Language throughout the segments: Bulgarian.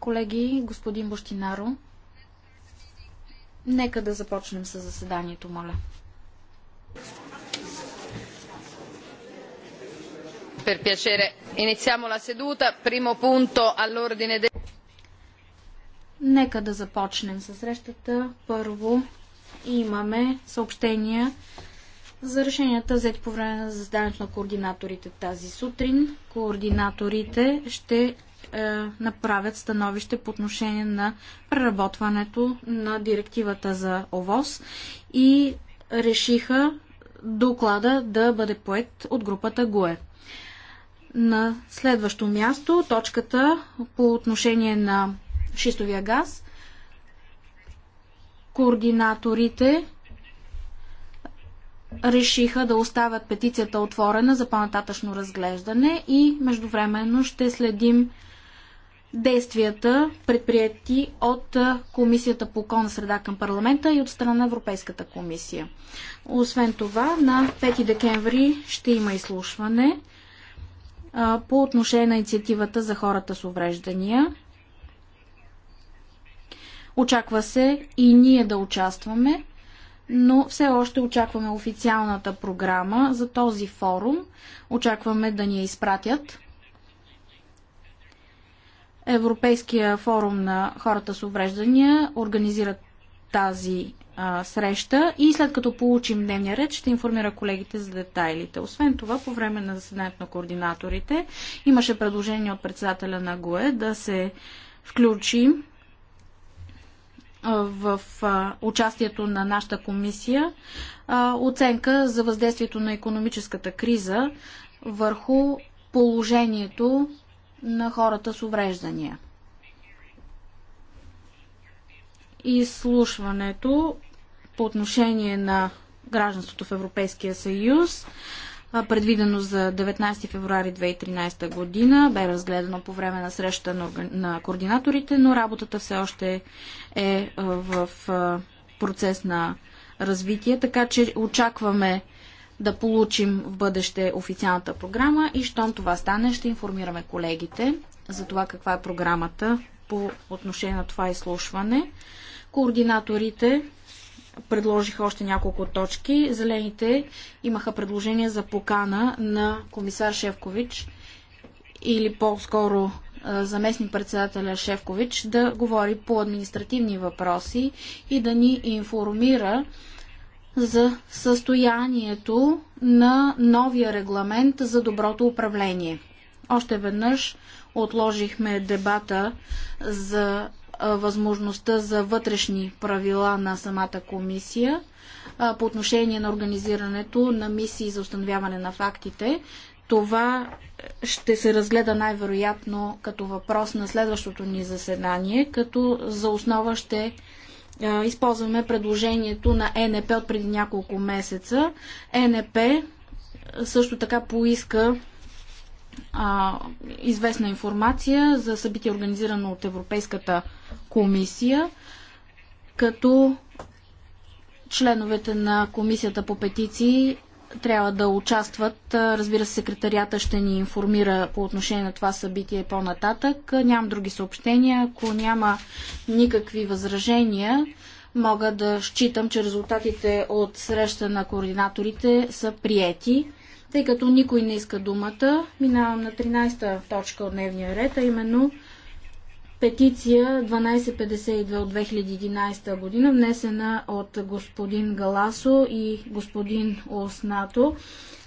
Колеги, господин Бощинаро, нека да започнем с заседанието, моля. Per piacere, iniziamo la seduta. Primo punto all'ordine del... Нека да започнем със срещата. Първо имаме съобщения за решенията взети по време на заседанието на координаторите тази сутрин. Координаторите ще е, направят становище по отношение на преработването на директивата за ОВОз и решиха доклада да бъде поет от групата ГУЕ. На следващо място точката по отношение на шистовия газ. Координаторите решиха да оставят петицията отворена за по-нататъчно разглеждане и междувременно ще следим действията, предприяти от Комисията по околна среда към парламента и от страна на Европейската комисия. Освен това, на 5 декември ще има изслушване по отношение на инициативата за хората с увреждания. Очаква се и ние да участваме но все още очакваме официалната програма за този форум. Очакваме да ни я изпратят. Европейския форум на хората с увреждания организира тази а, среща и след като получим дневния ред, ще информира колегите за детайлите. Освен това, по време на заседанието на координаторите имаше предложение от председателя на ГОЕ да се включи в участието на нашата комисия оценка за въздействието на економическата криза върху положението на хората с увреждания. Изслушването по отношение на гражданството в Европейския съюз предвидено за 19 февруари 2013 година. Бе разгледано по време на среща на, координаторите, но работата все още е в процес на развитие, така че очакваме да получим в бъдеще официалната програма и щом това стане, ще информираме колегите за това каква е програмата по отношение на това изслушване. Координаторите предложих още няколко точки. Зелените имаха предложение за покана на комисар Шевкович или по-скоро заместник председателя Шевкович да говори по административни въпроси и да ни информира за състоянието на новия регламент за доброто управление. Още веднъж отложихме дебата за възможността за вътрешни правила на самата комисия по отношение на организирането на мисии за установяване на фактите. Това ще се разгледа най-вероятно като въпрос на следващото ни заседание, като за основа ще използваме предложението на ЕНП от преди няколко месеца. ЕНП също така поиска а, известна информация за събитие, организирано от Европейската комисия, като членовете на комисията по петиции трябва да участват. Разбира се, секретарията ще ни информира по отношение на това събитие по-нататък. Нямам други съобщения. Ако няма никакви възражения, мога да считам, че резултатите от среща на координаторите са приети. Тъй като никой не иска думата, минавам на 13-та точка от дневния ред, а именно петиция 1252 от 2011 година, внесена от господин Галасо и господин Оснато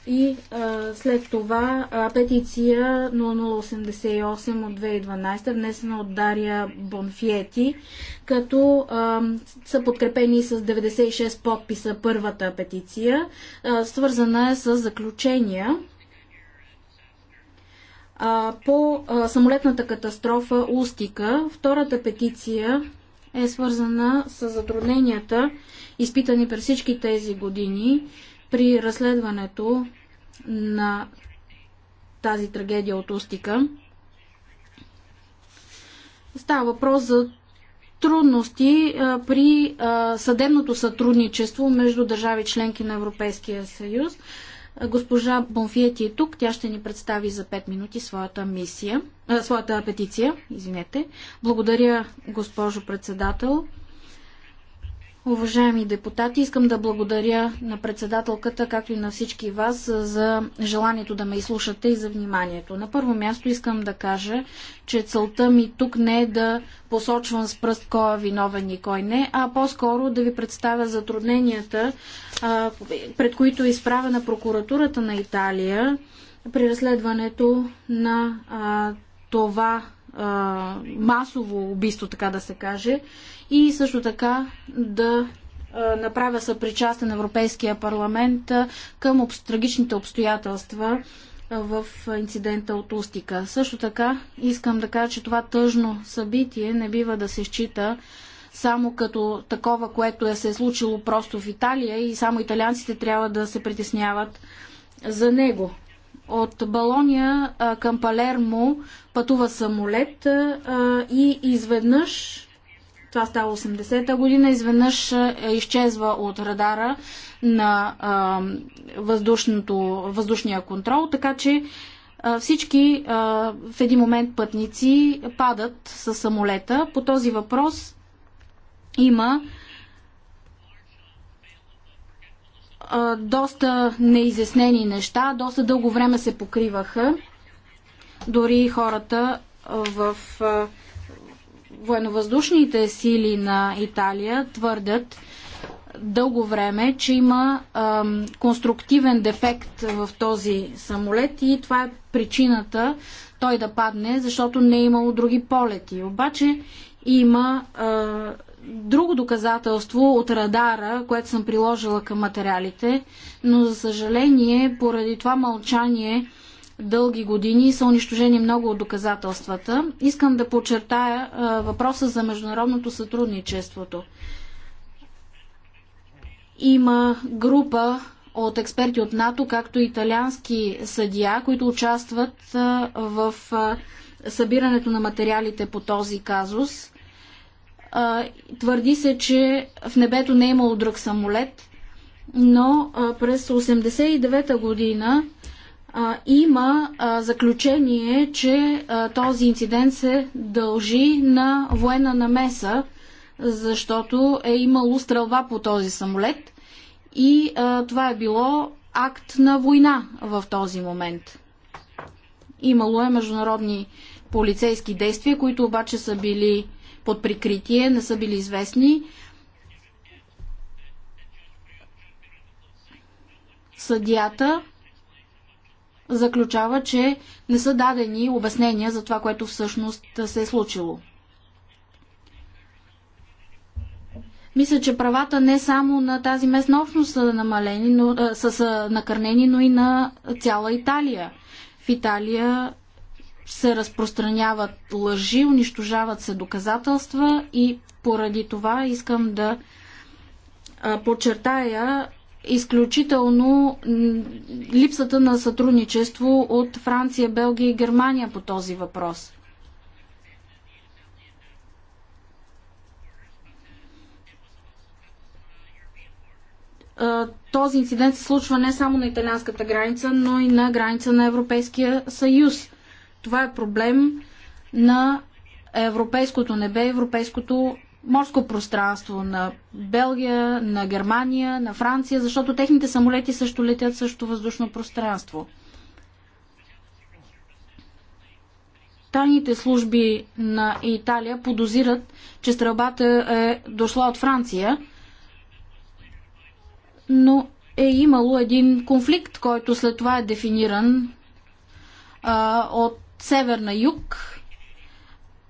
и а, след това а, петиция 0088 от 2012, внесена от Дария Бонфиети, като а, са подкрепени с 96 подписа първата петиция, а, свързана е с заключения а, по а, самолетната катастрофа Устика. Втората петиция е свързана с затрудненията, изпитани през всички тези години при разследването на тази трагедия от Устика. Става въпрос за трудности при съдебното сътрудничество между държави членки на Европейския съюз. Госпожа Бонфиети е тук. Тя ще ни представи за 5 минути своята мисия, а, своята петиция. Извинете. Благодаря, госпожо председател. Уважаеми депутати, искам да благодаря на председателката, както и на всички вас, за желанието да ме изслушате и за вниманието. На първо място искам да кажа, че целта ми тук не е да посочвам с пръст кой е виновен и кой не, а по-скоро да ви представя затрудненията, пред които е изправена прокуратурата на Италия при разследването на това масово убийство, така да се каже, и също така да направя съпричастен Европейския парламент към трагичните обстоятелства в инцидента от Устика. Също така искам да кажа, че това тъжно събитие не бива да се счита само като такова, което е се е случило просто в Италия и само италианците трябва да се притесняват за него. От Балония към Палермо пътува самолет и изведнъж това става 80-та година. Изведнъж е, изчезва от радара на въздушния контрол, така че всички в един момент пътници падат с самолета. По този въпрос има доста неизяснени неща, доста дълго време се покриваха. Дори хората в военновъздушните сили на Италия твърдят дълго време, че има ам, конструктивен дефект в този самолет и това е причината той да падне, защото не е имало други полети. Обаче има а, друго доказателство от радара, което съм приложила към материалите, но за съжаление, поради това мълчание, дълги години са унищожени много от доказателствата. Искам да подчертая въпроса за международното сътрудничеството. Има група от експерти от НАТО, както и италиански съдия, които участват в събирането на материалите по този казус. Твърди се, че в небето не е имало друг самолет, но през 1989 година има заключение, че този инцидент се дължи на военна намеса, защото е имало стрелба по този самолет и това е било акт на война в този момент. Имало е международни полицейски действия, които обаче са били под прикритие, не са били известни. Съдията заключава, че не са дадени обяснения за това, което всъщност се е случило. Мисля, че правата не само на тази местна общност са, намалени, но, са, са накърнени, но и на цяла Италия. В Италия се разпространяват лъжи, унищожават се доказателства и поради това искам да подчертая изключително липсата на сътрудничество от Франция, Белгия и Германия по този въпрос. Този инцидент се случва не само на италианската граница, но и на граница на Европейския съюз. Това е проблем на европейското небе, европейското морско пространство на Белгия, на Германия, на Франция, защото техните самолети също летят също въздушно пространство. Тайните служби на Италия подозират, че стрелбата е дошла от Франция, но е имало един конфликт, който след това е дефиниран а, от север на юг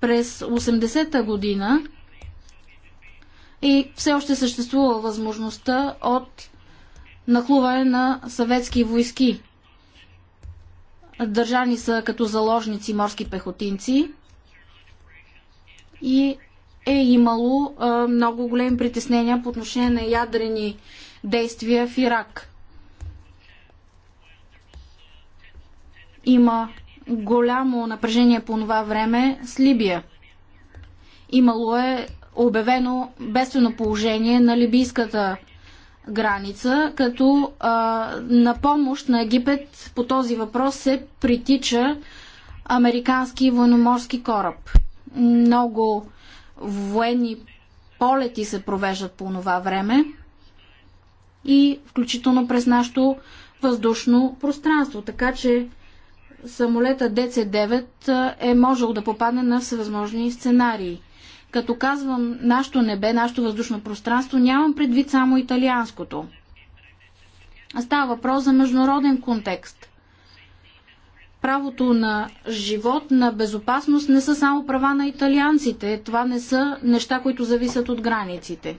през 80-та година и все още съществува възможността от нахлуване на съветски войски. Държани са като заложници морски пехотинци и е имало а, много големи притеснения по отношение на ядрени действия в Ирак. Има голямо напрежение по това време с Либия. Имало е обявено бедствено положение на либийската граница, като а, на помощ на Египет по този въпрос се притича американски военноморски кораб. Много военни полети се провеждат по това време и включително през нашото въздушно пространство. Така че самолета DC-9 е можел да попадне на всевъзможни сценарии – като казвам нашето небе, нашето въздушно пространство, нямам предвид само италианското. Става въпрос за международен контекст. Правото на живот, на безопасност не са само права на италианците. Това не са неща, които зависят от границите.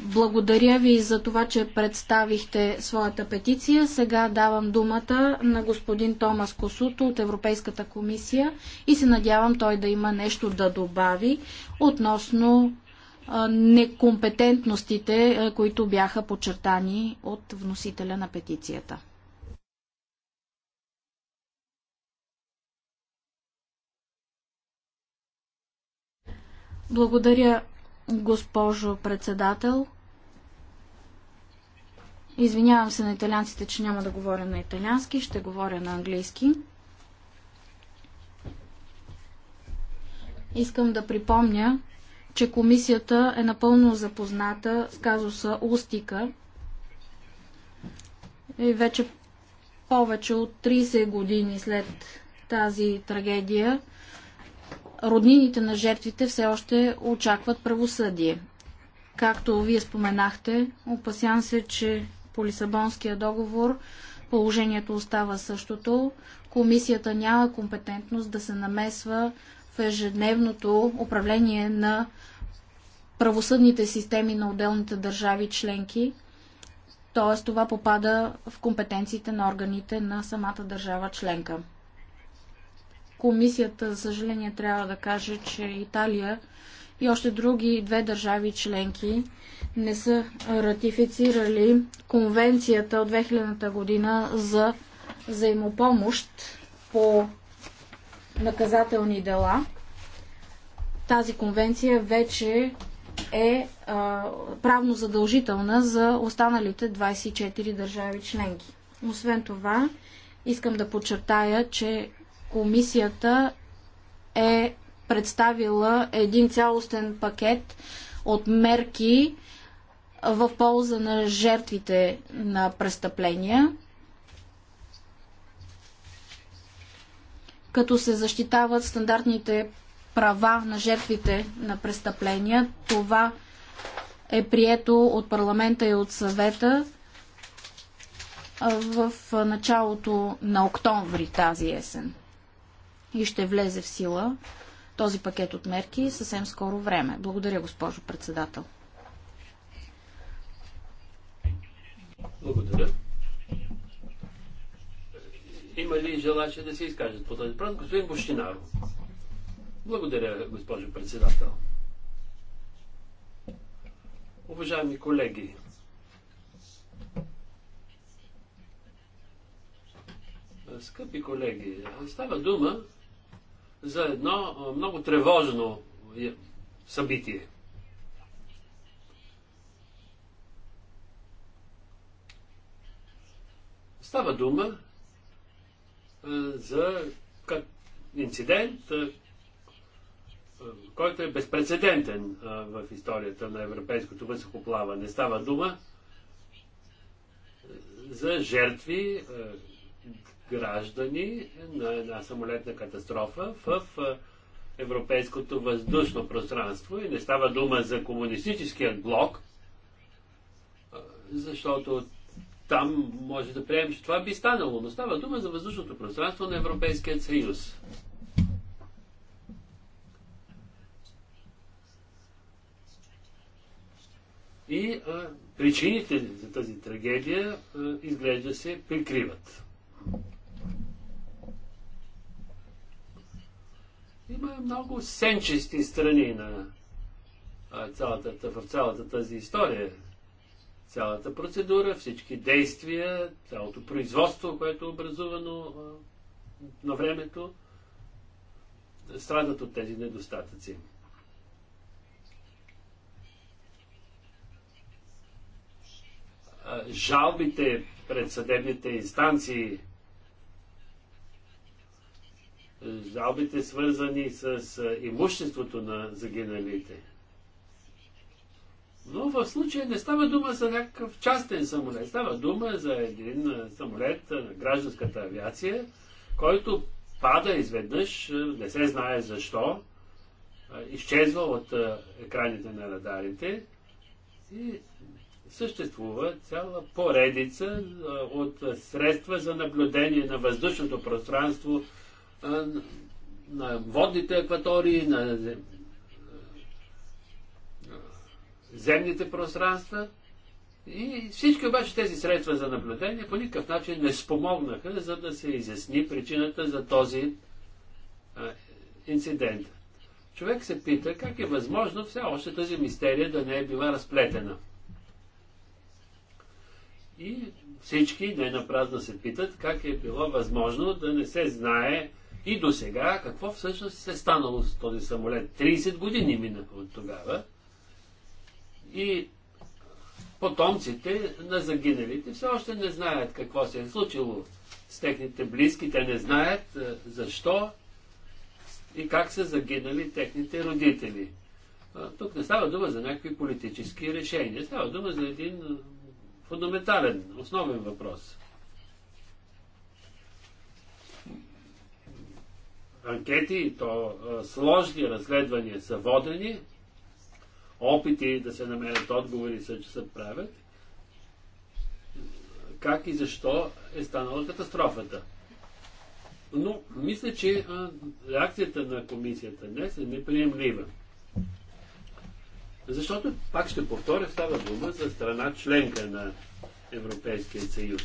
Благодаря ви за това, че представихте своята петиция. Сега давам думата на господин Томас Косуто от Европейската комисия и се надявам той да има нещо да добави относно некомпетентностите, които бяха подчертани от вносителя на петицията. Благодаря, госпожо председател. Извинявам се на италианците, че няма да говоря на италиански, ще говоря на английски. Искам да припомня, че комисията е напълно запозната с казуса Устика и вече повече от 30 години след тази трагедия роднините на жертвите все още очакват правосъдие. Както вие споменахте, опасявам се, че по Лисабонския договор положението остава същото. Комисията няма компетентност да се намесва в ежедневното управление на правосъдните системи на отделните държави членки. Тоест това попада в компетенциите на органите на самата държава членка. Комисията, за съжаление, трябва да каже, че Италия и още други две държави членки не са ратифицирали конвенцията от 2000 година за взаимопомощ по наказателни дела. Тази конвенция вече е а, правно задължителна за останалите 24 държави членки. Освен това, искам да подчертая, че комисията е представила един цялостен пакет от мерки в полза на жертвите на престъпления, като се защитават стандартните права на жертвите на престъпления. Това е прието от парламента и от съвета в началото на октомври тази есен и ще влезе в сила този пакет от мерки съвсем скоро време. Благодаря, госпожо председател. Благодаря. Има ли желачи да се изкажат по този пранк? Господин Бощинаро. Благодаря, госпожо председател. Уважаеми колеги, скъпи колеги, става дума за едно много тревожно е, събитие. Става дума за инцидент, който е безпредседентен в историята на европейското въздухоплаване. Става дума за жертви, граждани на една самолетна катастрофа в европейското въздушно пространство и не става дума за комунистическият блок, защото там може да приемем, че това би станало, но става дума за въздушното пространство на Европейския съюз. И а, причините за тази трагедия а, изглежда се прикриват. Има много сенчести страни на цялата, в цялата тази история. Цялата процедура, всички действия, цялото производство, което е образувано на времето, страдат от тези недостатъци. Жалбите пред съдебните инстанции жалбите свързани с имуществото на загиналите. Но в случая не става дума за някакъв частен самолет. Става дума за един самолет на гражданската авиация, който пада изведнъж, не се знае защо, изчезва от екраните на радарите и съществува цяла поредица от средства за наблюдение на въздушното пространство на водните акватории, на земните пространства. И всички обаче тези средства за наблюдение по никакъв начин не спомогнаха, за да се изясни причината за този а, инцидент. Човек се пита как е възможно все още тази мистерия да не е била разплетена. И всички не напразно се питат как е било възможно да не се знае и до сега какво всъщност е станало с този самолет? 30 години минаха от тогава. И потомците на загиналите все още не знаят какво се е случило с техните близки. Те не знаят е, защо и как са загинали техните родители. Тук не става дума за някакви политически решения. Става дума за един е, фундаментален, основен въпрос. анкети, и то сложни разследвания са водени, опити да се намерят отговори че се правят, как и защо е станала катастрофата. Но мисля, че реакцията на комисията днес е неприемлива. Защото, пак ще повторя, става дума за страна членка на Европейския съюз.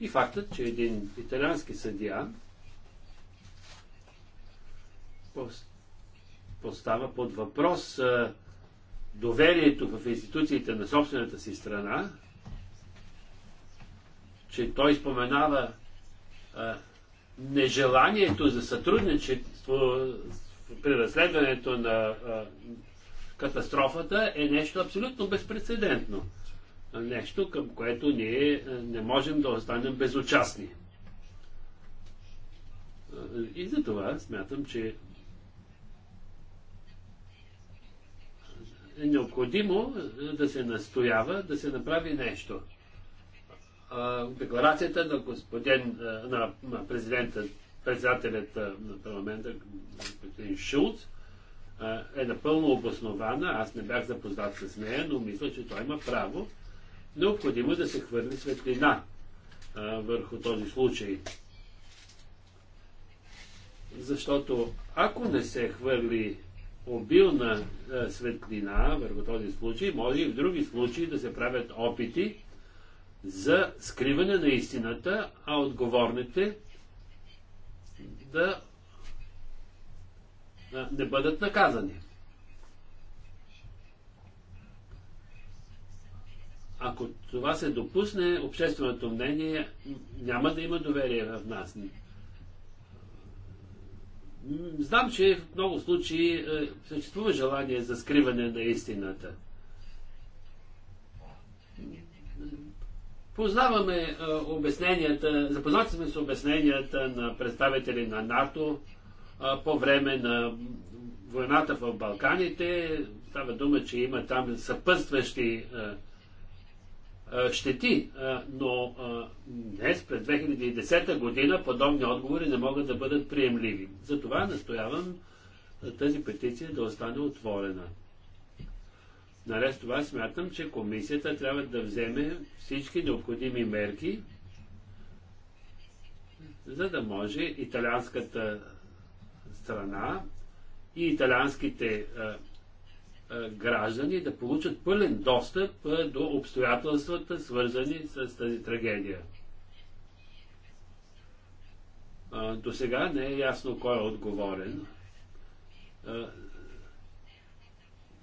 И фактът, че един италиански съдия поставя под въпрос доверието в институциите на собствената си страна, че той споменава нежеланието за сътрудничество при разследването на катастрофата е нещо абсолютно безпредседентно. Нещо, към което ние не можем да останем безучастни. И за това смятам, че е необходимо е, да се настоява, да се направи нещо. Декларацията на господин, е, на президента, председателят е, на парламента, господин Шулц, е напълно обоснована. Аз не бях запознат с нея, но мисля, че той има право. Необходимо да се хвърли светлина върху този случай. Защото ако не се хвърли обилна е, светлина върху този случай, може и в други случаи да се правят опити за скриване на истината, а отговорните да е, не бъдат наказани. Ако това се допусне, общественото мнение няма да има доверие в нас. Знам, че в много случаи е, съществува желание за скриване на истината. Познаваме е, обясненията, запознати сме с обясненията на представители на НАТО е, по време на войната в Балканите. Става дума, че има там съпътстващи щети, но днес, през 2010 година, подобни отговори не могат да бъдат приемливи. Затова настоявам тази петиция да остане отворена. Наред с това смятам, че комисията трябва да вземе всички необходими мерки, за да може италианската страна и италианските е, граждани да получат пълен достъп е, до обстоятелствата, свързани с тази трагедия. До сега не е ясно кой е отговорен. Е,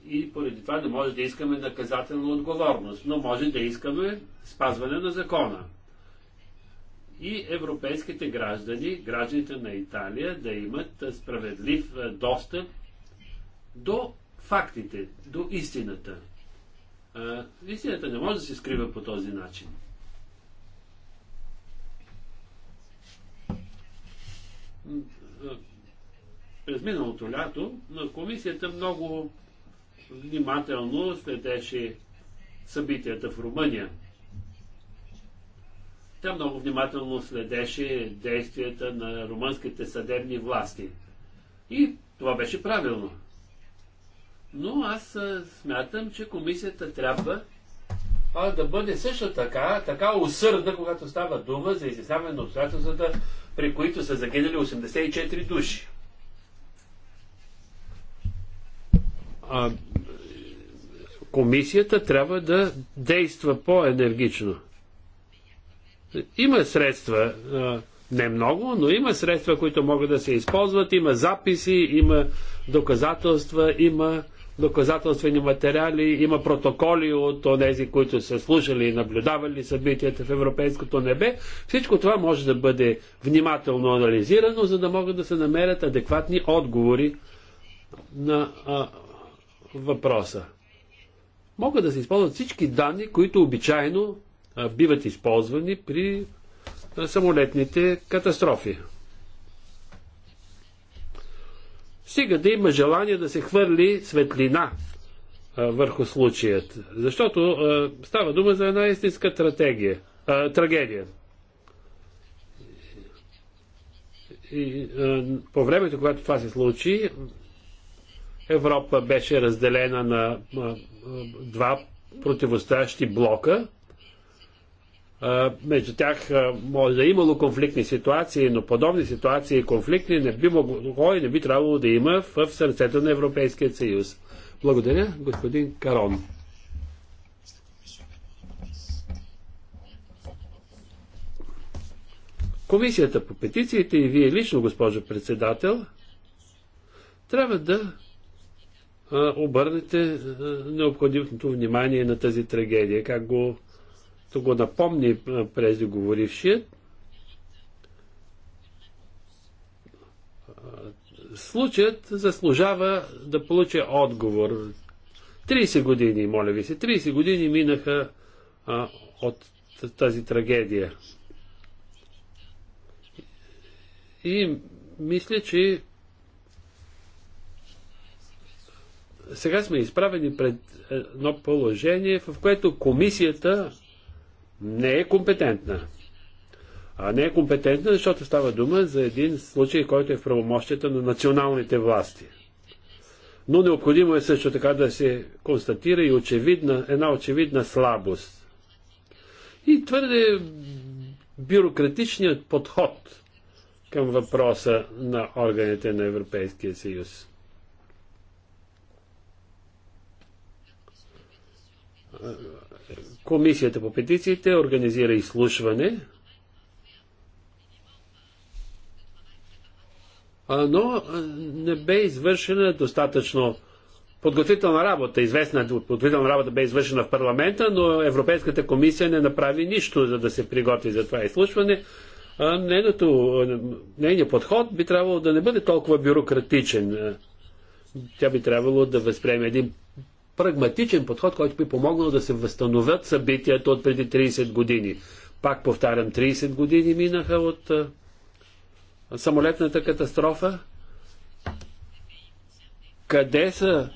и поради това не може да искаме наказателна отговорност, но може да искаме спазване на закона. И европейските граждани, гражданите на Италия, да имат справедлив достъп до фактите, до истината. А, истината не може да се скрива по този начин. През миналото лято на комисията много внимателно следеше събитията в Румъния. Тя много внимателно следеше действията на румънските съдебни власти. И това беше правилно. Но аз смятам, че комисията трябва а, да бъде също така, така усърдна, когато става дума за изясняване на обстоятелствата, при които са загинали 84 души. А, комисията трябва да действа по-енергично. Има средства, не много, но има средства, които могат да се използват, има записи, има доказателства, има доказателствени материали, има протоколи от тези, които са слушали и наблюдавали събитията в европейското небе. Всичко това може да бъде внимателно анализирано, за да могат да се намерят адекватни отговори на а, въпроса. Могат да се използват всички данни, които обичайно а, биват използвани при а, самолетните катастрофи. Стига да има желание да се хвърли светлина върху случаят. Защото става дума за една истинска стратегия, трагедия. И, по времето, когато това се случи, Европа беше разделена на два противостоящи блока – между тях може да е имало конфликтни ситуации, но подобни ситуации и конфликти не би могло и не би трябвало да има в сърцето на Европейския съюз. Благодаря, господин Карон. Комисията по петициите и вие лично, госпожо председател, трябва да обърнете необходимото внимание на тази трагедия, как го го напомни преждеговорившият, случаят заслужава да получи отговор. 30 години, моля ви се, 30 години минаха а, от тази трагедия. И мисля, че сега сме изправени пред едно положение, в което комисията не е компетентна. А не е компетентна, защото става дума за един случай, който е в правомощията на националните власти. Но необходимо е също така да се констатира и очевидна, една очевидна слабост. И твърде бюрократичният подход към въпроса на органите на Европейския съюз. Комисията по петициите организира изслушване, но не бе извършена достатъчно подготвителна работа. Известна подготвителна работа бе извършена в парламента, но Европейската комисия не направи нищо, за да се приготви за това изслушване. Нейният подход би трябвало да не бъде толкова бюрократичен. Тя би трябвало да възприеме един прагматичен подход, който би помогнал да се възстановят събитията от преди 30 години. Пак повтарям, 30 години минаха от а, самолетната катастрофа. Къде са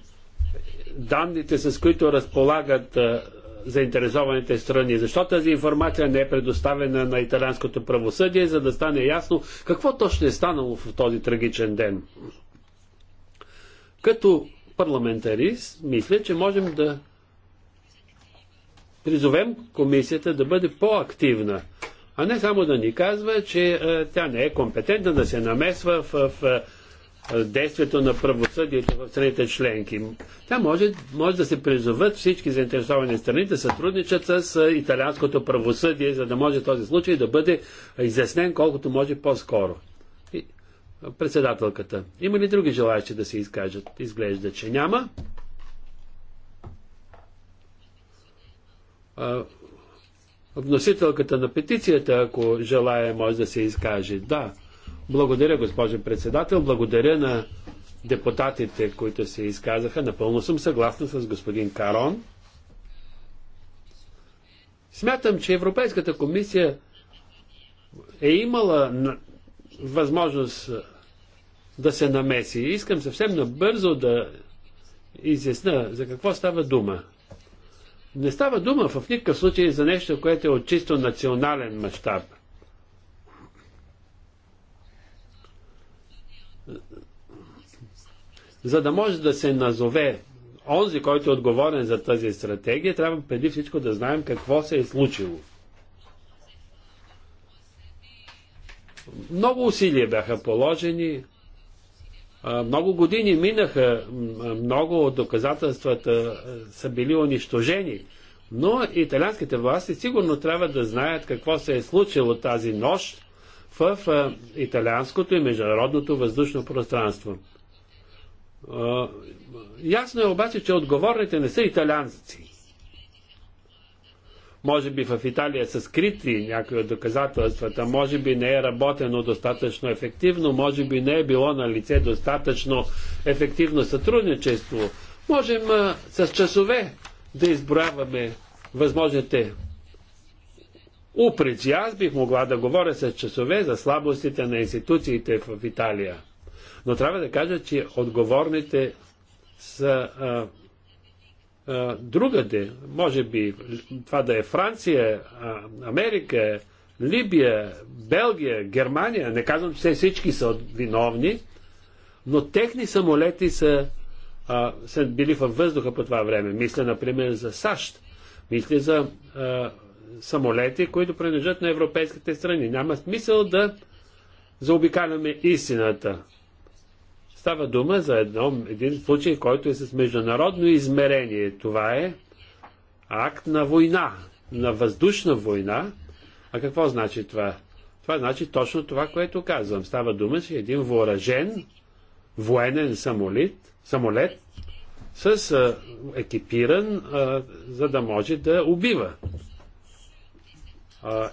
данните, с които разполагат а, заинтересованите страни? Защо тази информация не е предоставена на италянското правосъдие, за да стане ясно какво точно е станало в този трагичен ден? Като парламентарист, мисля, че можем да призовем комисията да бъде по-активна, а не само да ни казва, че а, е, тя не е компетентна да се намесва в, в, в е, действието на правосъдието в страните членки. Тя може, може да се призоват всички заинтересовани страни да сътрудничат с е, италианското правосъдие, за да може този случай да бъде изяснен колкото може по-скоро председателката. Има ли други желаящи да се изкажат? Изглежда, че няма. Вносителката на петицията, ако желая, може да се изкаже. Да. Благодаря, госпожо председател. Благодаря на депутатите, които се изказаха. Напълно съм съгласна с господин Карон. Смятам, че Европейската комисия е имала възможност да се намеси. Искам съвсем набързо да изясна за какво става дума. Не става дума в никакъв случай за нещо, което е от чисто национален мащаб. За да може да се назове онзи, който е отговорен за тази стратегия, трябва преди всичко да знаем какво се е случило. Много усилия бяха положени, много години минаха, много от доказателствата са били унищожени, но италианските власти сигурно трябва да знаят какво се е случило тази нощ в италианското и международното въздушно пространство. Ясно е обаче, че отговорните не са италианци. Може би в Италия са скрити някои от доказателствата, може би не е работено достатъчно ефективно, може би не е било на лице достатъчно ефективно сътрудничество. Можем а, с часове да изброяваме възможните упреци. Аз бих могла да говоря с часове за слабостите на институциите в Италия. Но трябва да кажа, че отговорните са а, другаде, може би това да е Франция, Америка, Либия, Белгия, Германия, не казвам, че всички са виновни, но техни самолети са, а, са били във въздуха по това време. Мисля, например, за САЩ. Мисля за а, самолети, които принадлежат на европейските страни. Няма смисъл да заобикаляме истината. Става дума за едно, един случай, който е с международно измерение. Това е акт на война, на въздушна война. А какво значи това? Това значи точно това, което казвам. Става дума, че един въоръжен военен самолет, самолет с а, екипиран, а, за да може да убива. А,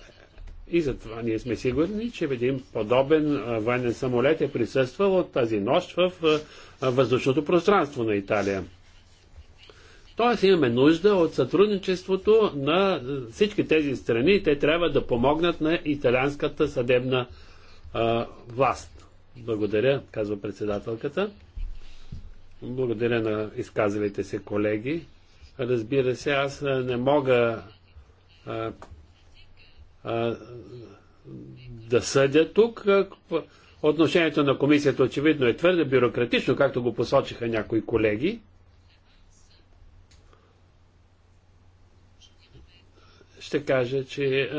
и затова ние сме сигурни, че един подобен военен самолет е присъствал от тази нощ в въздушното пространство на Италия. Тоест имаме нужда от сътрудничеството на всички тези страни и те трябва да помогнат на италианската съдебна а, власт. Благодаря, казва председателката. Благодаря на изказалите се колеги. Разбира се, аз не мога а, да съдя тук. Отношението на комисията очевидно е твърде бюрократично, както го посочиха някои колеги. Ще кажа, че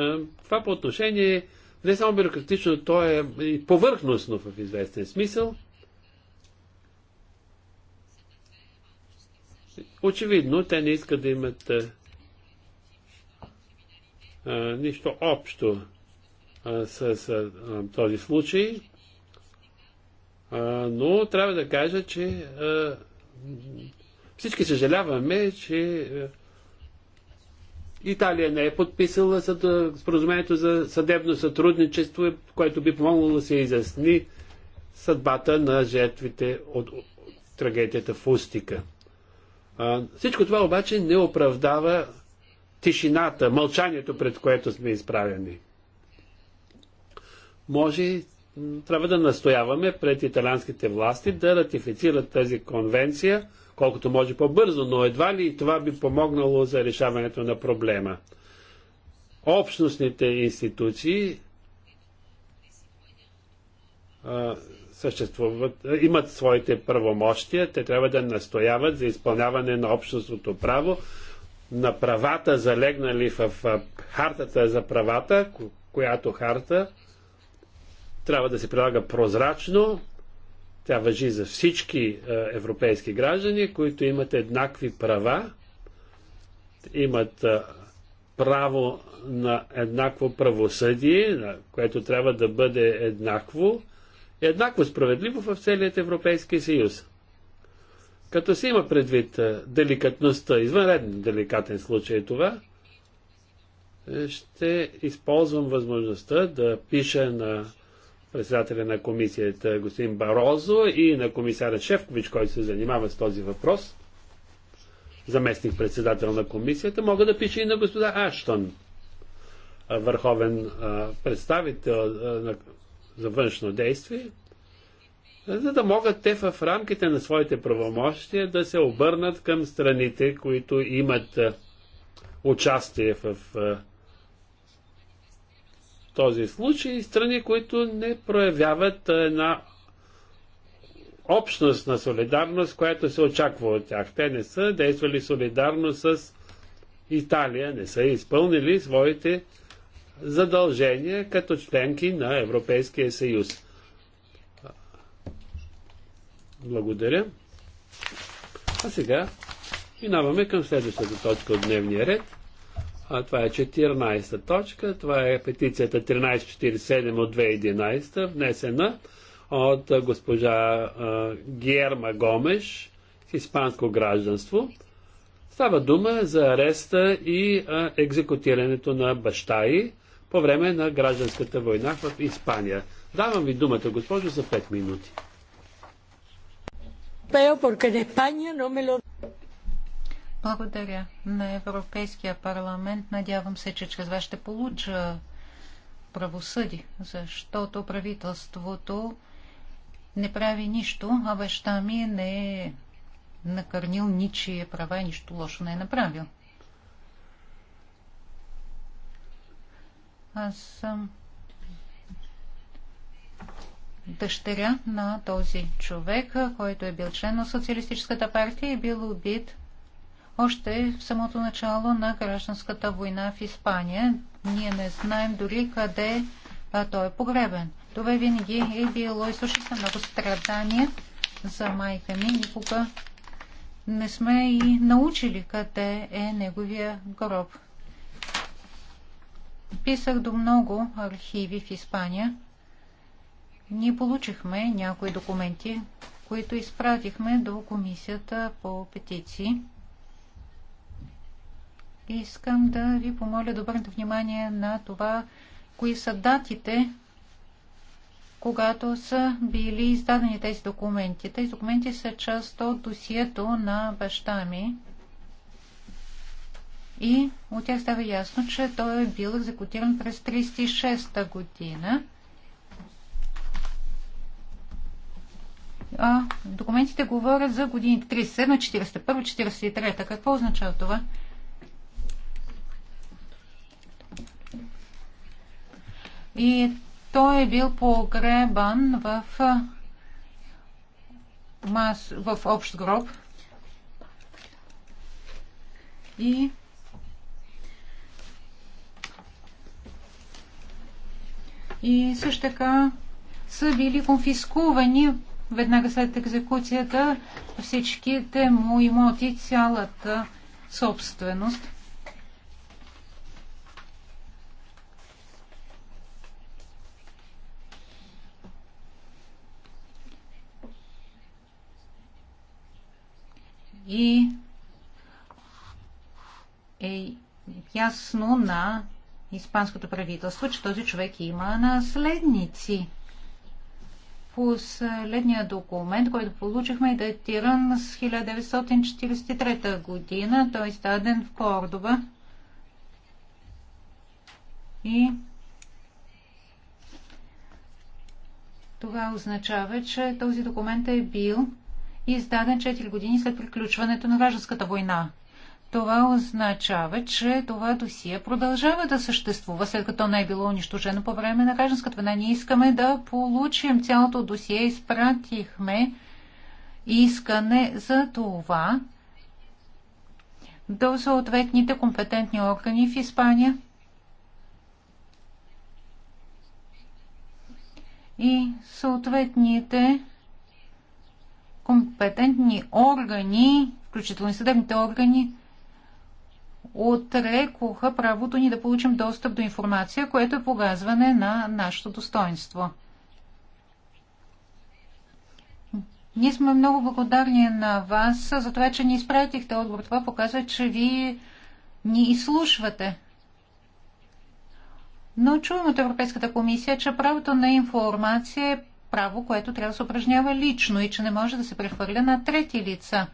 това по отношение не само бюрократично, то е и повърхностно в известен смисъл. Очевидно, те не искат да имат нищо общо с този случай, но трябва да кажа, че всички съжаляваме, че Италия не е подписала споразумението за съдебно сътрудничество, което би помогнало да се изясни съдбата на жертвите от трагедията в Устика. Всичко това обаче не оправдава тишината, мълчанието, пред което сме изправени. Може, трябва да настояваме пред италянските власти да ратифицират тази конвенция колкото може по-бързо, но едва ли това би помогнало за решаването на проблема. Общностните институции а, съществуват, имат своите правомощия, те трябва да настояват за изпълняване на общностното право, на правата, залегнали в хартата за правата, която харта трябва да се прилага прозрачно. Тя въжи за всички е, европейски граждани, които имат еднакви права, имат е, право на еднакво правосъдие, което трябва да бъде еднакво, еднакво справедливо в целият Европейски съюз. Като се има предвид е, деликатността, извънреден деликатен случай е това, е, ще използвам възможността да пиша на председателя на комисията господин Барозо и на комисаря Шефкович, който се занимава с този въпрос, заместник председател на комисията, мога да пиша и на господа Аштон, е, върховен представител за външно действие, за да могат те в рамките на своите правомощия да се обърнат към страните, които имат участие в този случай, страни, които не проявяват една общност на солидарност, която се очаква от тях. Те не са действали солидарно с Италия, не са изпълнили своите задължения като членки на Европейския съюз. Благодаря. А сега минаваме към следващата точка от дневния ред. А това е 14-та точка. Това е петицията 1347 от 2011, внесена от госпожа а, Гомеш с испанско гражданство. Става дума за ареста и а, екзекутирането на баща й по време на гражданската война в Испания. Давам ви думата, госпожо, за 5 минути europeo porque en España no me lo... Благодаря на Европейския парламент. Надявам се, че чрез вас ще получа правосъди, защото правителството не прави нищо, а баща ми не е накърнил ничие права и нищо лошо не е направил. Аз съм дъщеря на този човек, който е бил член на Социалистическата партия и е бил убит още в самото начало на гражданската война в Испания. Ние не знаем дори къде а, той е погребен. Това винаги е било източник на много страдания за майка ми. Никога не сме и научили къде е неговия гроб. Писах до много архиви в Испания – ние получихме някои документи, които изпратихме до комисията по петиции. Искам да ви помоля да обърнете внимание на това, кои са датите, когато са били издадени тези документи. Тези документи са част от досието на баща ми. И от тях става ясно, че той е бил екзекутиран през 36-та година. а, документите говорят за годините 37, 41, 43. Какво означава това? И той е бил погребан в, мас, в общ гроб. И и също така са били конфискувани веднага след екзекуцията всичките му имоти, цялата собственост. И е ясно на испанското правителство, че този човек има наследници. Последният документ, който получихме е датиран с 1943 година. Той е стаден в Кордова. И това означава, че този документ е бил издаден 4 години след приключването на гражданската война това означава, че това досие продължава да съществува, след като не е било унищожено по време на гражданската война. Ние искаме да получим цялото досие. Изпратихме искане за това до съответните компетентни органи в Испания. И съответните компетентни органи, включително и съдебните органи, отрекоха правото ни да получим достъп до информация, което е погазване на нашето достоинство. Ние сме много благодарни на вас за това, че ни изпратихте отговор. Това показва, че ви ни изслушвате. Но чуваме от Европейската комисия, че правото на информация е право, което трябва да се упражнява лично и че не може да се прехвърля на трети лица.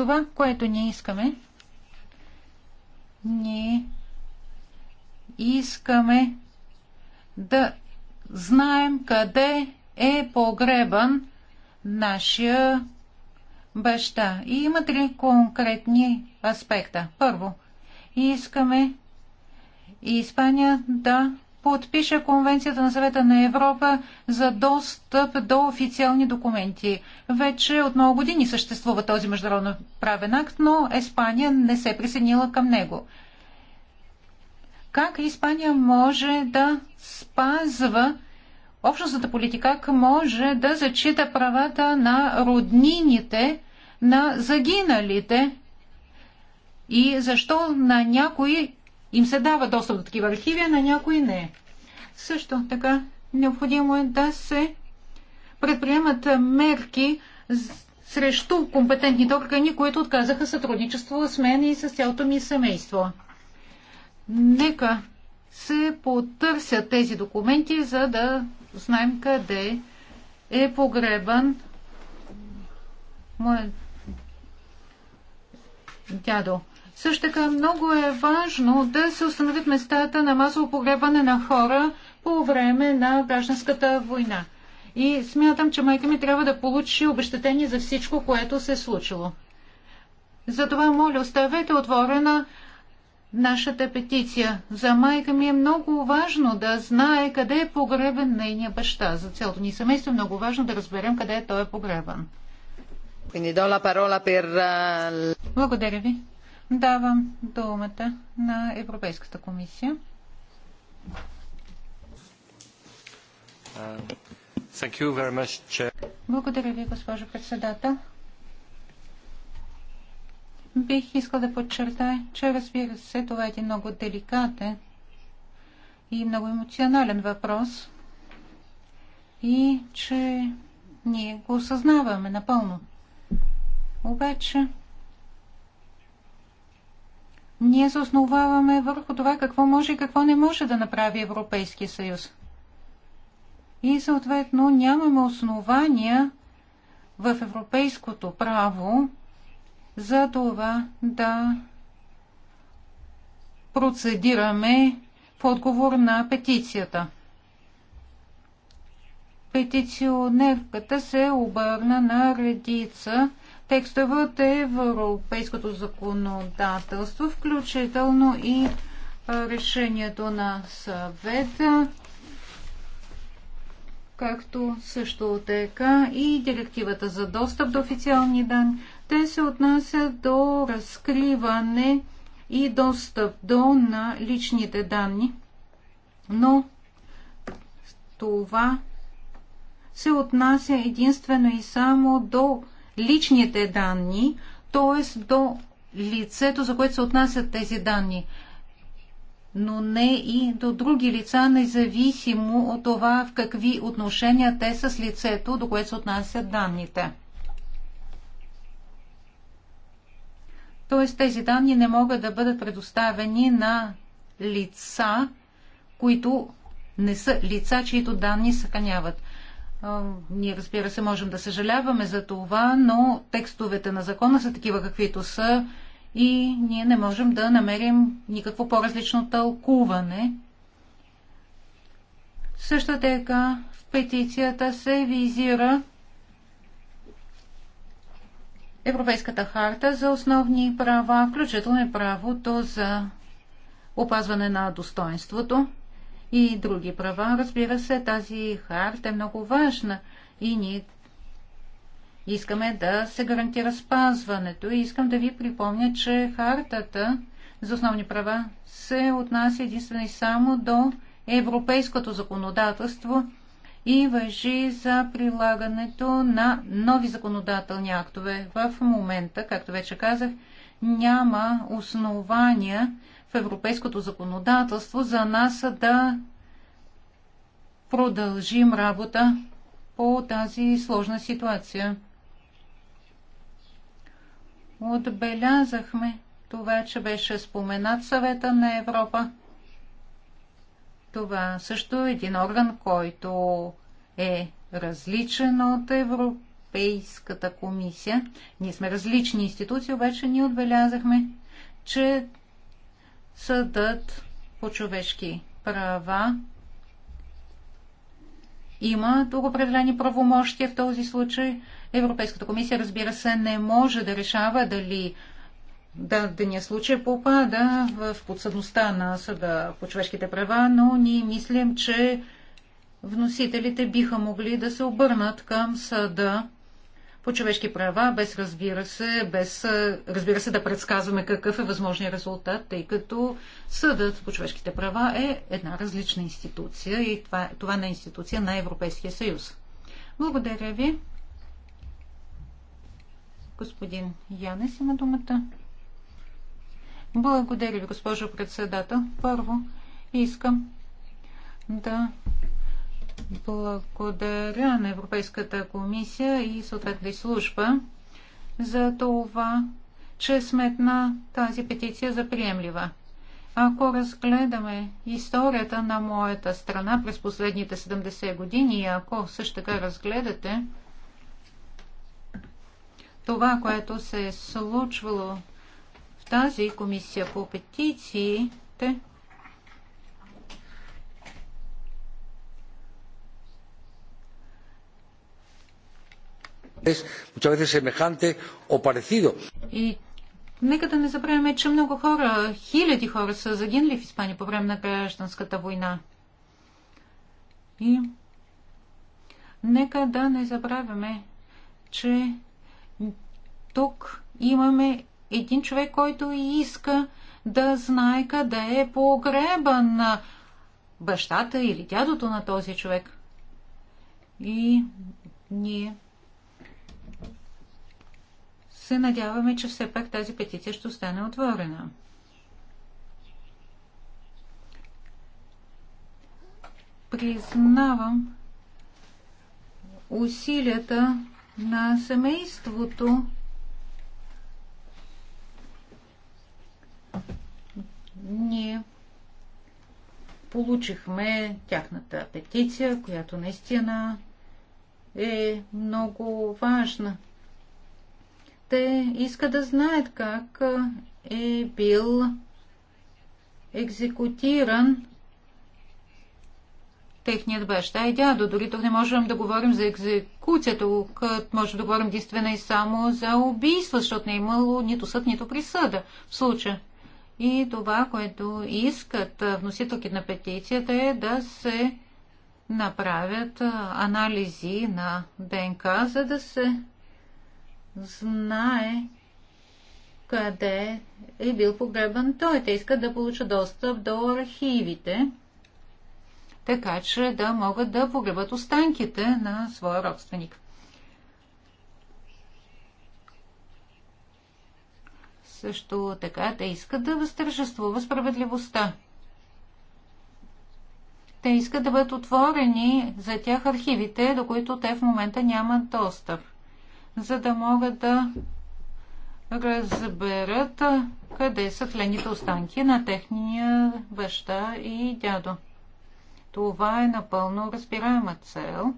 Това, което ние искаме, ние искаме да знаем къде е погребан нашия баща. И има три конкретни аспекта. Първо, искаме Испания да подпише Конвенцията на съвета на Европа за достъп до официални документи. Вече от много години съществува този международно правен акт, но Испания не се е присъединила към него. Как Испания може да спазва общностната политика, как може да зачита правата на роднините, на загиналите и защо на някои им се дава достъп до такива архиви, а на някои не. Също така необходимо е да се предприемат мерки срещу компетентните органи, които отказаха сътрудничество с мен и с цялото ми семейство. Нека се потърсят тези документи, за да знаем къде е погребан моят дядо. Също така много е важно да се установят местата на масово погребане на хора по време на гражданската война. И смятам, че майка ми трябва да получи обещетение за всичко, което се е случило. Затова, моля, оставете отворена нашата петиция. За майка ми е много важно да знае къде е погребен нейния баща. За цялото ни семейство е много важно да разберем къде той е погребан. Благодаря ви. Давам думата на Европейската комисия. Uh, much, Благодаря ви, госпожо председател. Бих искал да подчертая, че разбира се, това е един много деликатен и много емоционален въпрос и че ние го осъзнаваме напълно. Обаче ние се основаваме върху това какво може и какво не може да направи Европейския съюз. И съответно нямаме основания в европейското право за това да процедираме в отговор на петицията. Петиционерката се обърна на редица е в европейското законодателство, включително и решението на съвета, както също така и директивата за достъп до официални данни. Те се отнасят до разкриване и достъп до на личните данни, но това се отнася единствено и само до личните данни, т.е. до лицето, за което се отнасят тези данни, но не и до други лица, независимо от това в какви отношения те са с лицето, до което се отнасят данните. Т.е. тези данни не могат да бъдат предоставени на лица, които не са лица, чието данни съхраняват. Ние, разбира се, можем да съжаляваме за това, но текстовете на закона са такива, каквито са и ние не можем да намерим никакво по-различно тълкуване. Също така в петицията се визира Европейската харта за основни права, включително и правото за опазване на достоинството и други права. Разбира се, тази харта е много важна и ние искаме да се гарантира спазването. И искам да ви припомня, че хартата за основни права се отнася единствено и само до европейското законодателство и въжи за прилагането на нови законодателни актове. В момента, както вече казах, няма основания в европейското законодателство за нас да продължим работа по тази сложна ситуация. Отбелязахме това, че беше споменат съвета на Европа. Това също е един орган, който е различен от Европейската комисия. Ние сме различни институции, обаче ние отбелязахме, че Съдът по човешки права има друго определени правомощия в този случай. Европейската комисия, разбира се, не може да решава дали дадения случай попада в подсъдността на съда по човешките права, но ние мислим, че вносителите биха могли да се обърнат към съда по човешки права, без разбира се, без разбира се да предсказваме какъв е възможният резултат, тъй като съдът по човешките права е една различна институция и това, това не е институция на Европейския съюз. Благодаря ви. Господин Янес има думата. Благодаря ви, госпожо председател. Първо искам да благодаря на Европейската комисия и съответната служба за това, че сметна тази петиция за приемлива. Ако разгледаме историята на моята страна през последните 70 години и ако също така разгледате това, което се е случвало в тази комисия по петициите, muchas veces semejante o parecido. Y... нека да не забравяме, че много хора, хиляди хора са загинали в Испания по време на гражданската война. И нека да не забравяме, че тук имаме един човек, който иска да знае къде е погребан бащата или дядото на този човек. И ние се надяваме, че все пак тази петиция ще остане отворена. Признавам усилията на семейството ние получихме тяхната петиция, която наистина е много важна те искат да знаят как е бил екзекутиран техният баща и дядо. Дори тук не можем да говорим за екзекуция, тук може да говорим единствено и само за убийство, защото не е имало нито съд, нито присъда в случая. И това, което искат вносителки на петицията е да се направят анализи на ДНК, за да се знае къде е бил погребан той. Те искат да получат достъп до архивите, така че да могат да погребат останките на своя родственик. Също така те искат да възтържествува справедливостта. Те искат да бъдат отворени за тях архивите, до които те в момента нямат достъп за да могат да разберат къде са тлените останки на техния баща и дядо. Това е напълно разбираема цел.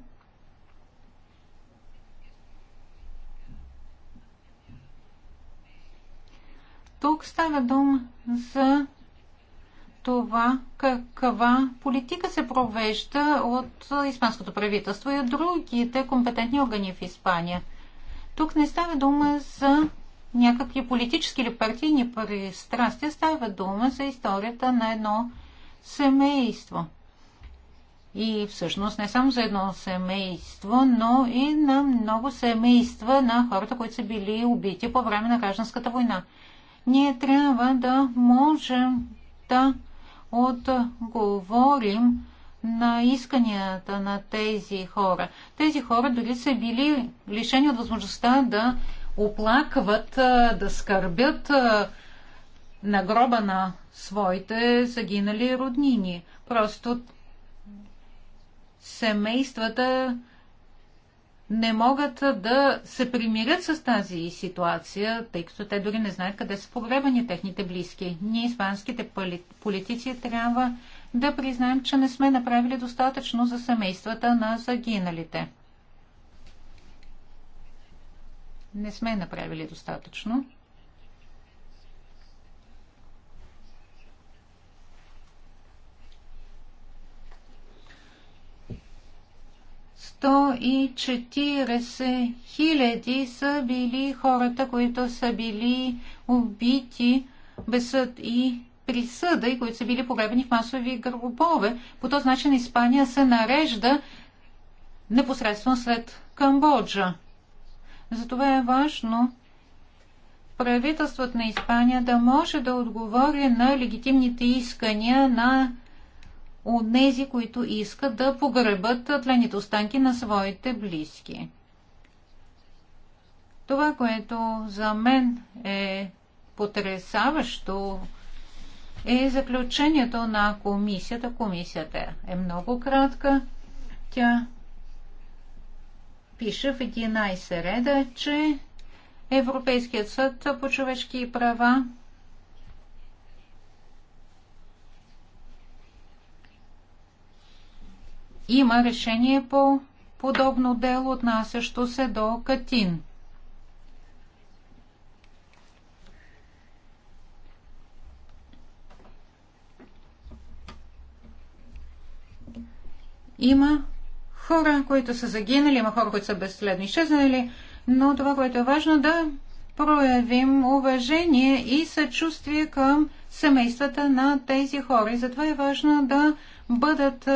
Тук става дума за това каква политика се провежда от испанското правителство и от другите компетентни органи в Испания. Тук не става дума за някакви политически или партийни пристрастия, става дума за историята на едно семейство. И всъщност не само за едно семейство, но и на много семейства на хората, които са били убити по време на гражданската война. Ние трябва да можем да отговорим на исканията на тези хора. Тези хора дори са били лишени от възможността да оплакват, да скърбят на гроба на своите загинали роднини. Просто семействата не могат да се примирят с тази ситуация, тъй като те дори не знаят къде са погребани техните близки. Ние, испанските политици, трябва да признаем, че не сме направили достатъчно за семействата на загиналите. Не сме направили достатъчно. и 140 хиляди са били хората, които са били убити без съд и присъда и които са били погребани в масови гробове. По този начин Испания се нарежда непосредствено след Камбоджа. Затова е важно правителството на Испания да може да отговори на легитимните искания на онези, които искат да погребат тлените останки на своите близки. Това, което за мен е потрясаващо е заключението на комисията. Комисията е много кратка. Тя пише в 11 реда, че Европейският съд по човешки права има решение по подобно дело, отнасящо се до Катин. Има хора, които са загинали, има хора, които са безследно изчезнали, но това, което е важно да проявим уважение и съчувствие към семействата на тези хора. И затова е важно да бъдат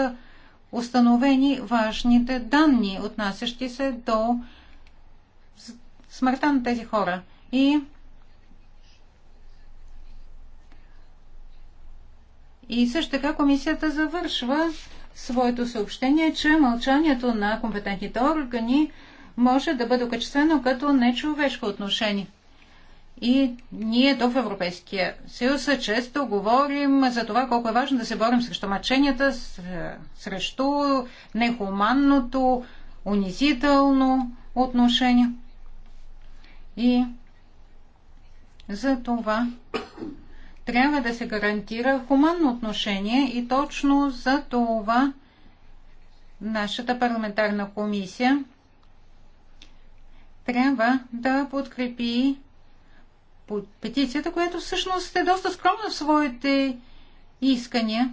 установени важните данни, отнасящи се до смъртта на тези хора. И И също така комисията завършва своето съобщение, че мълчанието на компетентните органи може да бъде окачествено като нечовешко отношение. И ние то в Европейския съюз често говорим за това колко е важно да се борим срещу мъченията, срещу нехуманното, унизително отношение. И за това трябва да се гарантира хуманно отношение и точно за това нашата парламентарна комисия трябва да подкрепи под петицията, която всъщност е доста скромна в своите искания.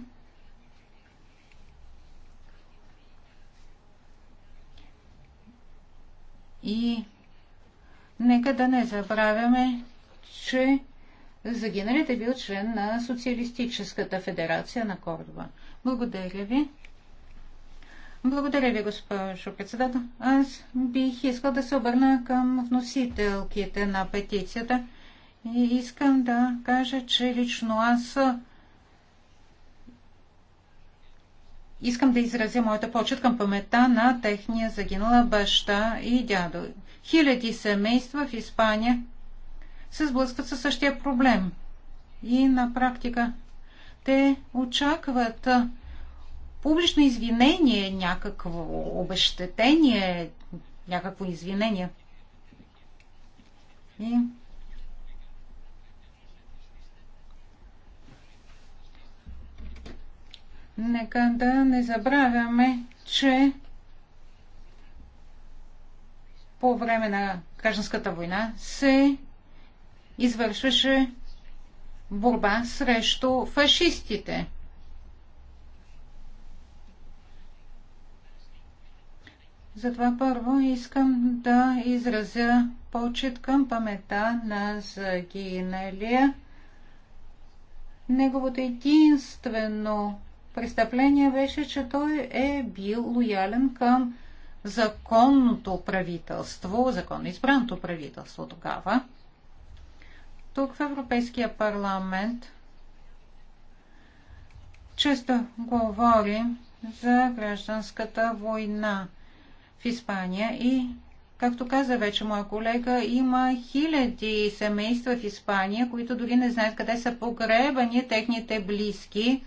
И нека да не забравяме, че загиналият е бил член на Социалистическата федерация на Кордова. Благодаря ви. Благодаря ви, госпожо председател. Аз бих искал да се обърна към вносителките на петицията и искам да кажа, че лично аз искам да изразя моята почет към памета на техния загинала баща и дядо. Хиляди семейства в Испания се сблъскват със същия проблем. И на практика те очакват публично извинение, някакво обещетение, някакво извинение. И Нека да не забравяме, че по време на гражданската война се извършваше борба срещу фашистите. Затова първо искам да изразя почет към памета на загиналия. Неговото единствено престъпление беше, че той е бил лоялен към законното правителство, законно избраното правителство тогава. Тук в Европейския парламент често говори за гражданската война в Испания и, както каза вече моя колега, има хиляди семейства в Испания, които дори не знаят къде са погребани техните близки,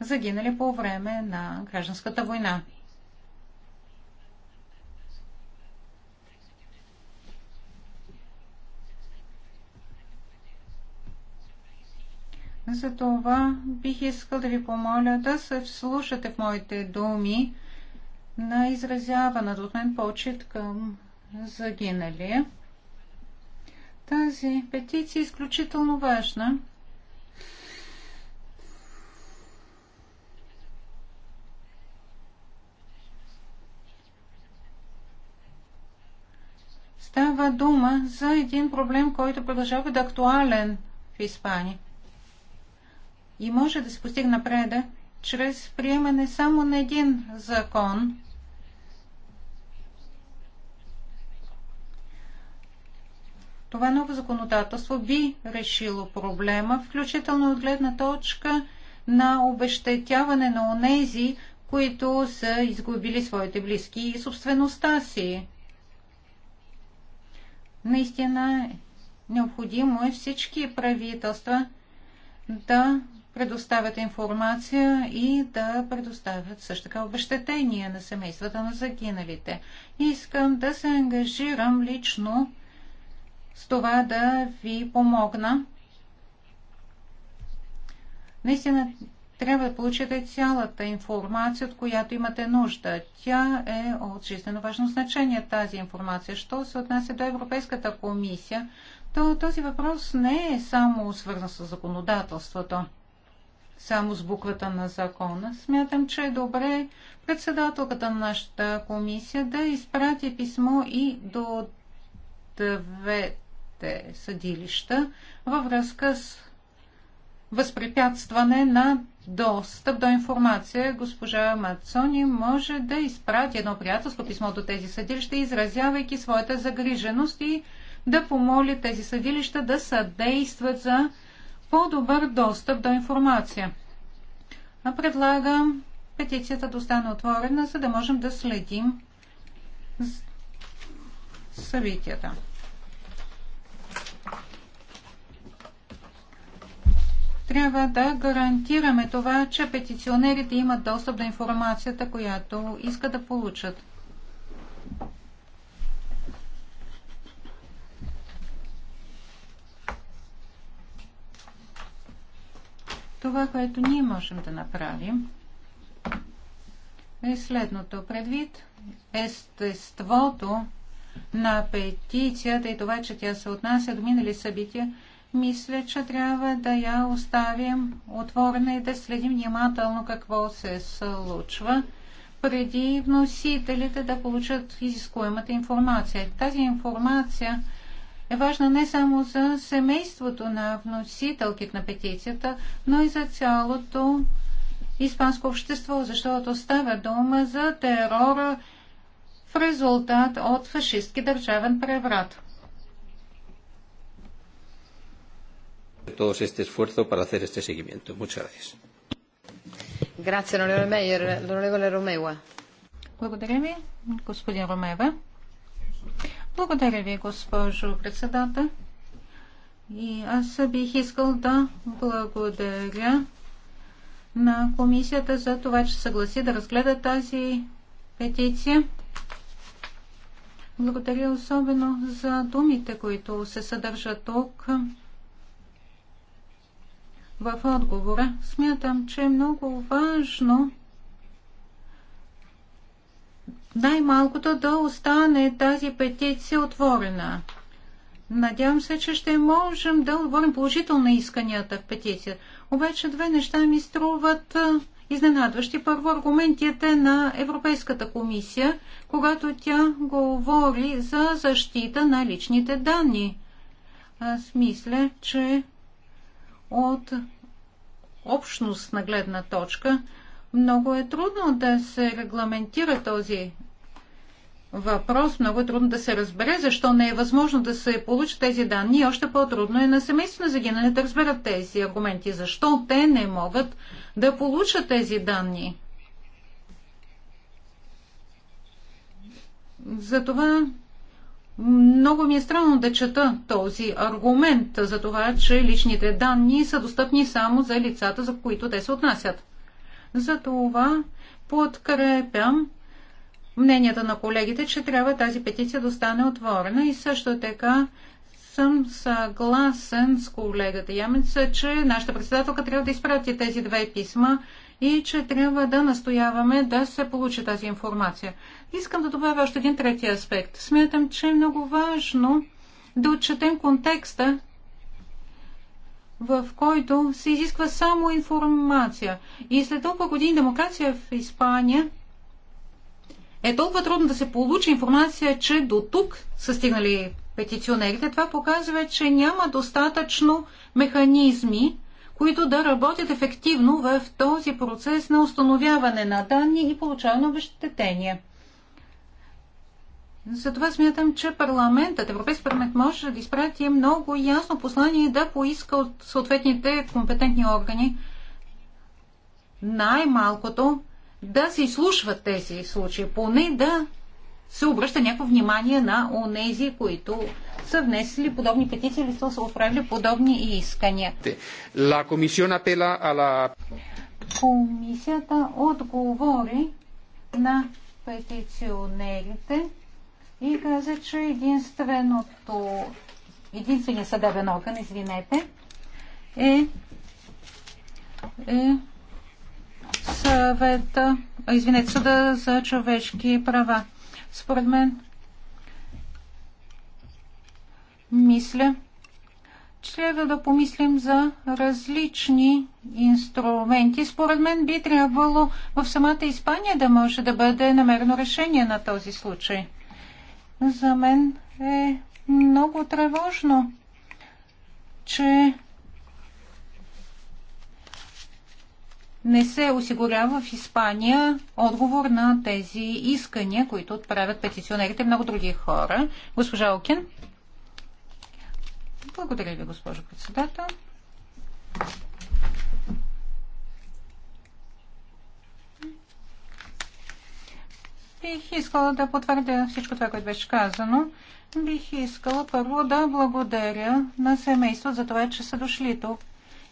загинали по време на гражданската война. Затова бих искал да ви помоля да се вслушате в моите думи на изразяваната от мен почет към загиналия. Тази петиция е изключително важна. Става дума за един проблем, който продължава да е актуален в Испания – и може да се постигне напреда чрез приемане само на един закон. Това ново законодателство би решило проблема, включително от гледна точка на обещетяване на онези, които са изгубили своите близки и собствеността си. Наистина необходимо е всички правителства да предоставят информация и да предоставят също така обещетения на семействата на загиналите. Искам да се ангажирам лично с това да ви помогна. Наистина трябва да получите цялата информация, от която имате нужда. Тя е от жизнено важно значение, тази информация. Що се отнася до Европейската комисия, то този въпрос не е само свързан с законодателството само с буквата на закона. Смятам, че е добре председателката на нашата комисия да изпрати писмо и до двете съдилища във връзка с възпрепятстване на достъп до информация. Госпожа Мацони може да изпрати едно приятелско писмо до тези съдилища, изразявайки своята загриженост и да помоли тези съдилища да съдействат за по-добър достъп до информация. А предлагам петицията да остане отворена, за да можем да следим събитията. Трябва да гарантираме това, че петиционерите имат достъп до информацията, която искат да получат. Това, което ние можем да направим, е следното предвид естеството на петицията и това, че тя се отнася до минали събития, мисля, че трябва да я оставим отворена и да следим внимателно какво се случва преди вносителите да получат изискуемата информация. Тази информация е важна не само за семейството на вносителките на петицията, но и за цялото испанско общество, защото става дума за терора в резултат от фашистски държавен преврат. este esfuerzo para hacer este seguimiento. Muchas gracias. Meyer. Romeva. Благодаря ви, господин Ромева. Благодаря ви, госпожо председател. И аз бих искал да благодаря на комисията за това, че съгласи да разгледа тази петиция. Благодаря особено за думите, които се съдържат тук в отговора. Смятам, че е много важно най-малкото да остане тази петиция отворена. Надявам се, че ще можем да отворим положително на исканията в петиция. Обаче две неща ми струват изненадващи. Първо аргументите на Европейската комисия, когато тя говори за защита на личните данни. Аз мисля, че от общност на гледна точка много е трудно да се регламентира този въпрос. Много е трудно да се разбере защо не е възможно да се получат тези данни. И още по-трудно е на семейството на загинане да разберат тези аргументи. Защо те не могат да получат тези данни? Затова много ми е странно да чета този аргумент за това, че личните данни са достъпни само за лицата, за които те се отнасят. Затова подкрепям мненията на колегите, че трябва тази петиция да остане отворена и също така съм съгласен с колегата Ямеца, че нашата председателка трябва да изпрати тези две писма и че трябва да настояваме да се получи тази информация. Искам да добавя още един трети аспект. Смятам, че е много важно да отчетем контекста в който се изисква само информация. И след толкова години демокрация в Испания е толкова трудно да се получи информация, че до тук са стигнали петиционерите. Това показва, че няма достатъчно механизми, които да работят ефективно в този процес на установяване на данни и получаване на обещетения. Затова смятам, че парламентът, Европейски парламент може да изпрати много ясно послание да поиска от съответните компетентни органи най-малкото да се изслушват тези случаи, поне да се обръща някакво внимание на онези, които са внесли подобни петиции или са отправили подобни искания. La Комисията отговори на петиционерите и каза, че единственото, единственият съдебен орган, извинете, е, е съвета, извинете, съда за човешки права. Според мен, мисля, че трябва да помислим за различни инструменти. Според мен би трябвало в самата Испания да може да бъде намерено решение на този случай за мен е много тревожно, че не се осигурява в Испания отговор на тези искания, които отправят петиционерите и много други хора. Госпожа Окин. Благодаря ви, госпожо председател. Бих искала да потвърдя всичко това, което беше казано. Бих искала първо да благодаря на семейство за това, че са дошли тук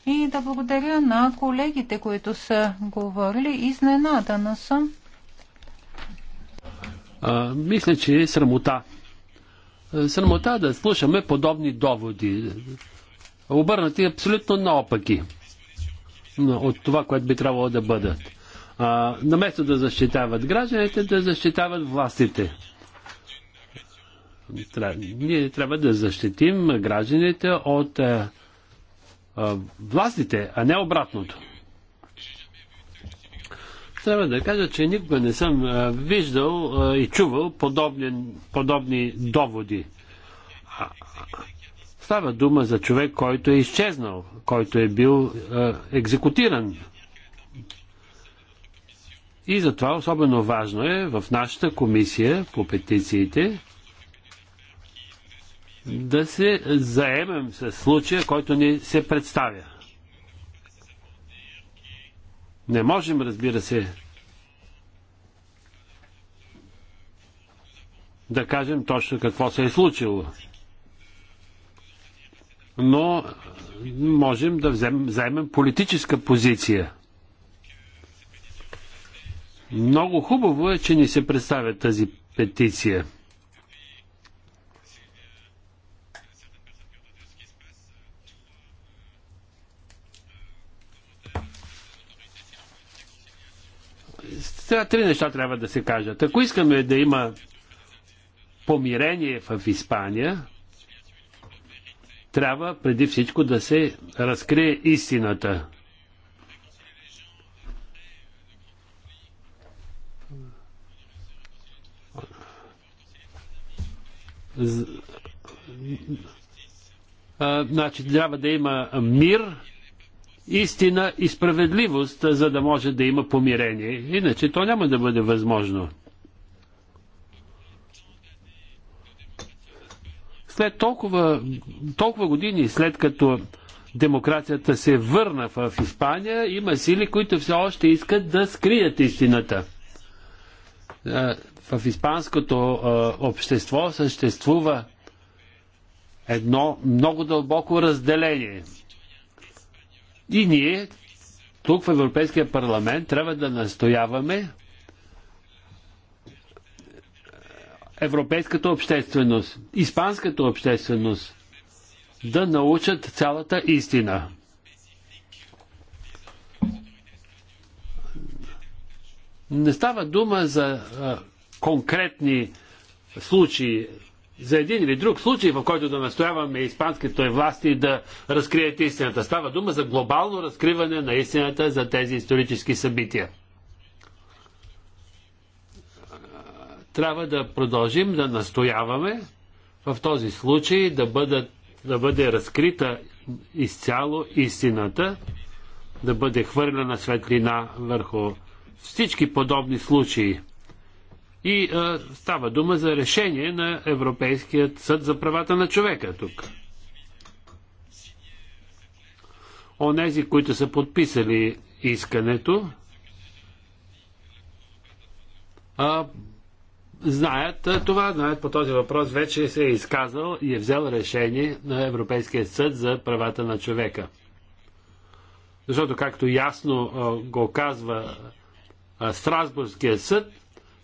и да благодаря на колегите, които са говорили. Изненадана съм. А, мисля, че е срамота. Е, срамота да слушаме подобни доводи. Обърнати абсолютно наопаки от това, което би трябвало да бъдат а, место да защитават гражданите, да защитават властите. Тря... Ние трябва да защитим гражданите от а, а, властите, а не обратното. Трябва да кажа, че никога не съм а, виждал а, и чувал подобни, подобни доводи. А, става дума за човек, който е изчезнал, който е бил а, екзекутиран и затова особено важно е в нашата комисия по петициите да се заемем с случая, който ни се представя. Не можем, разбира се, да кажем точно какво се е случило. Но можем да вземем, заемем политическа позиция. Много хубаво е, че ни се представя тази петиция. Сега три неща трябва да се кажат. Ако искаме да има помирение в Испания, трябва преди всичко да се разкрие истината. Значи трябва да има мир, истина и справедливост, за да може да има помирение. Иначе то няма да бъде възможно. След толкова, толкова години, след като демокрацията се върна в Испания, има сили, които все още искат да скрият истината в испанското общество съществува едно много дълбоко разделение. И ние, тук в Европейския парламент, трябва да настояваме европейската общественост, испанската общественост да научат цялата истина. Не става дума за а, конкретни случаи, за един или друг случай, в който да настояваме испанските власти да разкрият истината. Става дума за глобално разкриване на истината за тези исторически събития. Трябва да продължим да настояваме в този случай да, бъдат, да бъде разкрита изцяло истината, да бъде хвърлена светлина върху всички подобни случаи и а, е, става дума за решение на Европейският съд за правата на човека тук. Онези, които са подписали искането, а, знаят е, това, знаят по този въпрос вече се е изказал и е взел решение на Европейския съд за правата на човека. Защото, както ясно а, е, го казва а, Страсбургския съд,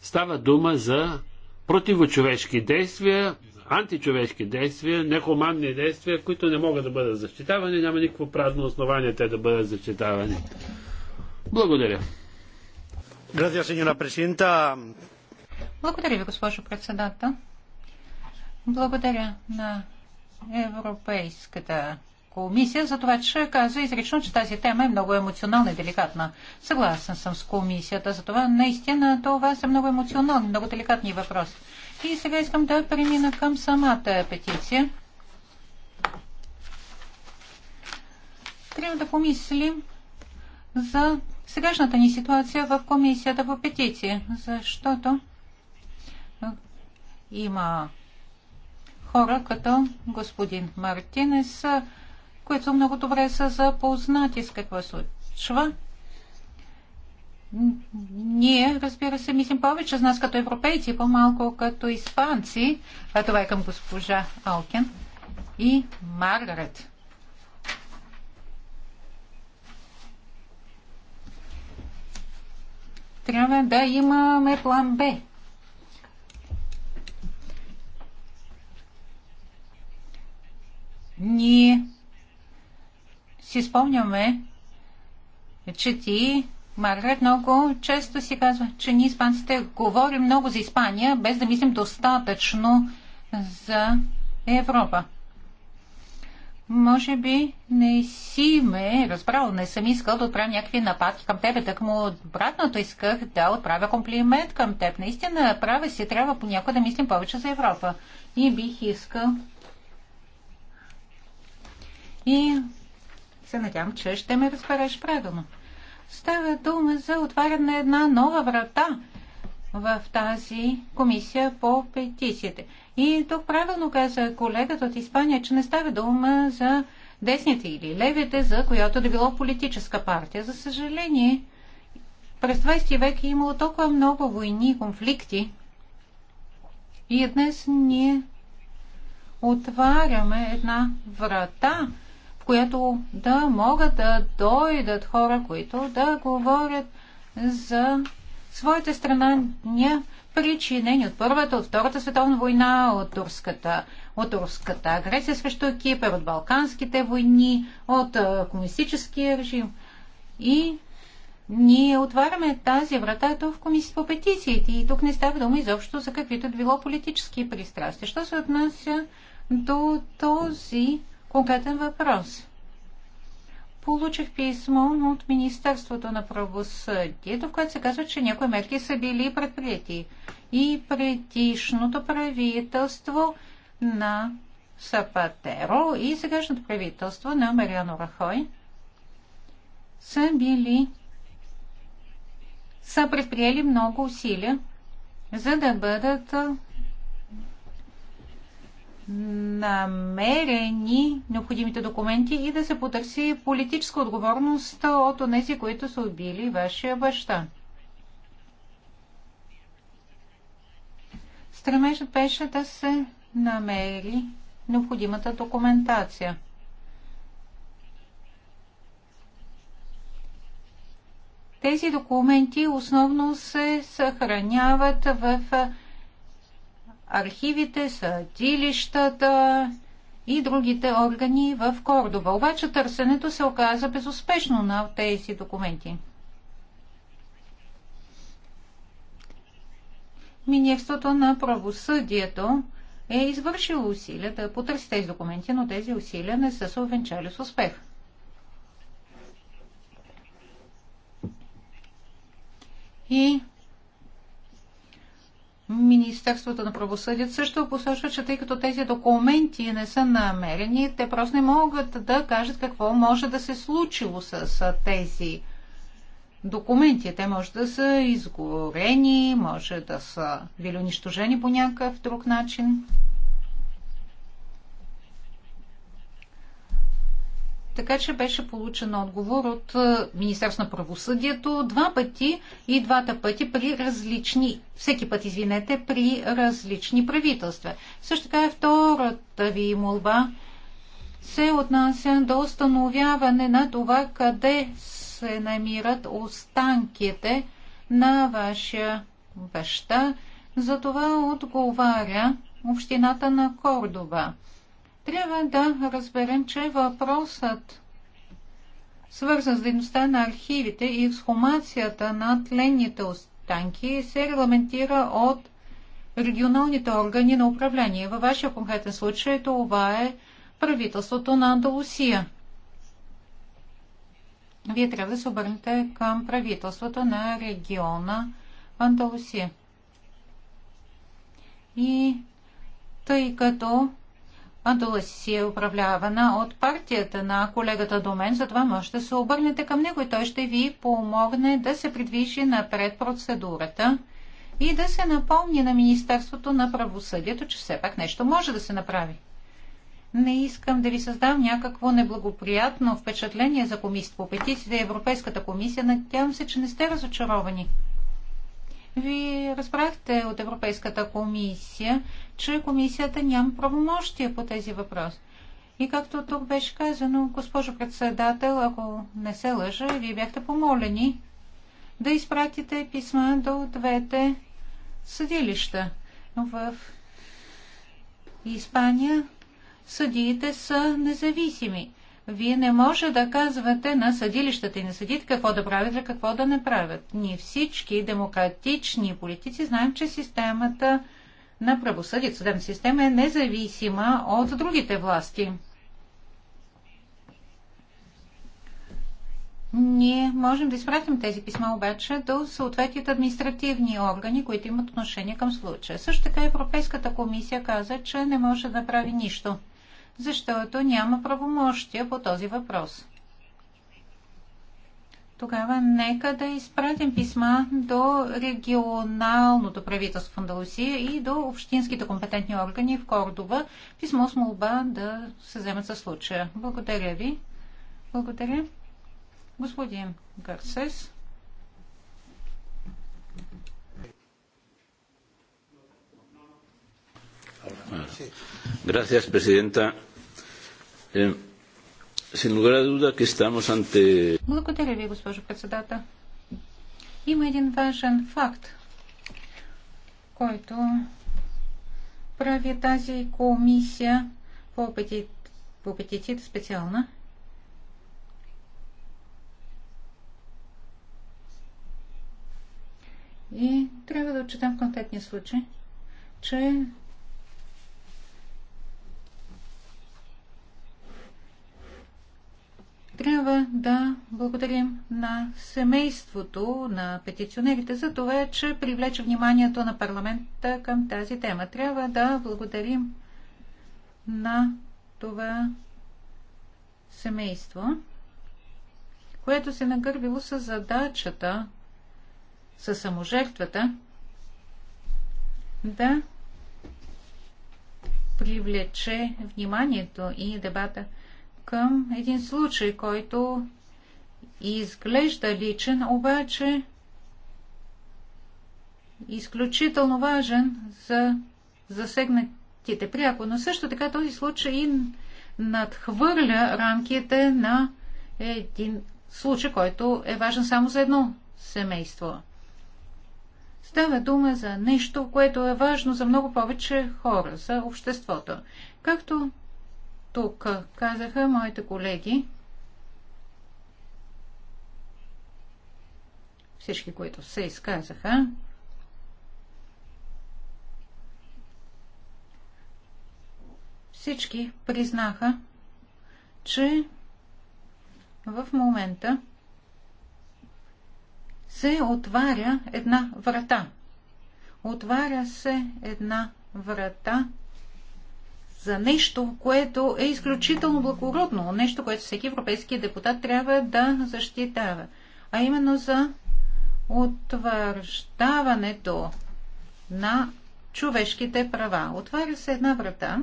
Става дума за противочовешки действия, античовешки действия, нехуманни действия, които не могат да бъдат защитавани, няма никакво правно основание те да бъдат защитавани. Благодаря. Благодаря ви, госпожо председател. Благодаря на Европейската комисия за това, че каза изрично, че тази тема е много емоционална и деликатна. Съгласен съм с комисията за това. Наистина това са много емоционални, много деликатни въпроси. И сега искам да премина към самата петиция. Трябва да помислим за сегашната ни ситуация в комисията по петиции, защото има хора като господин Мартинес, които много добре са запознати с какво случва. Ние, разбира се, мислим повече с нас като европейци, по-малко като испанци. А това е към госпожа Алкен и Маргарет. Трябва да имаме план Б. Ние си спомняме, че ти, Маргарет, много често си казва, че ние испанците говорим много за Испания, без да мислим достатъчно за Европа. Може би не си ме разбрал, не съм искал да отправя някакви нападки към тебе, так му обратното исках да отправя комплимент към теб. Наистина, права си, трябва понякога да мислим повече за Европа. И бих искал. И се надявам, че ще ме разбереш правилно. Става дума за отваряне на една нова врата в тази комисия по петициите. И тук правилно каза колегата от Испания, че не става дума за десните или левите, за която да било политическа партия. За съжаление, през 20 век е имало толкова много войни, и конфликти. И днес ние отваряме една врата която да могат да дойдат хора, които да говорят за своите ня, причинени от Първата, от Втората световна война, от турската, от турската агресия срещу Кипър, от Балканските войни, от комунистическия режим. И ние отваряме тази врата в комисия по петициите и тук не става дума изобщо за каквито било политически пристрастия. Що се отнася до този конкретен въпрос. Получих писмо от Министерството на правосъдието, в което се казва, че някои мерки са били предприяти. И предишното правителство на Сапатеро и сегашното правителство на Мариано Рахой са били са предприели много усилия, за да бъдат намерени необходимите документи и да се потърси политическа отговорност от тези, които са убили вашия баща. Стремежът беше да се намери необходимата документация. Тези документи основно се съхраняват в архивите, съдилищата и другите органи в Кордова. Обаче търсенето се оказа безуспешно на тези документи. Министерството на правосъдието е извършило усилия да потърси тези документи, но тези усилия не са се увенчали с успех. И Министерството на правосъдието също посочва, че тъй като тези документи не са намерени, те просто не могат да кажат какво може да се случило с тези документи. Те може да са изговорени, може да са били унищожени по някакъв друг начин. Така че беше получен отговор от е, Министерство на правосъдието два пъти и двата пъти при различни, всеки път, извинете, при различни правителства. Също така е втората ви молба се отнася до установяване на това къде се намират останките на вашия баща. За това отговаря общината на Кордоба. Трябва да разберем, че въпросът свързан с дейността на архивите и ексхумацията на тленните останки се регламентира от регионалните органи на управление. Във вашия конкретен случай това е правителството на Андалусия. Вие трябва да се обърнете към правителството на региона Андалусия. И тъй като си е управлявана от партията на колегата до мен, затова може да се обърнете към него и той ще ви помогне да се придвижи напред процедурата и да се напомни на Министерството на правосъдието, че все пак нещо може да се направи. Не искам да ви създам някакво неблагоприятно впечатление за комисията по петициите и Европейската комисия. Надявам се, че не сте разочаровани. Вие разбрахте от Европейската комисия, че комисията няма правомощия по тези въпроси. И както тук беше казано, госпожо председател, ако не се лъжа, вие бяхте помолени да изпратите писма до двете съдилища. В Испания съдиите са независими. Вие не може да казвате на съдилищата и на съдите какво да правят и какво да не правят. Ние всички демократични политици знаем, че системата на правосъдие, съдебна система е независима от другите власти. Ние можем да изпратим тези писма обаче до съответните административни органи, които имат отношение към случая. Също така Европейската комисия каза, че не може да прави нищо, защото няма правомощия по този въпрос тогава нека да изпратим писма до регионалното правителство в Андалусия и до общинските компетентни органи в Кордова. Писмо с молба да се вземат със случая. Благодаря ви. Благодаря. Господин Гарсес. Gracias, Presidenta. Eh, благодаря ви, госпожо председател. Има един важен факт, който прави тази комисия по, пети, по специална. И трябва да отчитам в конкретния случай, че Трябва да благодарим на семейството на петиционерите за това, че привлече вниманието на парламента към тази тема. Трябва да благодарим на това семейство, което се нагърбило с задачата, с саможертвата, да привлече вниманието и дебата към един случай, който изглежда личен, обаче изключително важен за засегнатите пряко. Но също така този случай и надхвърля рамките на един случай, който е важен само за едно семейство. Става дума за нещо, което е важно за много повече хора, за обществото. Както тук казаха моите колеги, всички, които се изказаха, всички признаха, че в момента се отваря една врата. Отваря се една врата за нещо, което е изключително благородно, нещо, което всеки европейски депутат трябва да защитава, а именно за утвърждаването на човешките права. Отваря се една врата,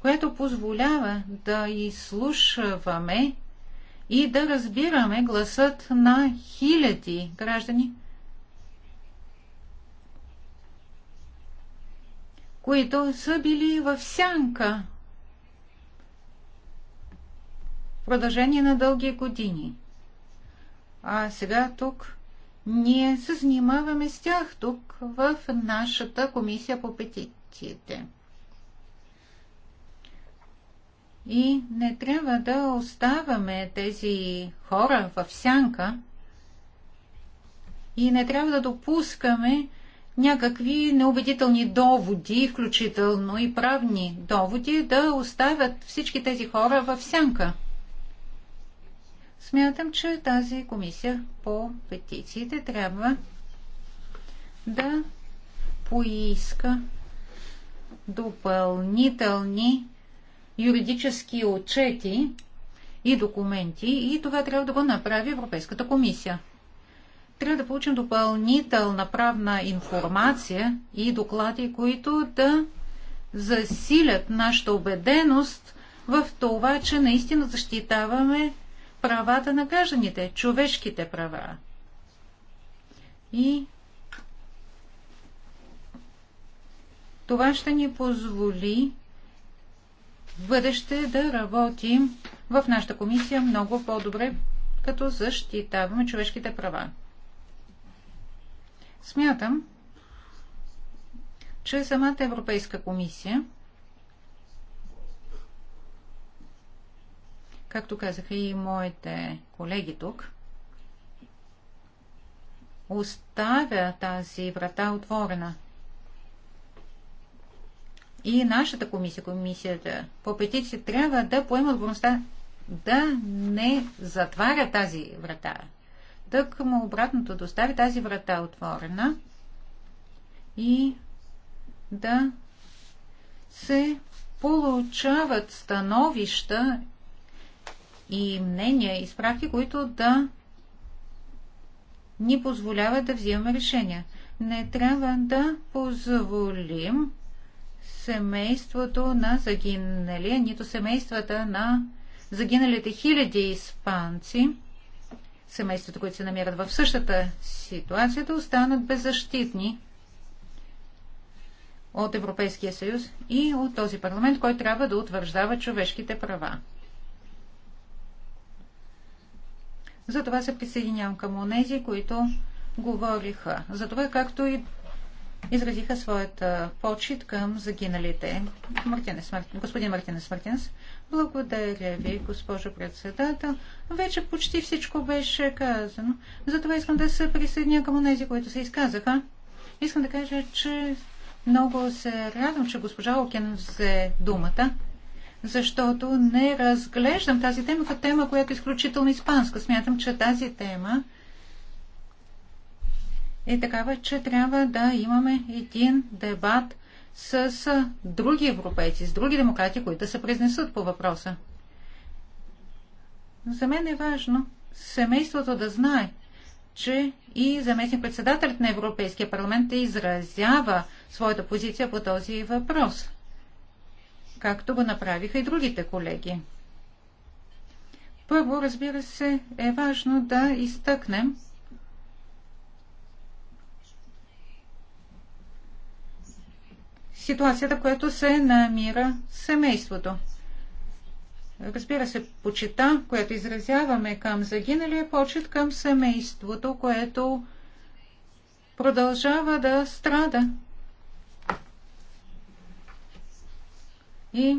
Която позволява да изслушваме и да разбираме гласът на хиляди граждани – които са били в сянка в продължение на дълги години. А сега тук ние се занимаваме с тях тук в нашата комисия по петициите. И не трябва да оставаме тези хора в сянка и не трябва да допускаме някакви неубедителни доводи, включително и правни доводи, да оставят всички тези хора в сянка. Смятам, че тази комисия по петициите трябва да поиска допълнителни юридически отчети и документи и това трябва да го направи Европейската комисия трябва да получим допълнителна правна информация и доклади, които да засилят нашата убеденост в това, че наистина защитаваме правата на гражданите, човешките права. И това ще ни позволи в бъдеще да работим в нашата комисия много по-добре, като защитаваме човешките права. Смятам, че самата Европейска комисия, както казаха и моите колеги тук, оставя тази врата отворена. И нашата комисия, комисията по петиции, трябва да поема отговорността да не затваря тази врата, Тък му обратното да остави тази врата отворена и да се получават становища и мнения и справки, които да ни позволяват да взимаме решения. Не трябва да позволим семейството на загинали, нито семействата на загиналите хиляди испанци семействата, които се намират в същата ситуация, да останат беззащитни от Европейския съюз и от този парламент, който трябва да утвърждава човешките права. Затова се присъединявам към онези, които говориха за това, както и изразиха своята почет към загиналите. Мартинес, Мартинес, господин Мартинес Мартинес, благодаря ви, госпожо председател. Вече почти всичко беше казано. Затова искам да се присъединя към тези, които се изказаха. Искам да кажа, че много се радвам, че госпожа Окен взе думата, защото не разглеждам тази тема като тема, която е изключително испанска. Смятам, че тази тема е такава, че трябва да имаме един дебат с други европейци, с други демократи, които се произнесат по въпроса. За мен е важно семейството да знае, че и заместник председателят на Европейския парламент изразява своята позиция по този въпрос, както го направиха и другите колеги. Първо, разбира се, е важно да изтъкнем, ситуацията, в която се намира семейството. Разбира се, почета, която изразяваме към загиналия, е почет към семейството, което продължава да страда. И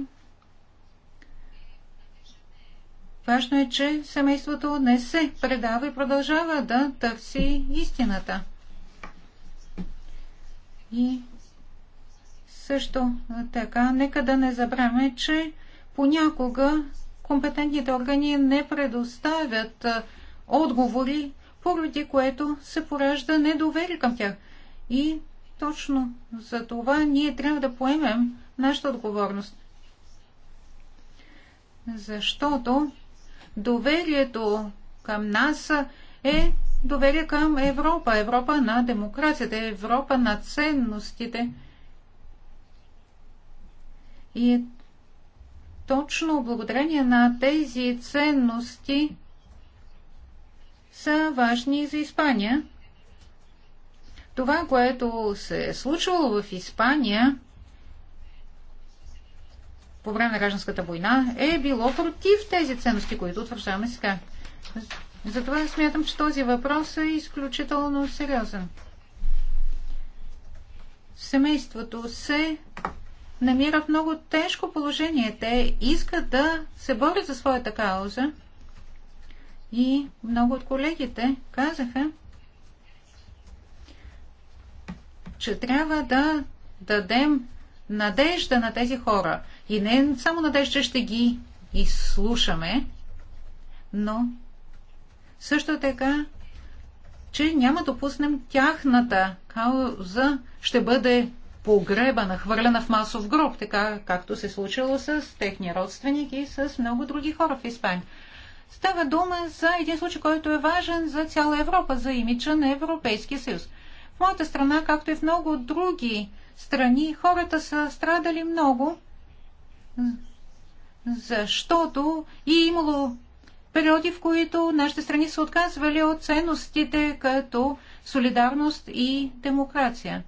важно е, че семейството не се предава и продължава да търси истината. И също така, нека да не забравяме, че понякога компетентните органи не предоставят отговори, поради което се поражда недоверие към тях. И точно за това ние трябва да поемем нашата отговорност. Защото доверието към нас е доверие към Европа, Европа на демокрацията, Европа на ценностите – и е точно благодарение на тези ценности са важни за Испания. Това, което се е случвало в Испания по време на гражданската война, е било против тези ценности, които утвърждаваме сега. Затова смятам, че този въпрос е изключително сериозен. Семейството се намира в много тежко положение. Те искат да се борят за своята кауза. И много от колегите казаха, че трябва да дадем надежда на тези хора. И не само надежда, че ще ги изслушаме, но също така, че няма допуснем тяхната кауза ще бъде Погребана, хвърлена в масов гроб, така както се случило с техния родственик и с много други хора в Испания. Става дума за един случай, който е важен за цяла Европа, за имиджа на Европейския съюз. В моята страна, както и в много други страни, хората са страдали много, защото и имало периоди, в които нашите страни са отказвали от ценностите като солидарност и демокрация.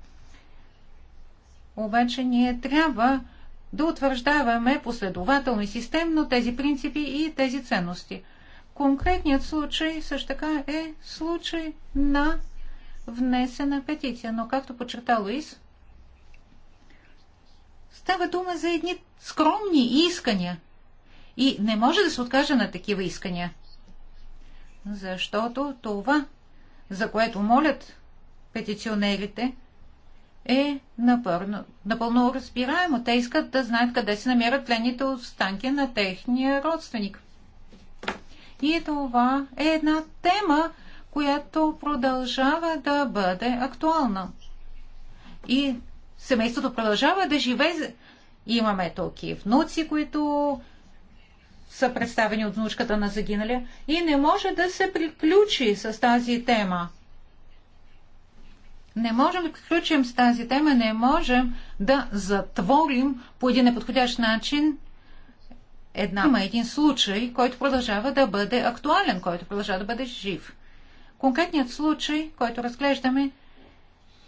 Обаче ние трябва да утвърждаваме последователно и системно тези принципи и тези ценности. Конкретният случай също така е случай на внесена петиция, но както подчерта Луис, става дума за едни скромни искания. И не може да се откаже на такива искания. Защото това, за което молят петиционерите, е напълно, напълно разбираемо. Те искат да знаят къде се намират тлените останки на техния родственик. И това е една тема, която продължава да бъде актуална. И семейството продължава да живее. Имаме токи и внуци, които са представени от внучката на загиналия и не може да се приключи с тази тема. Не можем да приключим с тази тема, не можем да затворим по един неподходящ начин една, има един случай, който продължава да бъде актуален, който продължава да бъде жив. Конкретният случай, който разглеждаме,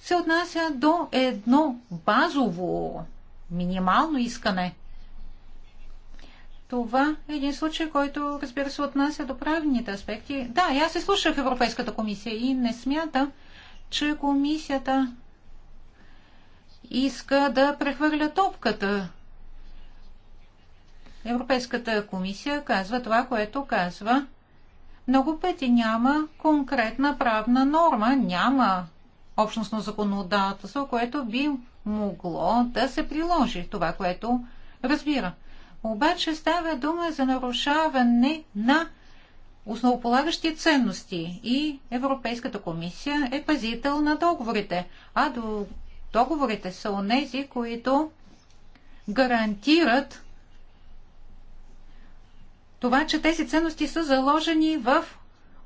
се отнася до едно базово, минимално искане. Това е един случай, който, разбира се, отнася до правните аспекти. Да, аз се слушах Европейската комисия и не смятам, че комисията иска да прехвърля топката. Европейската комисия казва това, което казва. Много пъти няма конкретна правна норма, няма общностно законодателство, което би могло да се приложи това, което разбира. Обаче става дума за нарушаване на основополагащи ценности и Европейската комисия е пазител на договорите, а до договорите са онези, които гарантират това, че тези ценности са заложени в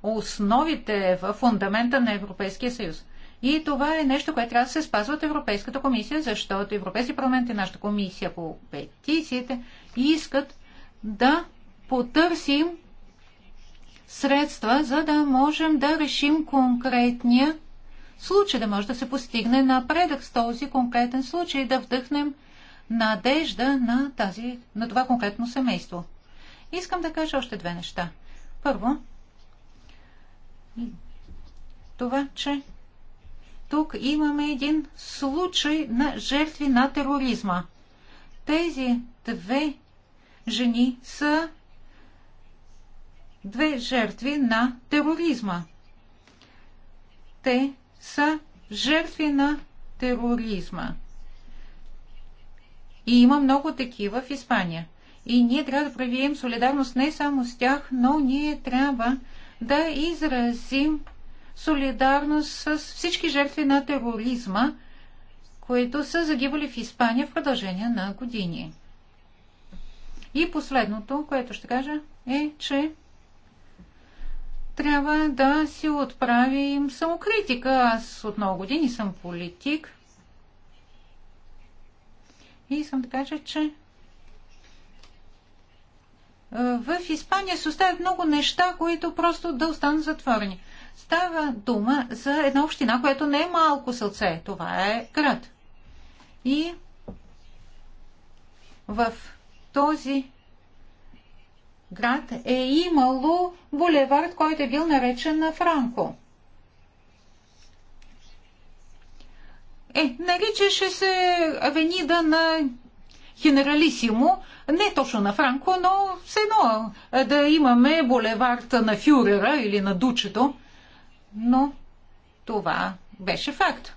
основите, в фундамента на Европейския съюз. И това е нещо, което трябва да се спазва от Европейската комисия, защото Европейски парламент и нашата комисия по петициите искат да потърсим средства, за да можем да решим конкретния случай, да може да се постигне напредък с този конкретен случай, да вдъхнем надежда на, тази, на това конкретно семейство. Искам да кажа още две неща. Първо, това, че тук имаме един случай на жертви на тероризма. Тези две жени са две жертви на тероризма. Те са жертви на тероризма. И има много такива в Испания. И ние трябва да проявим солидарност не само с тях, но ние трябва да изразим солидарност с всички жертви на тероризма, които са загивали в Испания в продължение на години. И последното, което ще кажа, е, че трябва да си отправим самокритика. Аз от много години съм политик и съм да кажа, че в Испания се оставят много неща, които просто да останат затворени. Става дума за една община, която не е малко сълце. Това е град. И в този град е имало булевард, който е бил наречен на Франко. Е, наричаше се авенида на Хенералисимо, не точно на Франко, но все едно да имаме булевард на фюрера или на дучето. Но това беше факт.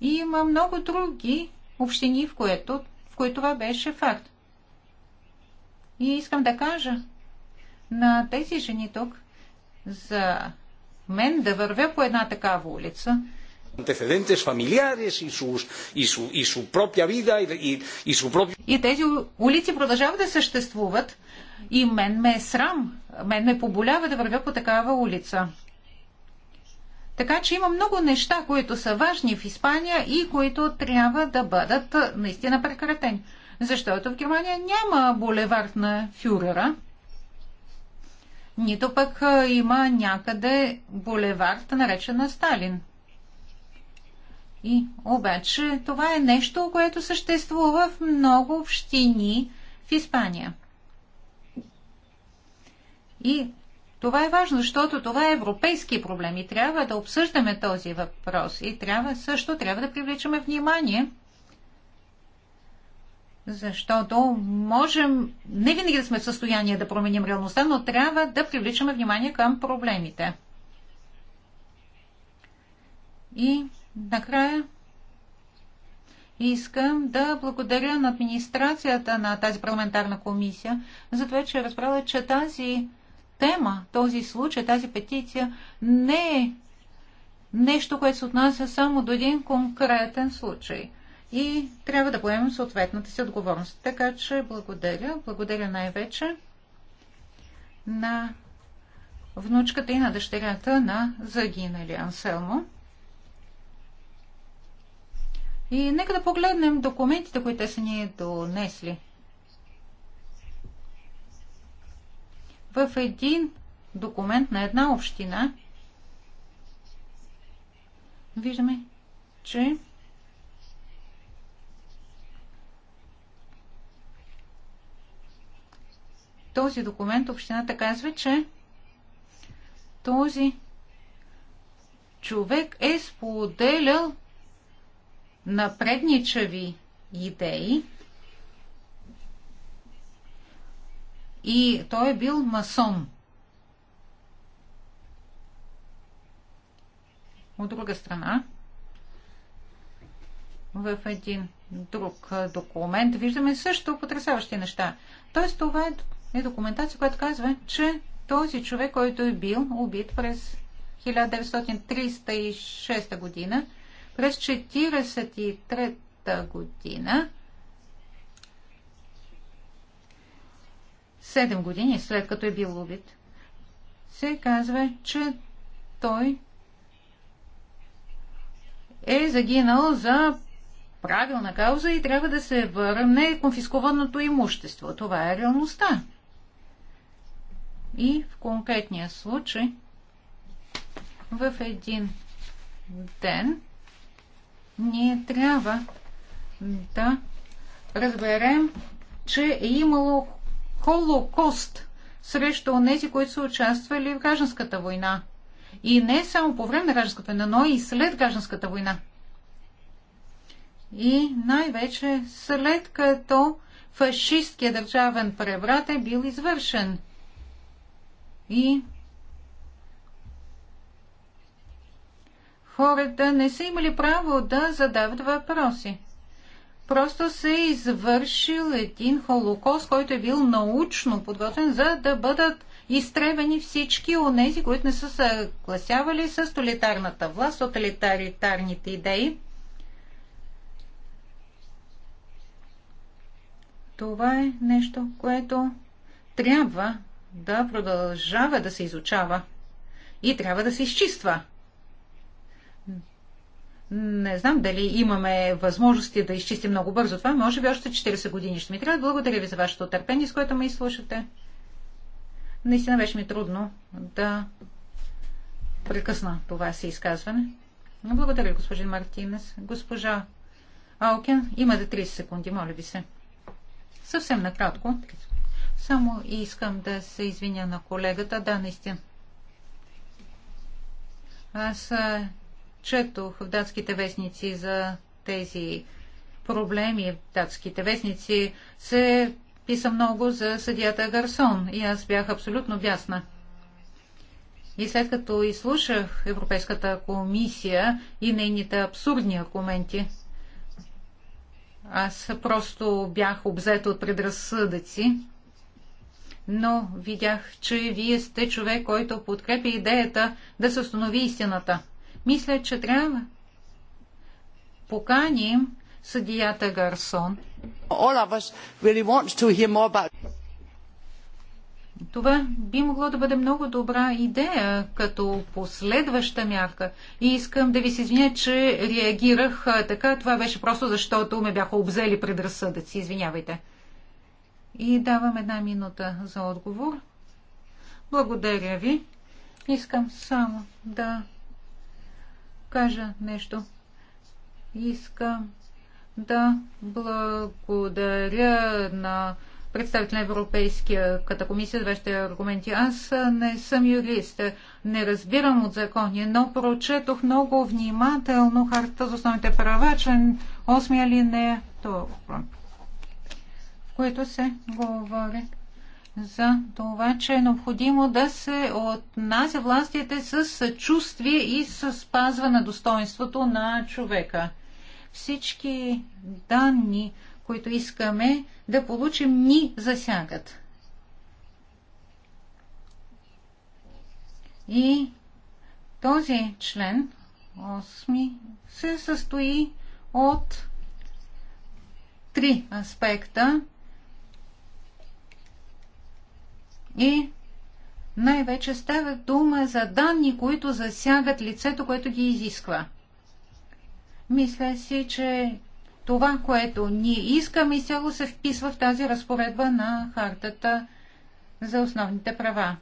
И има много други общини, в, което, в които това беше факт. И искам да кажа на тези жени тук, за мен да вървя по една такава улица, antecedentes familiares y, sus, y, su, и su propia vida и, и, su propio... И тези улици продължават да съществуват и мен ме е срам, мен ме поболява да вървя по такава улица. Така че има много неща, които са важни в Испания и които трябва да бъдат наистина прекратени защото в Германия няма булевард на фюрера, нито пък има някъде булевард, наречен на Сталин. И обаче това е нещо, което съществува в много общини в Испания. И това е важно, защото това е европейски проблем и трябва да обсъждаме този въпрос и трябва също трябва да привличаме внимание – защото можем не винаги да сме в състояние да променим реалността, но трябва да привличаме внимание към проблемите. И накрая искам да благодаря на администрацията на тази парламентарна комисия за това, че е разправя, че тази тема, този случай, тази петиция не е нещо, което се отнася само до един конкретен случай – и трябва да поемем съответната си отговорност. Така че благодаря. Благодаря най-вече на внучката и на дъщерята на загинали Анселмо. И нека да погледнем документите, които са ни донесли. В един документ на една община виждаме, че този документ общината казва, че този човек е споделял напредничави идеи и той е бил масон. От друга страна, в един друг документ виждаме също потрясаващи неща. Тоест това е е документация, която казва, че този човек, който е бил убит през 1936 година, през 1943 година, 7 години след като е бил убит, се казва, че той е загинал за правилна кауза и трябва да се върне конфискованото имущество. Това е реалността. И в конкретния случай в един ден ние трябва да разберем, че е имало холокост срещу тези, които са участвали в гражданската война. И не само по време на гражданската война, но и след гражданската война. И най-вече след като фашистския държавен преврат е бил извършен – и хората не са имали право да задават въпроси. Просто се е извършил един холокост, който е бил научно подготвен, за да бъдат изтребени всички тези, които не са съгласявали с тоталитарната власт, тоталитарните идеи. Това е нещо, което трябва да продължава да се изучава и трябва да се изчиства. Не знам дали имаме възможности да изчистим много бързо това. Може би още 40 години ще ми трябва. Благодаря ви за вашето търпение, с което ме изслушате. Наистина беше ми трудно да прекъсна това си изказване. Благодаря, господин Мартинес. Госпожа Алкен, имате 30 секунди, моля ви се. Съвсем накратко. 30 само искам да се извиня на колегата. Да, наистина. Аз четох в датските вестници за тези проблеми. В датските вестници се писа много за съдията Гарсон и аз бях абсолютно бясна. И след като изслушах Европейската комисия и нейните абсурдни аргументи, аз просто бях обзет от предразсъдъци но видях, че вие сте човек, който подкрепи идеята да се установи истината. Мисля, че трябва поканим съдията Гарсон. Really Това би могло да бъде много добра идея като последваща мярка. И искам да ви се извиня, че реагирах така. Това беше просто защото ме бяха обзели предразсъдъци. Извинявайте и давам една минута за отговор. Благодаря ви. Искам само да кажа нещо. Искам да благодаря на представител на Европейската комисия за вашите аргументи. Аз не съм юрист, не разбирам от закони, но прочетох много внимателно Харта за основните права, член 8 или не. Това които се говори за това, че е необходимо да се отнася властите с съчувствие и с спазване на достоинството на човека. Всички данни, които искаме да получим, ни засягат. И този член, 8, се състои от три аспекта И най-вече става дума за данни, които засягат лицето, което ги изисква. Мисля си, че това, което ние искаме, изцяло се вписва в тази разпоредба на хартата за основните права.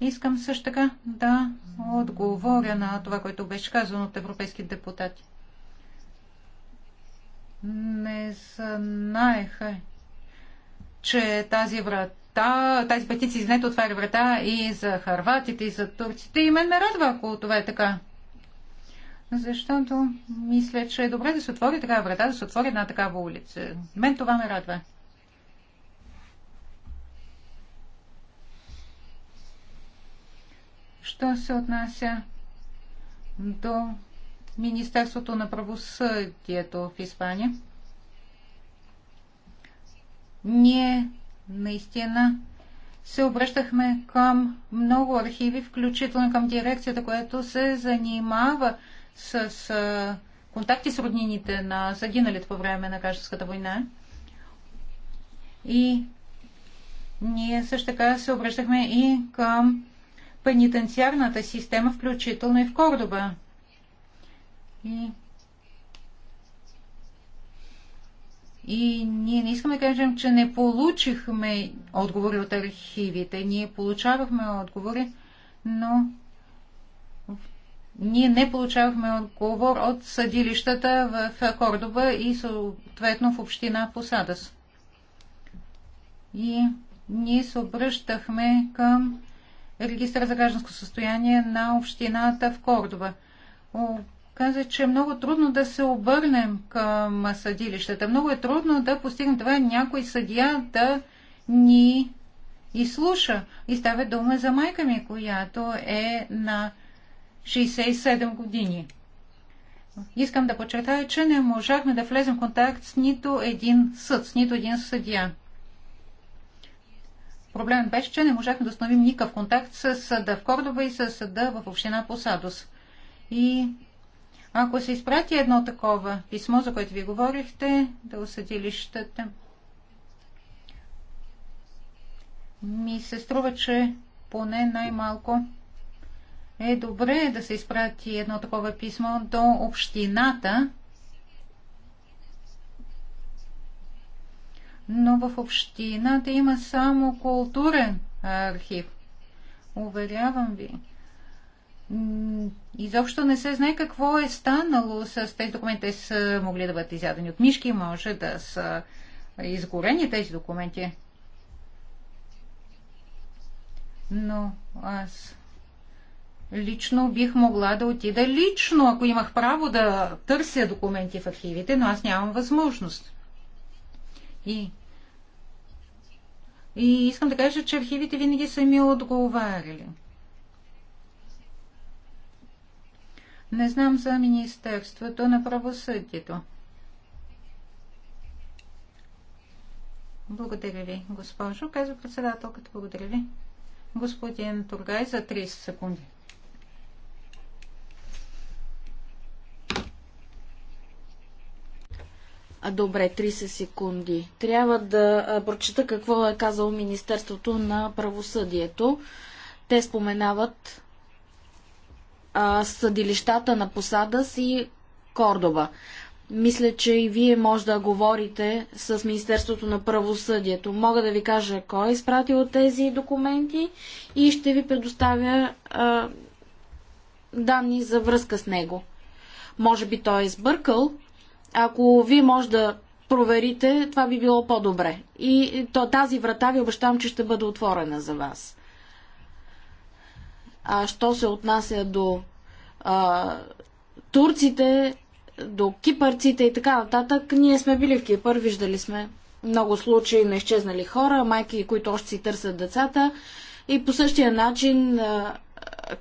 Искам също така да отговоря на това, което беше казано от европейски депутати. Не знаеха, че тази врата Та, тази петиция, извинете, отваря врата и за харватите, и за турците. И мен ме радва, ако това е така. Защото мисля, че е добре да се отвори такава врата, да се отвори една такава улица. Мен това ме радва. Що се отнася до Министерството на правосъдието в Испания? Ние наистина се обръщахме към много архиви, включително към дирекцията, която се занимава с контакти с роднините на загиналите по време на Кашевската война. И ние също така се обръщахме и към пенитенциарната система, включително и в Кордоба. И И ние не искаме да кажем, че не получихме отговори от архивите. Ние получавахме отговори, но ние не получавахме отговор от съдилищата в Кордоба и съответно в община Посадас. И ние се обръщахме към регистра за гражданско състояние на общината в Кордоба каза, че е много трудно да се обърнем към съдилищата. Много е трудно да постигнем това някой съдия да ни изслуша. И става дума за майка ми, която е на 67 години. Искам да подчертая, че не можахме да влезем в контакт с нито един съд, с нито един съдия. Проблемът беше, че не можахме да установим никакъв контакт с съда в Кордоба и с съда в община Посадос. И ако се изпрати едно такова писмо, за което ви говорихте, до съдилищата, ми се струва, че поне най-малко е добре да се изпрати едно такова писмо до общината, но в общината има само културен архив. Уверявам ви, изобщо не се знае какво е станало с тези документи. Те са могли да бъдат изядени от мишки, може да са изгорени тези документи. Но аз лично бих могла да отида лично, ако имах право да търся документи в архивите, но аз нямам възможност. И, и искам да кажа, че архивите винаги са ми отговаряли. Не знам за Министерството на правосъдието. Благодаря ви, госпожо, казва председателката. Благодаря ви. Господин Тургай за 30 секунди. Добре, 30 секунди. Трябва да прочета какво е казало Министерството на правосъдието. Те споменават а, съдилищата на Посадас и Кордоба. Мисля, че и вие може да говорите с Министерството на правосъдието. Мога да ви кажа кой е изпратил тези документи и ще ви предоставя а, данни за връзка с него. Може би той е сбъркал. Ако вие може да проверите, това би било по-добре. И то, тази врата ви обещавам, че ще бъде отворена за вас. А що се отнася до а, турците, до кипърците и така нататък, ние сме били в Кипър, виждали сме много случаи на изчезнали хора, майки, които още си търсят децата. И по същия начин а,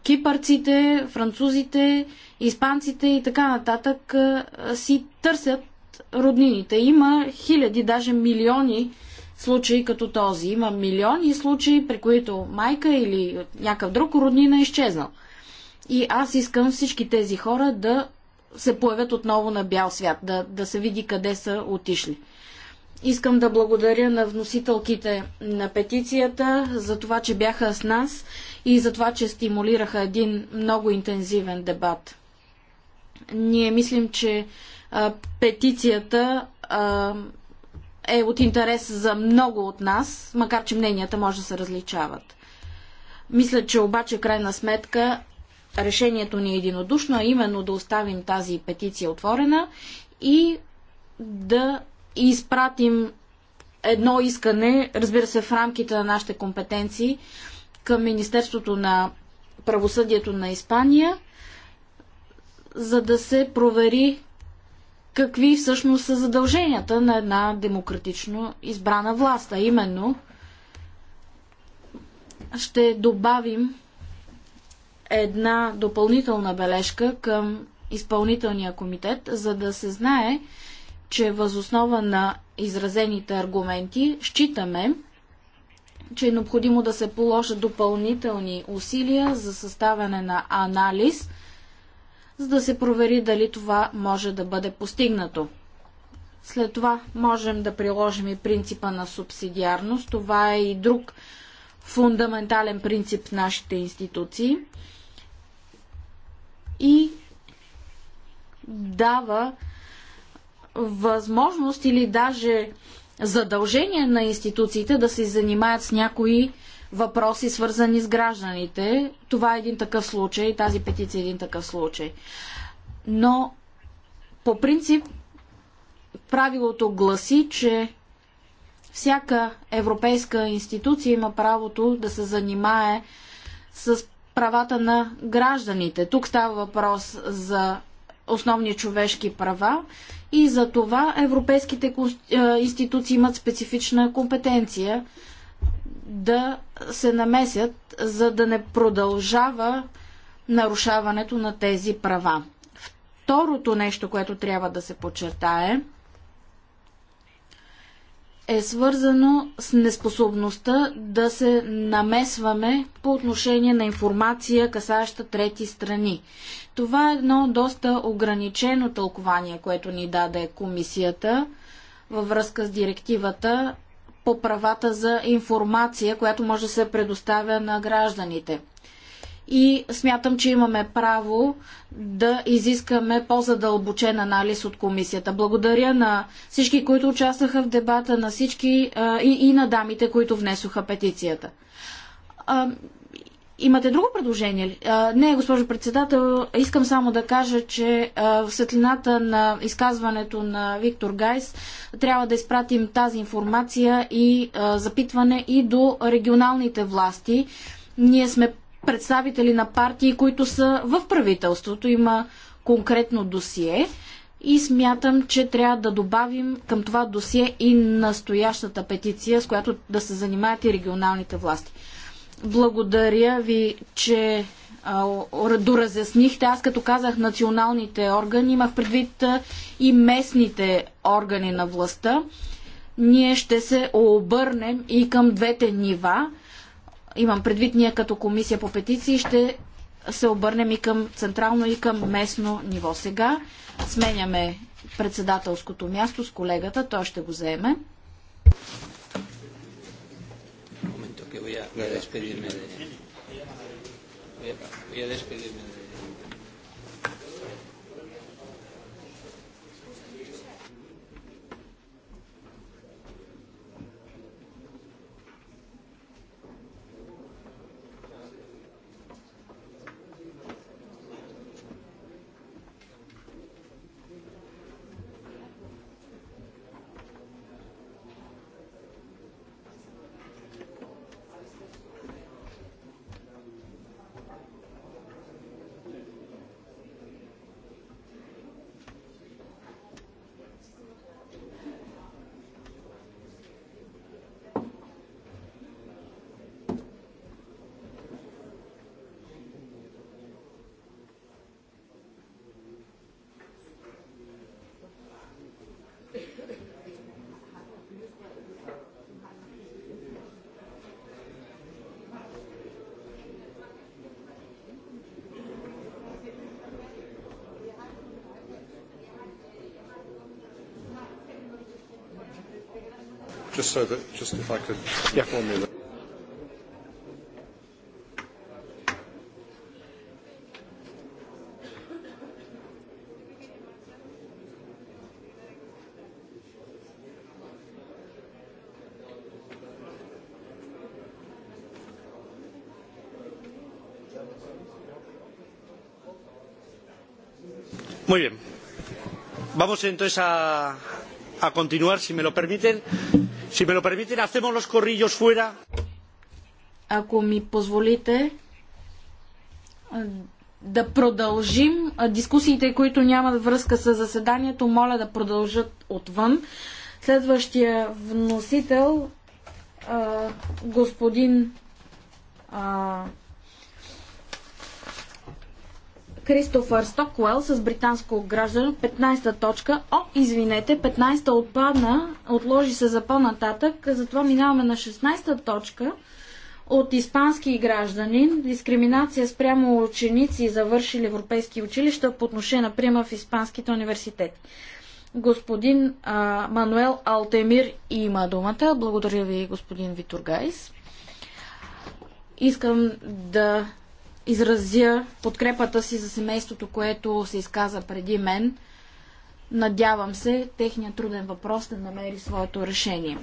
кипърците, французите, испанците и така нататък а, си търсят роднините. Има хиляди, даже милиони случаи като този. Има милиони случаи, при които майка или някакъв друг роднина е изчезнал. И аз искам всички тези хора да се появят отново на бял свят, да, да се види къде са отишли. Искам да благодаря на вносителките на петицията за това, че бяха с нас и за това, че стимулираха един много интензивен дебат. Ние мислим, че а, петицията а, е от интерес за много от нас, макар че мненията може да се различават. Мисля, че обаче крайна сметка решението ни е единодушно, а именно да оставим тази петиция отворена и да изпратим едно искане, разбира се, в рамките на нашите компетенции към Министерството на правосъдието на Испания, за да се провери какви всъщност са задълженията на една демократично избрана власт. А именно ще добавим една допълнителна бележка към изпълнителния комитет, за да се знае, че възоснова на изразените аргументи считаме, че е необходимо да се положат допълнителни усилия за съставяне на анализ за да се провери дали това може да бъде постигнато. След това можем да приложим и принципа на субсидиарност. Това е и друг фундаментален принцип в нашите институции и дава възможност или даже задължение на институциите да се занимаят с някои въпроси, свързани с гражданите. Това е един такъв случай, тази петиция е един такъв случай. Но по принцип правилото гласи, че всяка европейска институция има правото да се занимае с правата на гражданите. Тук става въпрос за основни човешки права и за това европейските е, институции имат специфична компетенция да се намесят, за да не продължава нарушаването на тези права. Второто нещо, което трябва да се подчертае, е свързано с неспособността да се намесваме по отношение на информация, касаща трети страни. Това е едно доста ограничено тълкование, което ни даде комисията във връзка с директивата по правата за информация, която може да се предоставя на гражданите. И смятам, че имаме право да изискаме по-задълбочен анализ от комисията. Благодаря на всички, които участваха в дебата, на всички и, и на дамите, които внесоха петицията. Имате друго предложение ли? Не, госпожо председател, искам само да кажа, че в светлината на изказването на Виктор Гайс трябва да изпратим тази информация и запитване и до регионалните власти. Ние сме представители на партии, които са в правителството. Има конкретно досие и смятам, че трябва да добавим към това досие и настоящата петиция, с която да се занимаят и регионалните власти. Благодаря ви, че доразяснихте. Аз като казах националните органи, имах предвид и местните органи на властта. Ние ще се обърнем и към двете нива. Имам предвид ние като комисия по петиции ще се обърнем и към централно и към местно ниво. Сега сменяме председателското място с колегата, той ще го заеме que voy a, voy a despedirme de. Voy a, voy a despedirme de. just so that, just if I could Yeah. inform you Muy bien. Vamos entonces a, a continuar, si me lo permiten. Si me lo permiten, hacemos los corrillos fuera. Ако ми позволите да продължим дискусиите, които нямат връзка с заседанието, моля да продължат отвън. Следващия вносител господин Кристофър Стоквел с британско граждан. 15-та точка. О, извинете, 15-та отпадна, отложи се за по-нататък, затова минаваме на 16-та точка от испански гражданин, дискриминация спрямо ученици, завършили европейски училища по отношение на приема в испанските университети. Господин а, Мануел Алтемир има думата. Благодаря ви, господин Витургайс. Искам да изразя подкрепата си за семейството, което се изказа преди мен. Надявам се, техният труден въпрос да намери своето решение.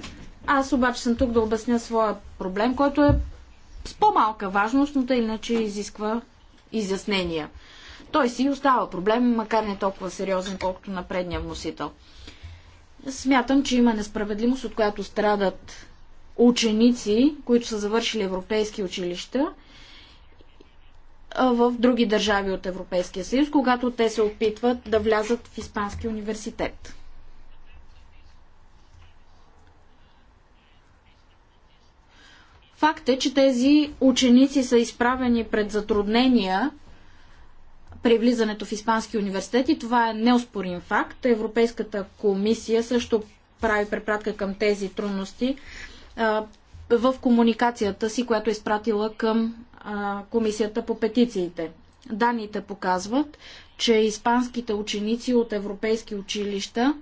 Аз обаче съм тук да обясня своя проблем, който е с по-малка важност, но иначе изисква изяснения. Той си остава проблем, макар не толкова сериозен, колкото на предния вносител. Смятам, че има несправедливост, от която страдат ученици, които са завършили европейски училища в други държави от Европейския съюз, когато те се опитват да влязат в Испански университет. Факт е, че тези ученици са изправени пред затруднения при влизането в Испански университет и това е неоспорим факт. Европейската комисия също прави препратка към тези трудности в комуникацията си, която е изпратила към а, Комисията по петициите. Даните показват, че испанските ученици от европейски училища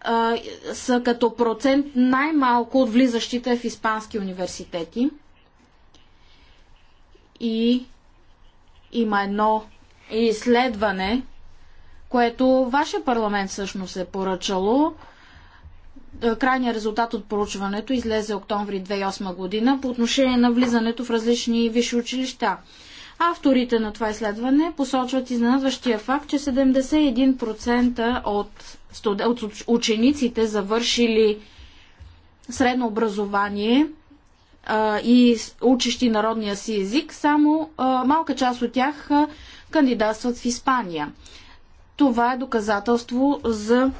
а, са като процент най-малко от влизащите в испански университети. И има едно изследване, което ваше парламент всъщност е поръчало е, крайният резултат от проучването излезе октомври 2008 година по отношение на влизането в различни висши училища. Авторите на това изследване посочват изненадващия факт, че 71% от, студ... от учениците завършили средно образование а, и учещи народния си език, само а, малка част от тях а, кандидатстват в Испания. Това е доказателство за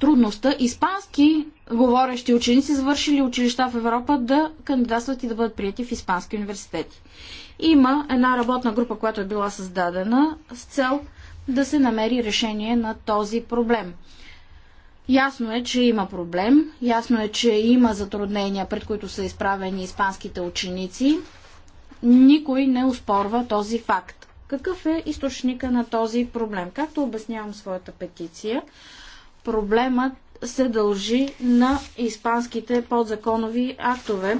трудността испански говорещи ученици, завършили училища в Европа, да кандидатстват и да бъдат прияти в испански университети. Има една работна група, която е била създадена с цел да се намери решение на този проблем. Ясно е, че има проблем, ясно е, че има затруднения, пред които са изправени испанските ученици. Никой не успорва този факт. Какъв е източника на този проблем? Както обяснявам своята петиция, Проблемът се дължи на испанските подзаконови актове,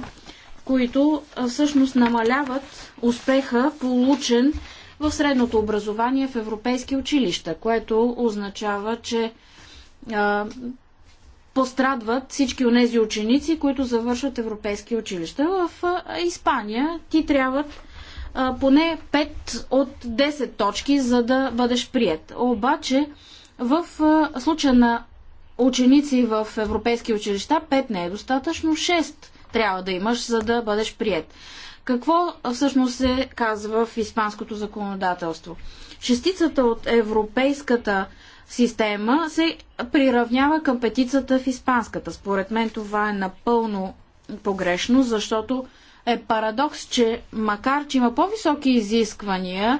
които всъщност намаляват успеха получен в средното образование в европейски училища, което означава, че а, пострадват всички тези ученици, които завършват европейски училища. В а, Испания ти трябва а, поне 5 от 10 точки, за да бъдеш прият. Обаче, в случая на ученици в европейски училища 5 не е достатъчно, 6 трябва да имаш, за да бъдеш прият. Какво всъщност се казва в испанското законодателство? Шестицата от европейската система се приравнява към петицата в испанската. Според мен това е напълно погрешно, защото е парадокс, че макар, че има по-високи изисквания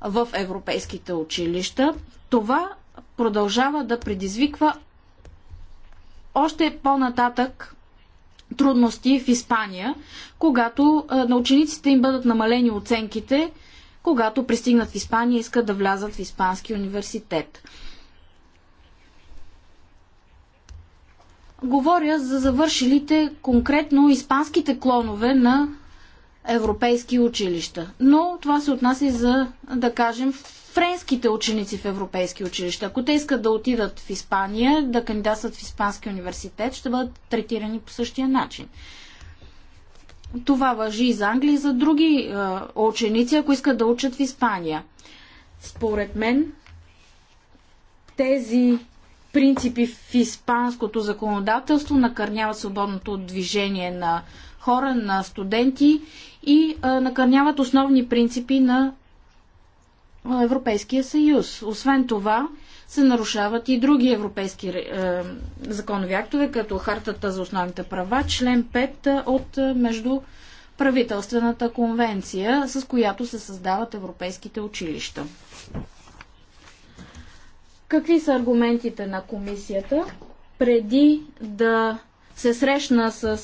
в европейските училища, това продължава да предизвиква още по-нататък трудности в Испания, когато на учениците им бъдат намалени оценките, когато пристигнат в Испания и искат да влязат в Испански университет. Говоря за завършилите конкретно испанските клонове на европейски училища. Но това се отнася за, да кажем, френските ученици в европейски училища. Ако те искат да отидат в Испания, да кандидатстват в Испански университет, ще бъдат третирани по същия начин. Това въжи и за Англия, и за други е, ученици, ако искат да учат в Испания. Според мен, тези принципи в испанското законодателство накърняват свободното движение на хора, на студенти и е, накърняват основни принципи на Европейския съюз. Освен това, се нарушават и други европейски е, законови актове, като Хартата за основните права, член 5 от е, Междуправителствената конвенция, с която се създават европейските училища. Какви са аргументите на комисията? Преди да се срещна с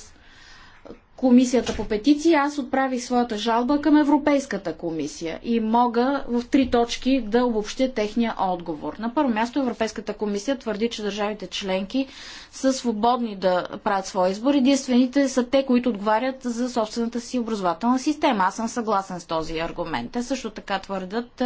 Комисията по петиции, аз отправих своята жалба към Европейската комисия и мога в три точки да обобщя техния отговор. На първо място Европейската комисия твърди, че държавите членки са свободни да правят своя избор. Единствените са те, които отговарят за собствената си образователна система. Аз съм съгласен с този аргумент. Те също така твърдят,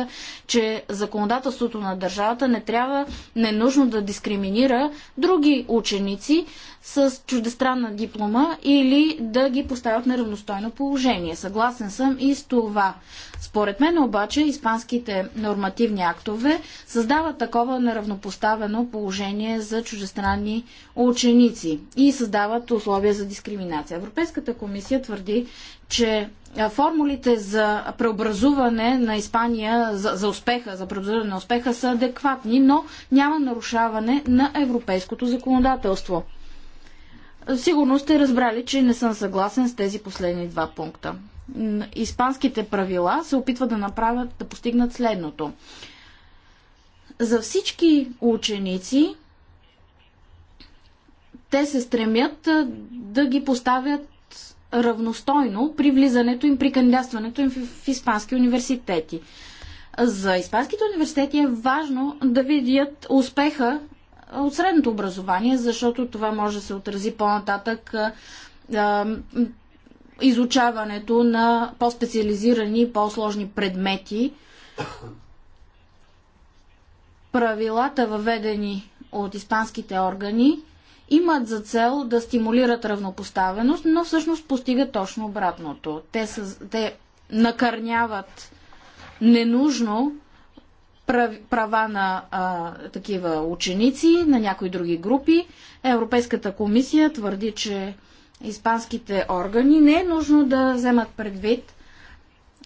че законодателството на държавата не трябва ненужно да дискриминира други ученици, с чуждестранна диплома или да ги поставят на равностойно положение. Съгласен съм и с това. Според мен обаче испанските нормативни актове създават такова неравнопоставено положение за чуждестранни ученици и създават условия за дискриминация. Европейската комисия твърди, че формулите за преобразуване на Испания за, за успеха, за преобразуване на успеха са адекватни, но няма нарушаване на европейското законодателство. Сигурно сте разбрали, че не съм съгласен с тези последни два пункта. Испанските правила се опитват да направят, да постигнат следното. За всички ученици те се стремят да ги поставят равностойно при влизането им, при кандидатстването им в, испански университети. За испанските университети е важно да видят успеха от средното образование, защото това може да се отрази по-нататък изучаването на по-специализирани, по-сложни предмети. Правилата, въведени от испанските органи, имат за цел да стимулират равнопоставеност, но всъщност постигат точно обратното. Те, те накърняват ненужно права на а, такива ученици, на някои други групи. Европейската комисия твърди, че испанските органи не е нужно да вземат предвид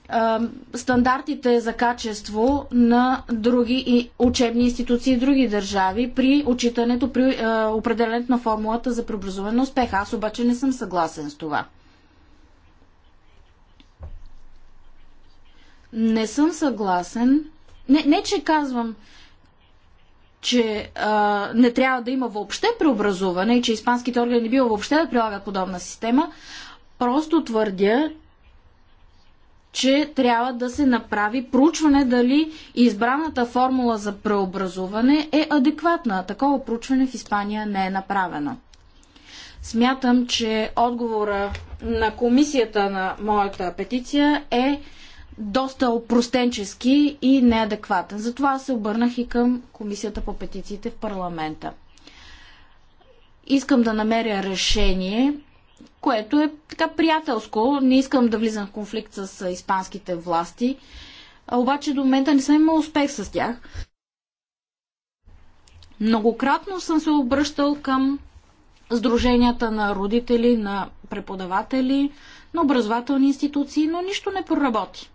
а, стандартите за качество на други учебни институции в други държави при отчитането, при а, определенето на формулата за преобразуване на успеха. Аз обаче не съм съгласен с това. Не съм съгласен не, не че казвам, че а, не трябва да има въобще преобразуване и че испанските органи не бива въобще да прилагат подобна система. Просто твърдя, че трябва да се направи проучване дали избраната формула за преобразуване е адекватна. Такова проучване в Испания не е направено. Смятам, че отговора на комисията на моята петиция е доста опростенчески и неадекватен. Затова се обърнах и към Комисията по петициите в парламента. Искам да намеря решение, което е така приятелско. Не искам да влизам в конфликт с испанските власти, обаче до момента не съм имал успех с тях. Многократно съм се обръщал към сдруженията на родители, на преподаватели, на образователни институции, но нищо не проработи.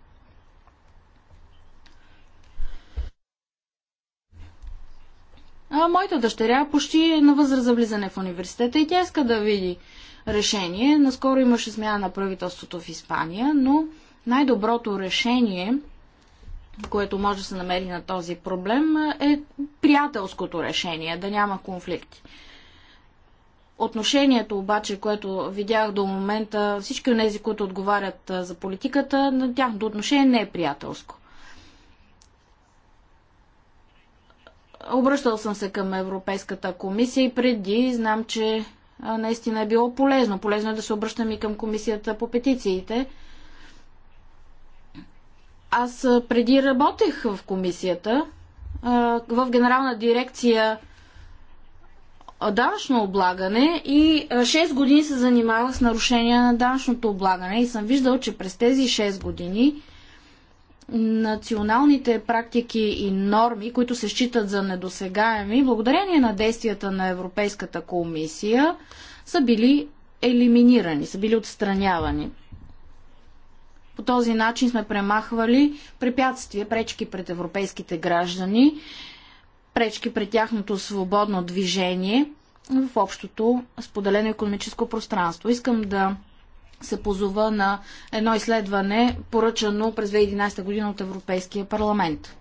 А моята дъщеря почти е на възраст за влизане в университета и тя иска да види решение. Наскоро имаше смяна на правителството в Испания, но най-доброто решение, което може да се намери на този проблем, е приятелското решение, да няма конфликти. Отношението обаче, което видях до момента, всички от тези, които отговарят за политиката, на тяхното отношение не е приятелско. Обръщал съм се към Европейската комисия и преди знам, че наистина е било полезно. Полезно е да се обръщам и към комисията по петициите. Аз преди работех в комисията, в генерална дирекция данъчно облагане и 6 години се занимавах с нарушения на данъчното облагане и съм виждал, че през тези 6 години националните практики и норми, които се считат за недосегаеми, благодарение на действията на Европейската комисия, са били елиминирани, са били отстранявани. По този начин сме премахвали препятствия, пречки пред европейските граждани, пречки пред тяхното свободно движение в общото споделено економическо пространство. Искам да се позова на едно изследване, поръчано през 2011 година от Европейския парламент.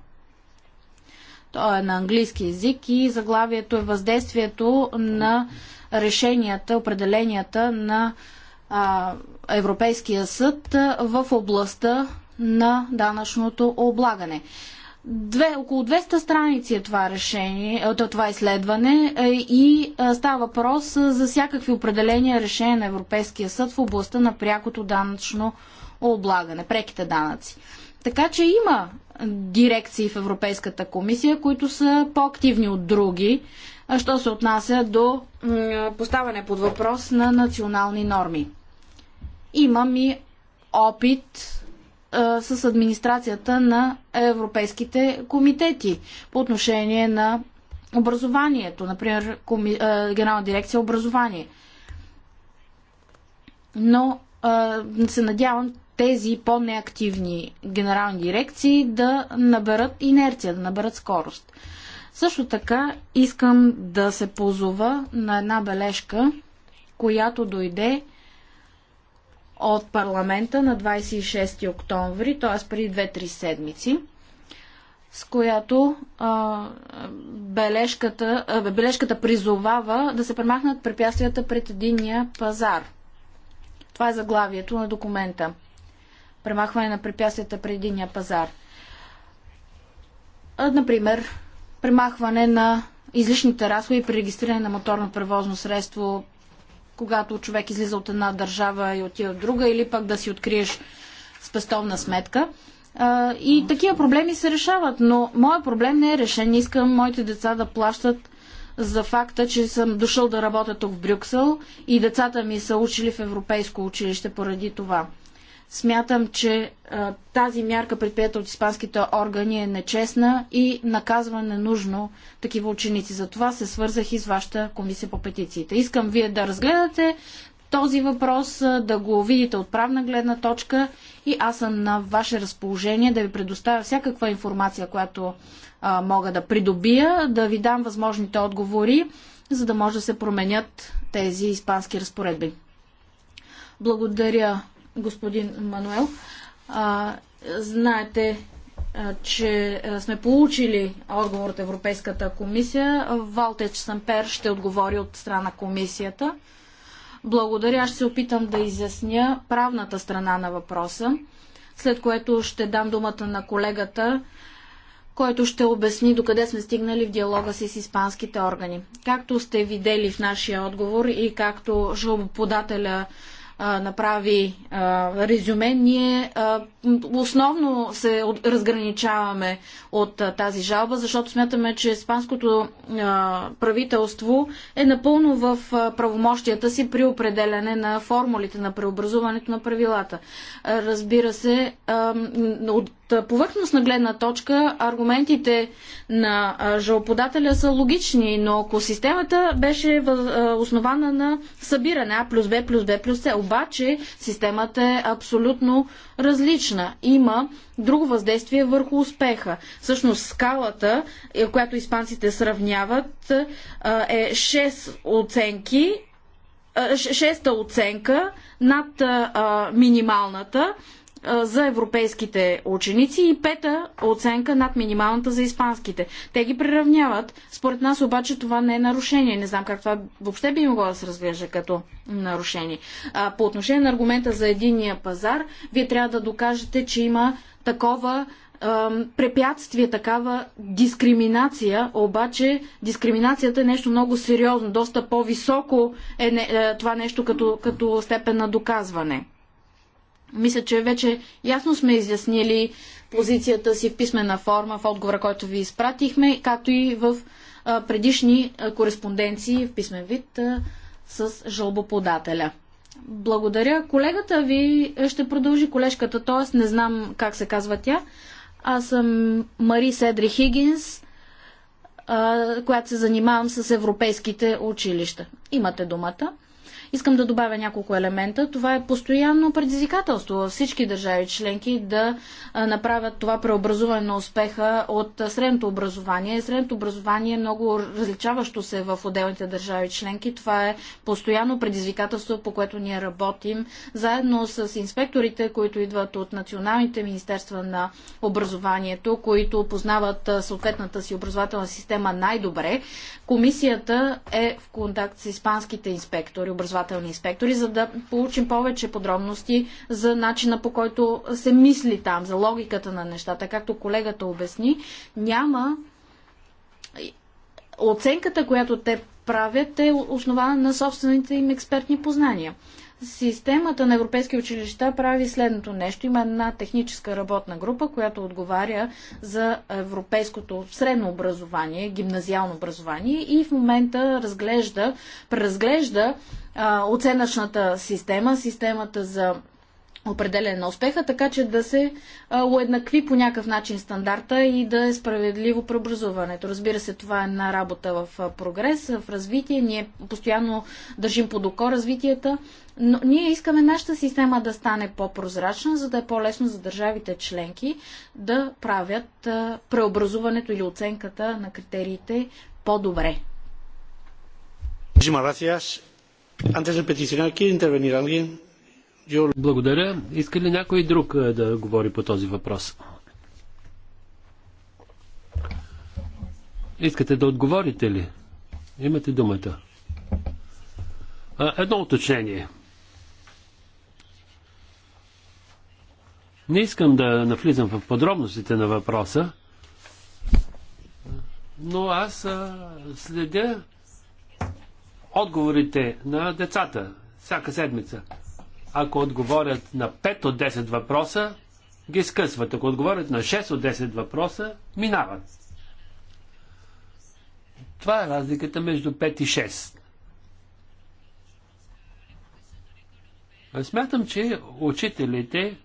То е на английски язик и заглавието е въздействието на решенията, определенията на а, Европейския съд в областта на данъчното облагане. Две, около 200 страници е това решение, е, това изследване е, и е, става въпрос за всякакви определения решения на Европейския съд в областта на прякото данъчно облагане, преките данъци. Така че има дирекции в Европейската комисия, които са по-активни от други, що се отнася до поставяне под въпрос на национални норми. Имам и опит а, с администрацията на европейските комитети по отношение на образованието, например коми, а, Генерална дирекция образование. Но а, се надявам тези по-неактивни генерални дирекции да наберат инерция, да наберат скорост. Също така искам да се позова на една бележка, която дойде от парламента на 26 октомври, т.е. преди 2-3 седмици, с която а, бележката, а, бележката призовава да се премахнат препятствията пред единния пазар. Това е заглавието на документа. Премахване на препятствията пред единния пазар. А, например, премахване на излишните разходи при регистриране на моторно превозно средство когато човек излиза от една държава и отива в друга, или пък да си откриеш спестовна сметка. И такива проблеми се решават, но моят проблем не е решен. Не искам моите деца да плащат за факта, че съм дошъл да работя тук в Брюксел и децата ми са учили в европейско училище поради това. Смятам, че а, тази мярка, предприята от испанските органи, е нечестна и наказва ненужно такива ученици. За това се свързах и с вашата комисия по петициите. Искам вие да разгледате този въпрос, да го видите от правна гледна точка и аз съм на ваше разположение да ви предоставя всякаква информация, която а, мога да придобия, да ви дам възможните отговори, за да може да се променят тези испански разпоредби. Благодаря господин Мануел. А, знаете, а, че сме получили отговор от Европейската комисия. Валтеч Сампер ще отговори от страна комисията. Благодаря, ще се опитам да изясня правната страна на въпроса, след което ще дам думата на колегата, който ще обясни докъде сме стигнали в диалога си с испанските органи. Както сте видели в нашия отговор и както жалбоподателя направи резюме, ние основно се разграничаваме от тази жалба, защото смятаме, че испанското правителство е напълно в правомощията си при определене на формулите на преобразуването на правилата. разбира се, от повърхностна гледна точка аргументите на жалоподателя са логични, но ако системата беше основана на събиране А плюс Б плюс Б плюс С, обаче системата е абсолютно различна. Има друго въздействие върху успеха. Всъщност скалата, е, която испанците сравняват, е 6 оценки шеста оценка над а, минималната за европейските ученици и пета оценка над минималната за испанските. Те ги приравняват. Според нас обаче това не е нарушение. Не знам как това въобще би могло да се разглежда като нарушение. По отношение на аргумента за единия пазар, вие трябва да докажете, че има такова препятствие, такава дискриминация, обаче дискриминацията е нещо много сериозно, доста по-високо е, не, е това нещо като, като степен на доказване. Мисля, че вече ясно сме изяснили позицията си в писмена форма в отговора, който ви изпратихме, както и в предишни кореспонденции в писмен вид с жалбоподателя. Благодаря. Колегата ви ще продължи колежката, т.е. не знам как се казва тя. Аз съм Мари Седри Хигинс, която се занимавам с европейските училища. Имате думата. Искам да добавя няколко елемента. Това е постоянно предизвикателство във всички държави членки да направят това преобразуване на успеха от средното образование. Средното образование е много различаващо се в отделните държави членки. Това е постоянно предизвикателство, по което ние работим, заедно с инспекторите, които идват от националните министерства на образованието, които познават съответната си образователна система най-добре. Комисията е в контакт с испанските инспектори, образователни следователни инспектори, за да получим повече подробности за начина по който се мисли там, за логиката на нещата. Както колегата обясни, няма оценката, която те правят, е основана на собствените им експертни познания. Системата на европейски училища прави следното нещо. Има една техническа работна група, която отговаря за европейското средно образование, гимназиално образование и в момента разглежда, преразглежда оценъчната система, системата за определен на успеха, така че да се уеднакви по някакъв начин стандарта и да е справедливо преобразуването. Разбира се, това е една работа в прогрес, в развитие. Ние постоянно държим под око развитията, но ние искаме нашата система да стане по-прозрачна, за да е по-лесно за държавите членки да правят преобразуването или оценката на критериите по-добре. gracias. Antes del ¿quiere intervenir alguien? Благодаря. Иска ли някой друг е, да говори по този въпрос? Искате да отговорите ли? Имате думата. Едно уточнение. Не искам да навлизам в подробностите на въпроса, но аз следя отговорите на децата всяка седмица ако отговорят на 5 от 10 въпроса, ги скъсват. Ако отговорят на 6 от 10 въпроса, минават. Това е разликата между 5 и 6. Смятам, че учителите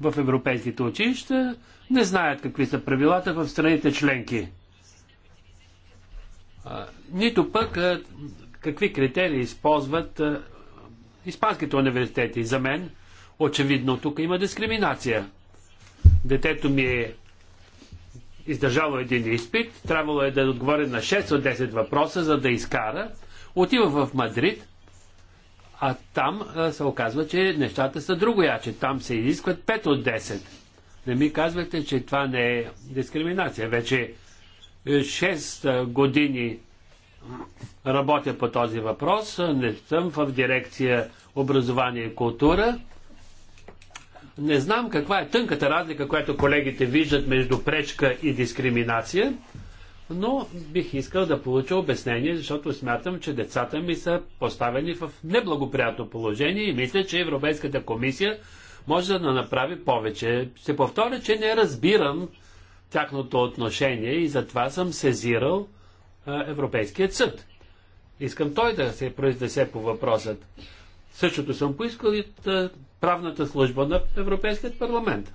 в европейските училища не знаят какви са правилата в страните членки. Нито пък какви критерии използват испанските университети. За мен, очевидно, тук има дискриминация. Детето ми е издържало един изпит, трябвало е да отговори на 6 от 10 въпроса, за да изкара. Отива в Мадрид, а там се оказва, че нещата са другояче. Там се изискват 5 от 10. Не ми казвате, че това не е дискриминация. Вече 6 е, години работя по този въпрос. Не съм в дирекция образование и култура. Не знам каква е тънката разлика, която колегите виждат между пречка и дискриминация, но бих искал да получа обяснение, защото смятам, че децата ми са поставени в неблагоприятно положение и мисля, че Европейската комисия може да направи повече. Се повторя, че не разбирам тяхното отношение и затова съм сезирал Европейският съд. Искам той да се произнесе по въпросът. Същото съм поискал и от правната служба на Европейският парламент.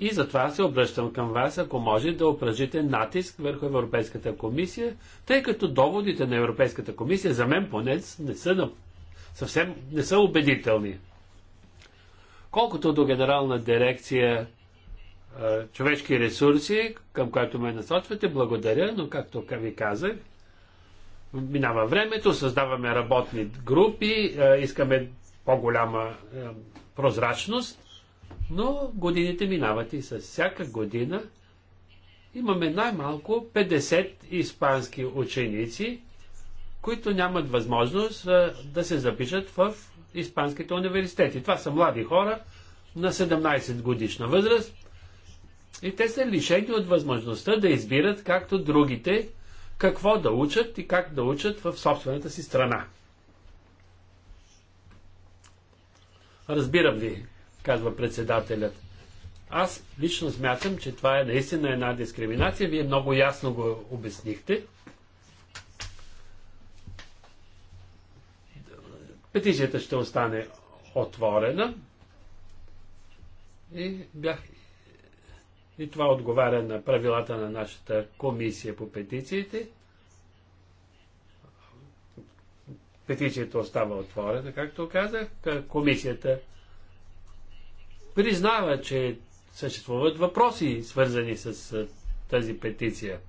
И затова се обръщам към вас, ако може да упражните натиск върху Европейската комисия, тъй като доводите на Европейската комисия, за мен поне, не са, съвсем не са убедителни. Колкото до генерална дирекция човешки ресурси, към което ме насочвате, благодаря, но както ви казах, минава времето, създаваме работни групи, искаме по-голяма прозрачност, но годините минават и с всяка година имаме най-малко 50 испански ученици, които нямат възможност да се запишат в испанските университети. Това са млади хора на 17 годишна възраст, и те са лишени от възможността да избират, както другите, какво да учат и как да учат в собствената си страна. Разбирам ви, казва председателят. Аз лично смятам, че това е наистина една дискриминация. Вие много ясно го обяснихте. Петицията ще остане отворена. И бях и това отговаря на правилата на нашата комисия по петициите. Петицията остава отворена, както казах. Комисията признава, че съществуват въпроси, свързани с тази петиция.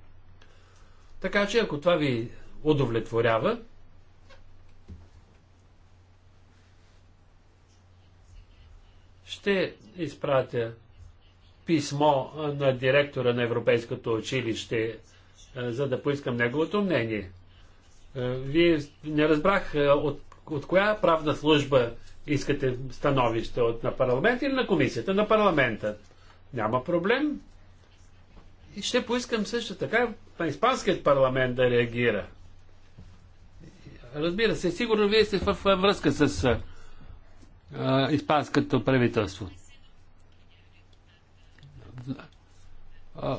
Така че, ако това ви удовлетворява, ще изпратя писмо на директора на Европейското училище, за да поискам неговото мнение. Вие не разбрах от, от коя правна служба искате становище от на парламент или на комисията? На парламента. Няма проблем. И ще поискам също така на испанският парламент да реагира. Разбира се, сигурно вие сте в връзка с а, испанското правителство.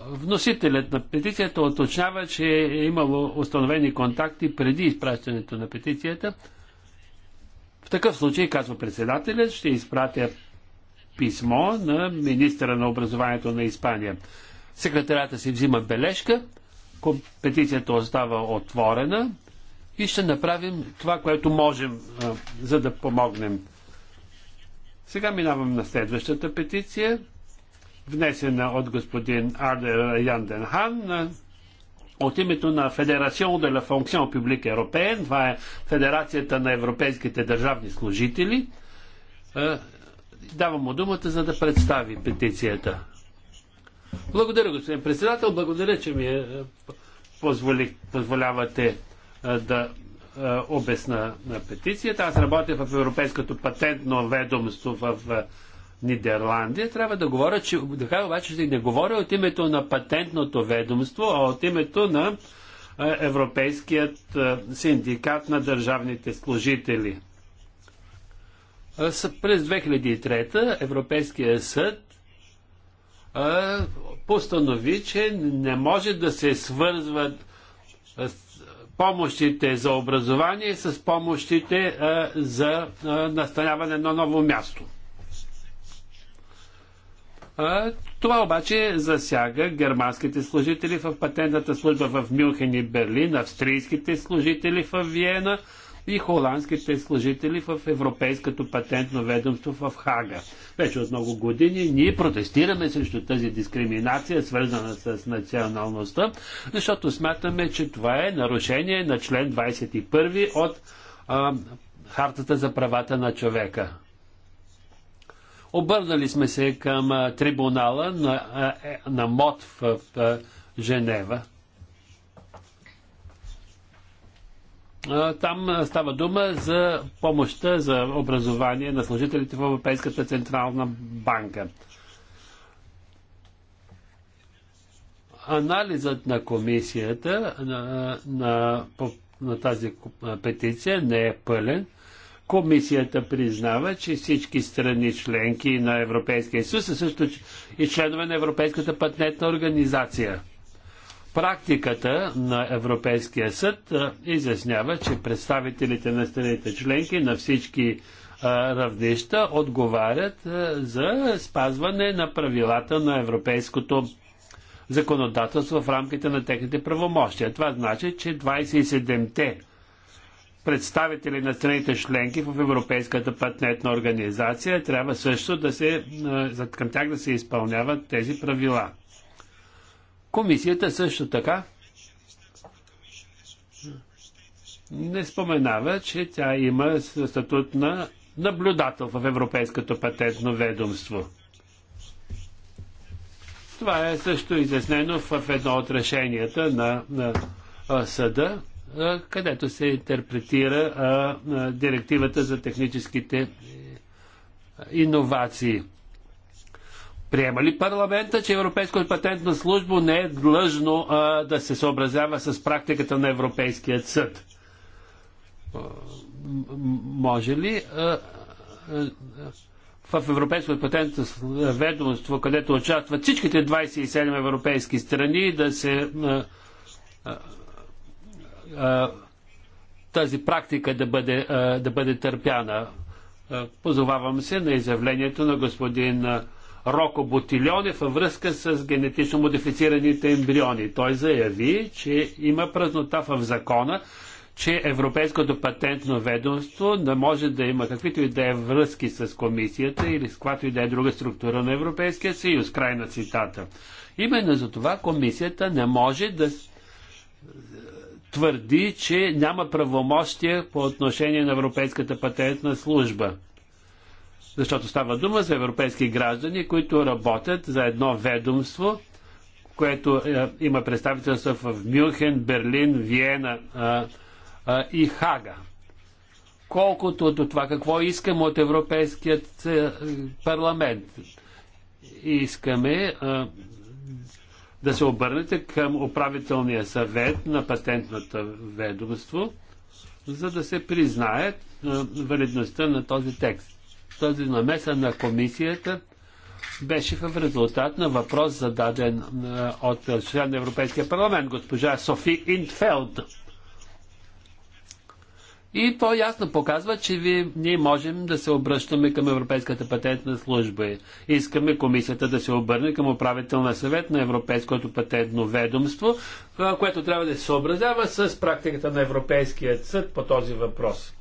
Вносителят на петицията оточнява, че е имало установени контакти преди изпращането на петицията. В такъв случай, казва председателят, ще изпратя писмо на министра на образованието на Испания. Секретарята си взима бележка, петицията остава отворена и ще направим това, което можем, за да помогнем. Сега минавам на следващата петиция внесена от господин Ардер Янденхан от името на Федерацион de la Fonction Publique Européenne, това е Федерацията на европейските държавни служители. Давам му думата, за да представи петицията. Благодаря, господин председател. Благодаря, че ми е, позволи, позволявате да обясна на петицията. Аз работя в Европейското патентно ведомство в Нидерландия, трябва да говоря, че така обаче ще не говоря от името на патентното ведомство, а от името на Европейският синдикат на държавните служители. През 2003 Европейския съд постанови, че не може да се свързват помощите за образование с помощите за настаняване на ново място. Това обаче засяга германските служители в патентната служба в Мюнхен и Берлин, австрийските служители в Виена и холандските служители в Европейското патентно ведомство в Хага. Вече от много години ние протестираме срещу тази дискриминация, свързана с националността, защото смятаме, че това е нарушение на член 21 от а, Хартата за правата на човека. Обърнали сме се към трибунала на, е, на МОД в Женева. Там става дума за помощта за образование на служителите в Европейската централна банка. Анализът на комисията на, на, на тази петиция не е пълен Комисията признава, че всички страни членки на Европейския съюз са също и членове на Европейската патентна организация. Практиката на Европейския съд изяснява, че представителите на страните членки на всички равнища отговарят за спазване на правилата на европейското законодателство в рамките на техните правомощия. Това значи, че 27-те представители на страните членки в Европейската патентна организация трябва също да се, към тях да се изпълняват тези правила. Комисията също така не споменава, че тя има статут на наблюдател в Европейското патентно ведомство. Това е също изяснено в едно от решенията на, на съда където се интерпретира а, а, директивата за техническите е, иновации. Приема ли парламента, че Европейското патентно службо не е длъжно а, да се съобразява с практиката на Европейският съд? А, може ли а, а, в Европейското патентно ведомство, където участват всичките 27 европейски страни, да се а, а, тази практика да бъде, да бъде търпяна. Позовавам се на изявлението на господин Роко Ботилионе във връзка с генетично модифицираните ембриони. Той заяви, че има празнота в закона, че Европейското патентно ведомство не може да има каквито и да е връзки с комисията или с която и да е друга структура на Европейския съюз. Край на цитата. Именно за това комисията не може да твърди, че няма правомощия по отношение на Европейската патентна служба. Защото става дума за европейски граждани, които работят за едно ведомство, което е, има представителство в Мюнхен, Берлин, Виена е, е, и Хага. Колкото до това какво искаме от Европейският е, парламент. Искаме да се обърнете към управителния съвет на патентното ведомство, за да се признае е, валидността на този текст. Този намеса на комисията беше в резултат на въпрос зададен е, от член на Европейския парламент, госпожа Софи Интфелд. И то ясно показва, че ви, ние можем да се обръщаме към Европейската патентна служба. Искаме комисията да се обърне към на съвет на Европейското патентно ведомство, което трябва да се съобразява с практиката на Европейският съд по този въпрос.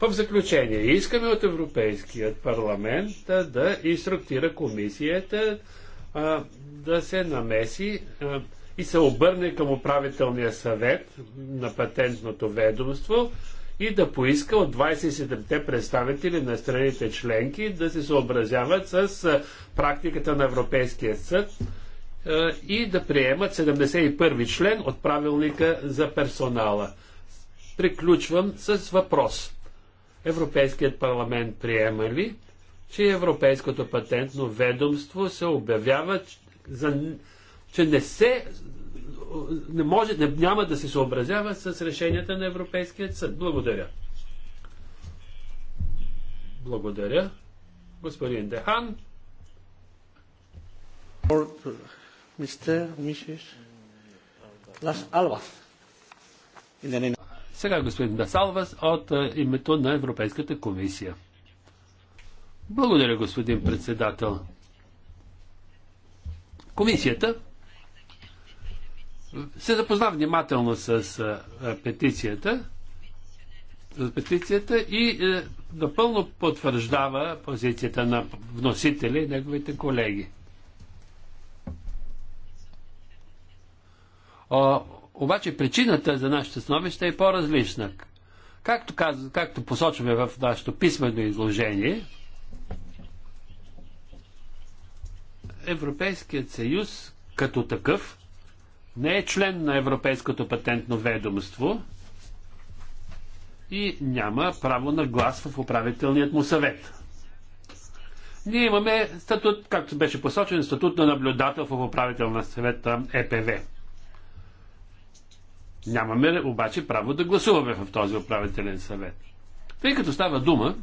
В заключение, искаме от Европейският парламент да инструктира комисията а, да се намеси а, и се обърне към управителния съвет на патентното ведомство и да поиска от 27-те представители на страните членки да се съобразяват с практиката на Европейския съд и да приемат 71-и член от правилника за персонала. Приключвам с въпрос. Европейският парламент приема ли, че Европейското патентно ведомство се обявява, за, че не се не може, не, няма да се съобразява с решенията на Европейския съд. Благодаря. Благодаря. Господин Дехан. Мистер, мисис. Лас Алвас. Сега господин Дасалвас от е, името на Европейската комисия. Благодаря, господин председател. Комисията се запозна внимателно с а, петицията, с петицията и е, напълно потвърждава позицията на вносителя и неговите колеги. О, обаче причината за нашето становище е по-различна. Както, както посочваме в нашето писмено изложение, Европейският съюз като такъв не е член на Европейското патентно ведомство и няма право на глас в управителният му съвет. Ние имаме статут, както беше посочен, статут на наблюдател в управителна съвет ЕПВ. Нямаме обаче право да гласуваме в този управителен съвет. Тъй като става дума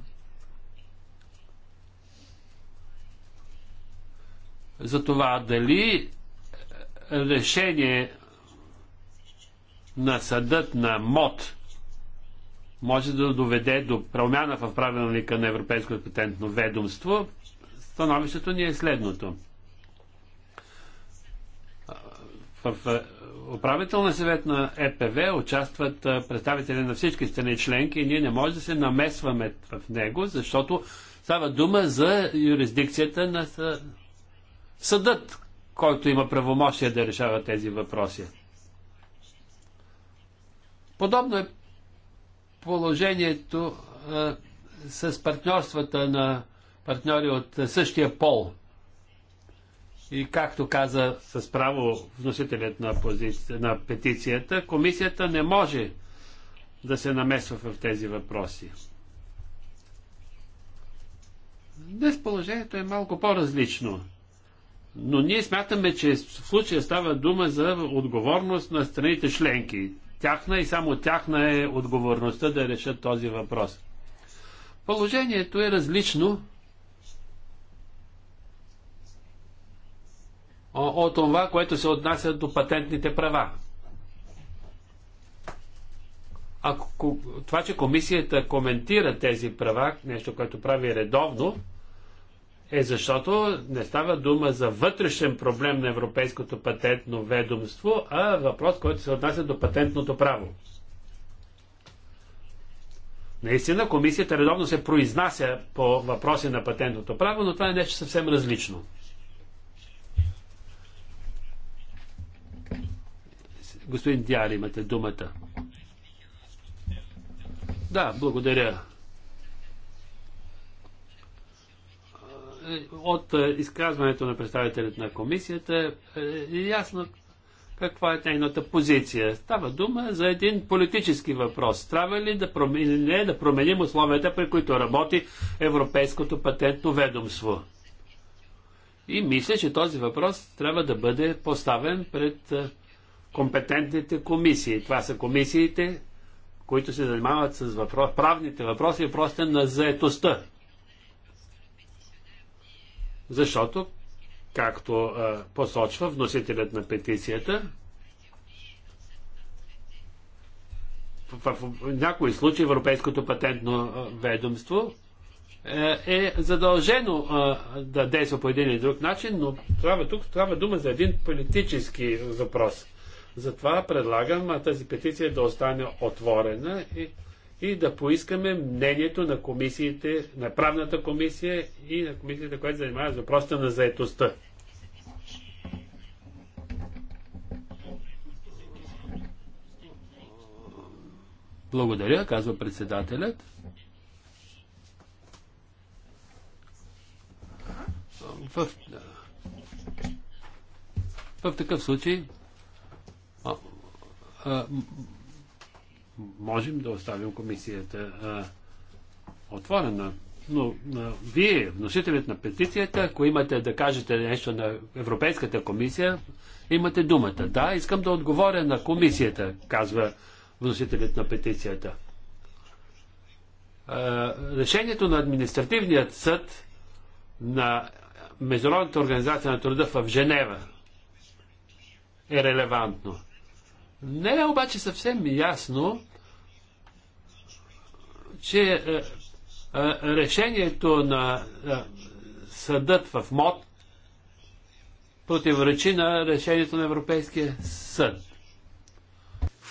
за това дали решение на съдът на МОД може да доведе до промяна в правилника на Европейското патентно ведомство, становището ни е следното. В управителния съвет на ЕПВ участват представители на всички страни членки и ние не може да се намесваме в него, защото става дума за юрисдикцията на съдът, който има правомощия да решава тези въпроси. Подобно е положението а, с партньорствата на партньори от същия пол. И както каза с право вносителят на, пози... на петицията, комисията не може да се намесва в тези въпроси. Днес положението е малко по-различно. Но ние смятаме, че в случая става дума за отговорност на страните членки. Тяхна и само тяхна е отговорността да решат този въпрос. Положението е различно от това, което се отнася до патентните права. Ако това, че комисията коментира тези права, нещо, което прави редовно, е защото не става дума за вътрешен проблем на Европейското патентно ведомство, а въпрос, който се отнася до патентното право. Наистина, комисията редовно се произнася по въпроси на патентното право, но това е нещо съвсем различно. Господин Диар, имате думата. Да, благодаря. от е, изказването на представителят на комисията е, е ясно каква е нейната позиция. Става дума за един политически въпрос. Трябва ли да променим, не, да променим условията, при които работи Европейското патентно ведомство? И мисля, че този въпрос трябва да бъде поставен пред е, компетентните комисии. Това са комисиите, които се занимават с въпрос, правните въпроси и въпросите на заетостта защото, както а, посочва вносителят на петицията, в, в, в някои случаи Европейското патентно ведомство е, е задължено а, да действа по един или друг начин, но трябва, тук трябва дума за един политически въпрос. Затова предлагам а, тази петиция да остане отворена и и да поискаме мнението на комисиите, на правната комисия и на комисията, която занимава с въпросите на заетостта. Благодаря, казва председателят. В, в такъв случай а, а, можем да оставим комисията а, отворена. Но а, вие, вносителят на петицията, ако имате да кажете нещо на Европейската комисия, имате думата. Да, искам да отговоря на комисията, казва вносителят на петицията. А, решението на административният съд на Международната организация на труда в Женева е релевантно. Не е обаче съвсем ясно че е, е, решението на е, съдът в МОД противоречи на решението на Европейския съд.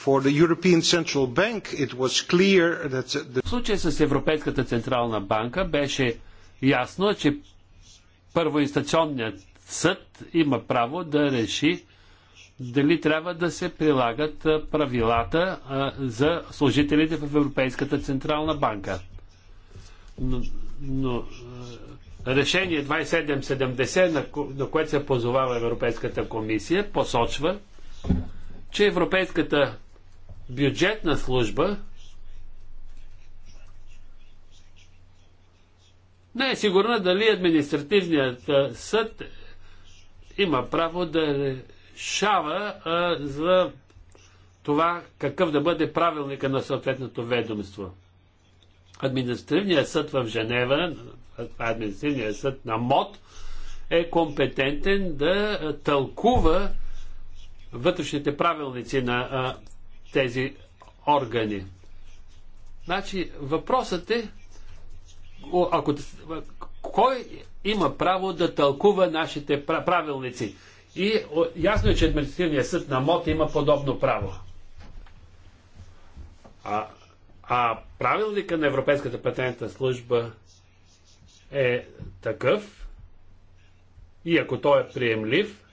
For the European Central Bank, it was clear that the... В случая с Европейската Централна банка беше ясно, че първоинстационният съд има право да реши дали трябва да се прилагат правилата за служителите в Европейската Централна банка. Но, но решение 2770, на, на което се позовава Европейската комисия, посочва, че Европейската бюджетна служба не е сигурна дали административният съд има право да решава а, за това какъв да бъде правилника на съответното ведомство. Административният съд в Женева, административният съд на МОД, е компетентен да тълкува вътрешните правилници на а, тези органи. Значи, въпросът е, ако, кой има право да тълкува нашите правилници? И ясно е, че административният съд на МОТ има подобно право. А, а правилника на Европейската патентна служба е такъв и ако той е приемлив,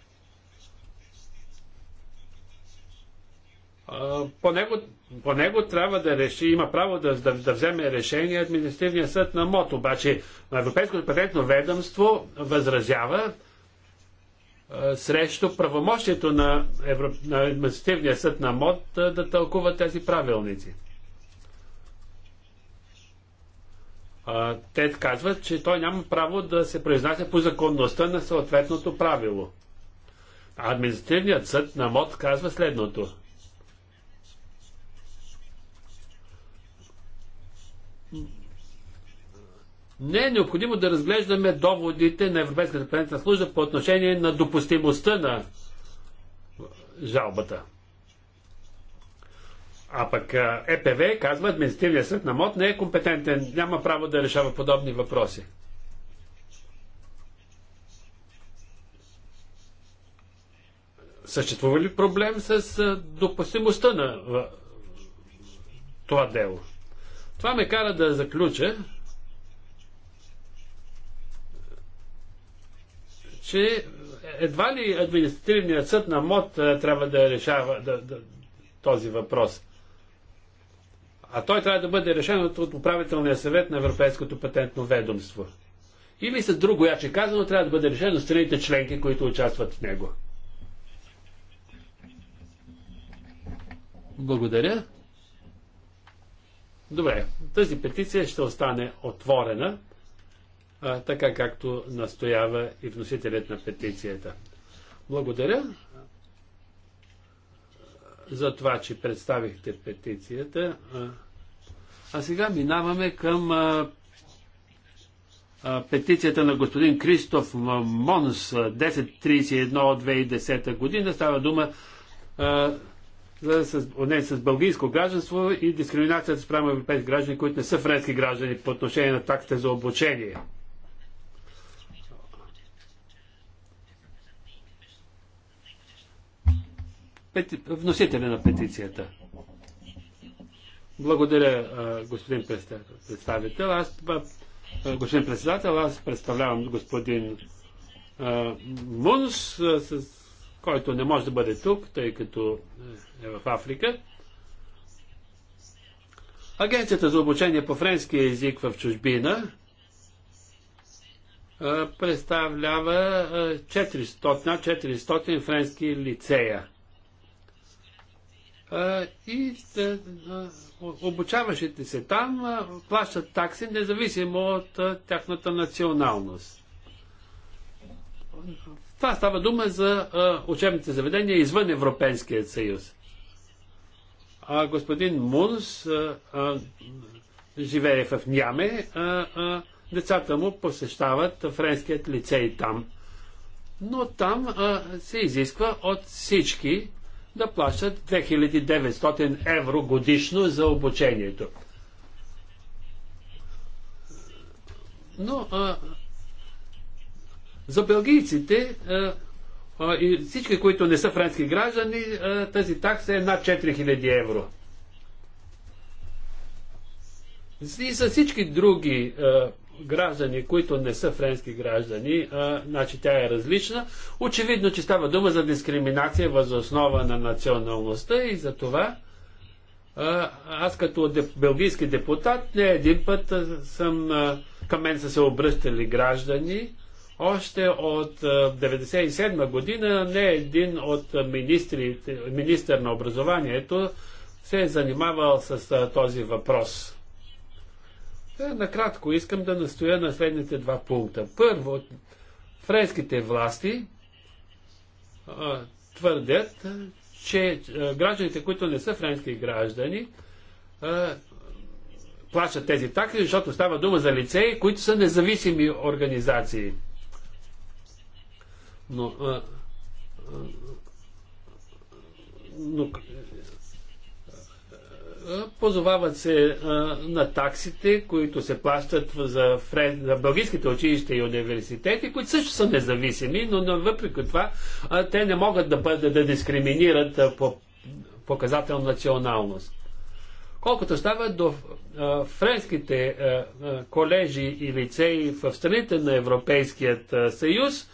по него, по него трябва да реши, има право да, да, да вземе решение административния съд на МОТ. Обаче Европейското патентно ведомство възразява срещу правомощието на, Евро... на административния съд на МОД да, да тълкува тези правилници. А, те казват, че той няма право да се произнася по законността на съответното правило. административният съд на МОД казва следното. не е необходимо да разглеждаме доводите на Европейската патентна служба по отношение на допустимостта на жалбата. А пък ЕПВ казва, административният съд на МОД не е компетентен, няма право да решава подобни въпроси. Съществува ли проблем с допустимостта на това дело? Това ме кара да заключа, че едва ли административният съд на МОД е, трябва да решава да, да, този въпрос. А той трябва да бъде решен от, от управителния съвет на Европейското патентно ведомство. Или с друго яче казано, трябва да бъде решен от страните членки, които участват в него. Благодаря. Добре, тази петиция ще остане отворена а, така както настоява и вносителят на петицията. Благодаря за това, че представихте петицията. А сега минаваме към а, а, петицията на господин Кристоф Монс 1031 от 2010 година. Става дума а, за, с, не, с бългийско гражданство и дискриминацията спрямо европейски граждани, които не са френски граждани по отношение на таксите за обучение. пети... вносителя на петицията. Благодаря, господин представител. Аз, господин председател, аз представлявам господин Мунс, с който не може да бъде тук, тъй като е в Африка. Агенцията за обучение по френски язик в чужбина представлява 400, 400 френски лицея и е, е, обучаващите се там плащат такси, независимо от тяхната националност. Това става дума за учебните заведения извън Европейския съюз. А господин Мунс живее в Няме, а, а, децата му посещават френският лицей там. Но там а, се изисква от всички да плащат 2900 евро годишно за обучението. Но а, за белгийците а, а, и всички, които не са френски граждани, а, тази такса е над 4000 евро. И за всички други а, граждани, които не са френски граждани, а, значи тя е различна. Очевидно, че става дума за дискриминация въз основа на националността и за това а, аз като деп, белгийски депутат не един път съм, а, към мен са се обръщали граждани, още от 1997 година не един от министрите, министър на образованието се е занимавал с а, този въпрос. Накратко искам да настоя на следните два пункта. Първо, френските власти а, твърдят, че а, гражданите, които не са френски граждани, а, плащат тези такси, защото става дума за лицеи, които са независими организации. Но, но позовават се на таксите, които се плащат за, френ... за българските училища и университети, които също са независими, но, но въпреки това те не могат да, бъде, да дискриминират по показател националност. Колкото става до френските колежи и лицеи в страните на Европейският съюз,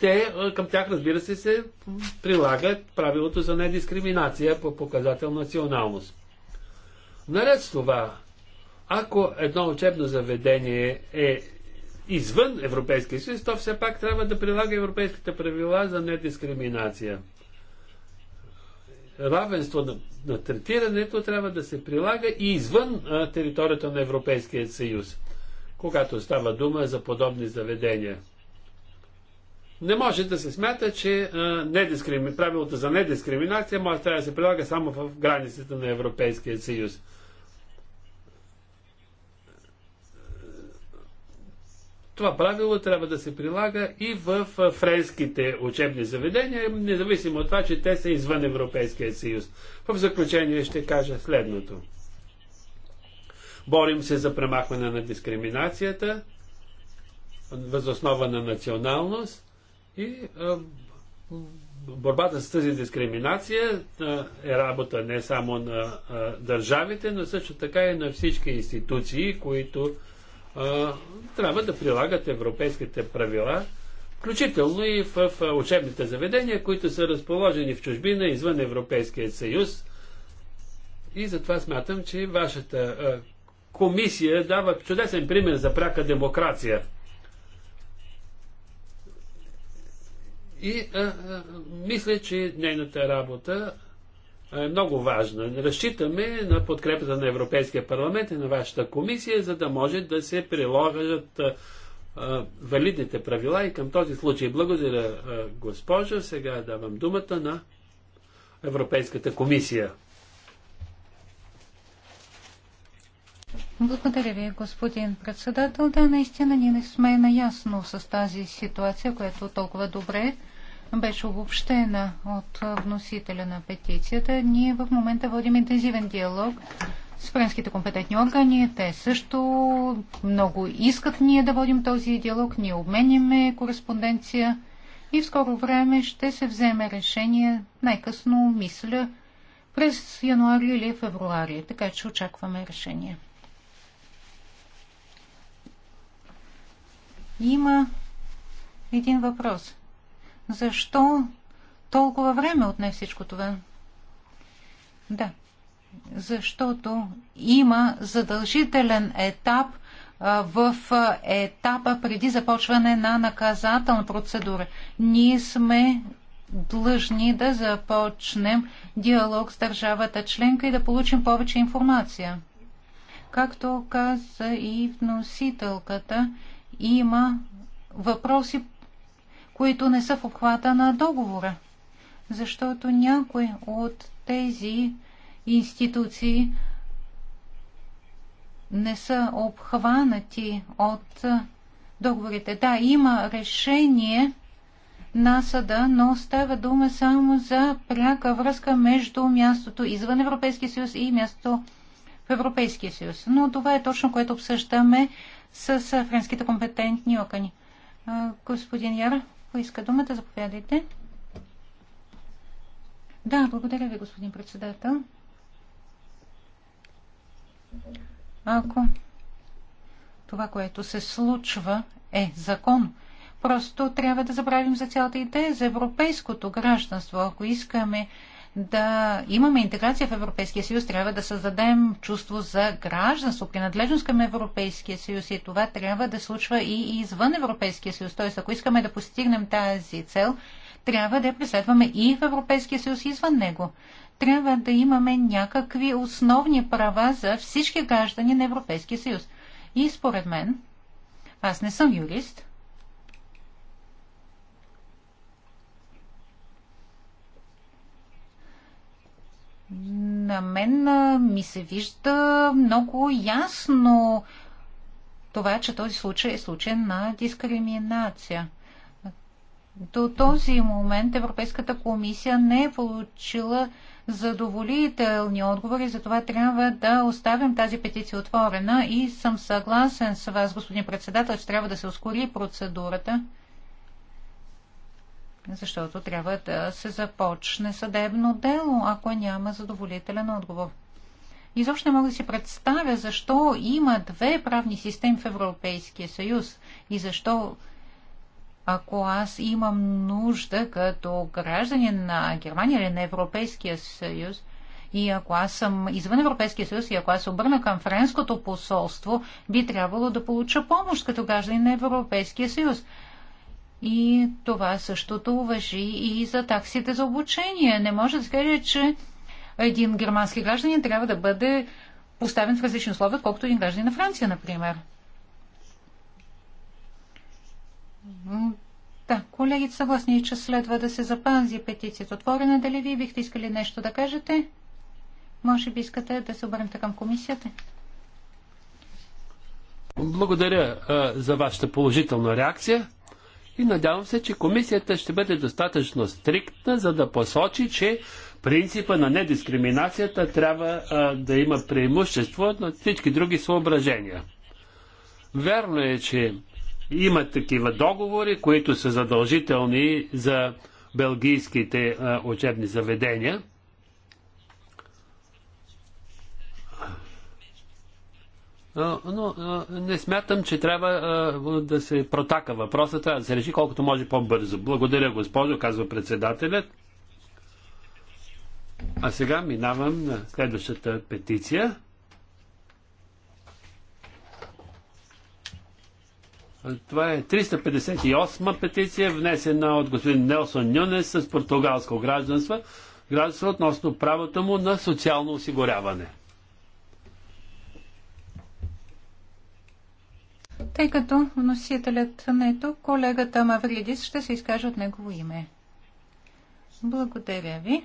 те, към тях разбира се, се прилагат правилото за недискриминация по показател националност. Наред с това, ако едно учебно заведение е извън Европейския съюз, то все пак трябва да прилага европейските правила за недискриминация. Равенство на, на третирането трябва да се прилага и извън а, територията на Европейския съюз, когато става дума за подобни заведения. Не може да се смята, че а, недискрими... правилото за недискриминация може трябва да се прилага само в границите на Европейския съюз. Това правило трябва да се прилага и в френските учебни заведения, независимо от това, че те са извън Европейския съюз. В заключение ще кажа следното. Борим се за премахване на дискриминацията възоснова на националност и борбата с тази дискриминация е работа не само на държавите, но също така и на всички институции, които трябва да прилагат европейските правила, включително и в учебните заведения, които са разположени в чужбина, извън Европейския съюз. И затова смятам, че вашата комисия дава чудесен пример за пряка демокрация. И а, а, мисля, че нейната работа е много важна. Разчитаме на подкрепата на Европейския парламент и на вашата комисия, за да може да се приложат е, е, валидните правила и към този случай. Благодаря, е, госпожа. Сега давам думата на Европейската комисия. Благодаря ви, господин председател. Да, наистина ние не сме наясно с тази ситуация, която толкова добре беше обобщена от вносителя на петицията. Ние в момента водим интензивен диалог с френските компетентни органи. Те също много искат ние да водим този диалог. Ние обменяме кореспонденция и в скоро време ще се вземе решение, най-късно мисля, през януари или февруари. Така че очакваме решение. Има един въпрос. Защо толкова време отне всичко това? Да, защото има задължителен етап в етапа преди започване на наказателна процедура. Ние сме длъжни да започнем диалог с държавата членка и да получим повече информация. Както каза и вносителката, има въпроси, които не са в обхвата на договора. Защото някои от тези институции не са обхванати от договорите. Да, има решение на съда, но става дума само за пряка връзка между мястото извън Европейския съюз и мястото в Европейския съюз. Но това е точно което обсъждаме с френските компетентни окани. Господин Яра? поиска думата. Заповядайте. Да, благодаря ви, господин председател. Ако това, което се случва, е закон, просто трябва да забравим за цялата идея за европейското гражданство. Ако искаме да имаме интеграция в Европейския съюз, трябва да създадем чувство за гражданство, принадлежност към Европейския съюз и това трябва да случва и извън Европейския съюз. Тоест, ако искаме да постигнем тази цел, трябва да я преследваме и в Европейския съюз и извън него. Трябва да имаме някакви основни права за всички граждани на Европейския съюз. И според мен, аз не съм юрист, На мен ми се вижда много ясно това, че този случай е случай на дискриминация. До този момент Европейската комисия не е получила задоволителни отговори, затова трябва да оставим тази петиция отворена и съм съгласен с вас, господин председател, че трябва да се ускори процедурата защото трябва да се започне съдебно дело, ако няма задоволителен отговор. Изобщо не мога да си представя защо има две правни системи в Европейския съюз и защо ако аз имам нужда като гражданин на Германия или на Европейския съюз, и ако аз съм извън Европейския съюз и ако аз обърна към Френското посолство, би трябвало да получа помощ като гражданин на Европейския съюз. И това същото въжи и за таксите за обучение. Не може да се каже, че един германски гражданин трябва да бъде поставен в различни условия, колкото един гражданин на Франция, например. Да, колегите съгласни, че следва да се запази петицията отворена. Дали вие бихте искали нещо да кажете? Може би искате да се обърнете към комисията? Благодаря а, за вашата положителна реакция и надявам се, че комисията ще бъде достатъчно стриктна, за да посочи, че принципа на недискриминацията трябва а, да има преимущество на всички други съображения. Верно е, че има такива договори, които са задължителни за белгийските а, учебни заведения, но не смятам, че трябва да се протака въпроса. Трябва да се реши колкото може по-бързо. Благодаря, госпожо, казва председателят. А сега минавам на следващата петиция. Това е 358 петиция, внесена от господин Нелсон Нюнес с португалско гражданство, гражданство относно правото му на социално осигуряване. Тъй като носителят на ето, колегата Мавридис, ще се изкаже от негово име. Благодаря ви.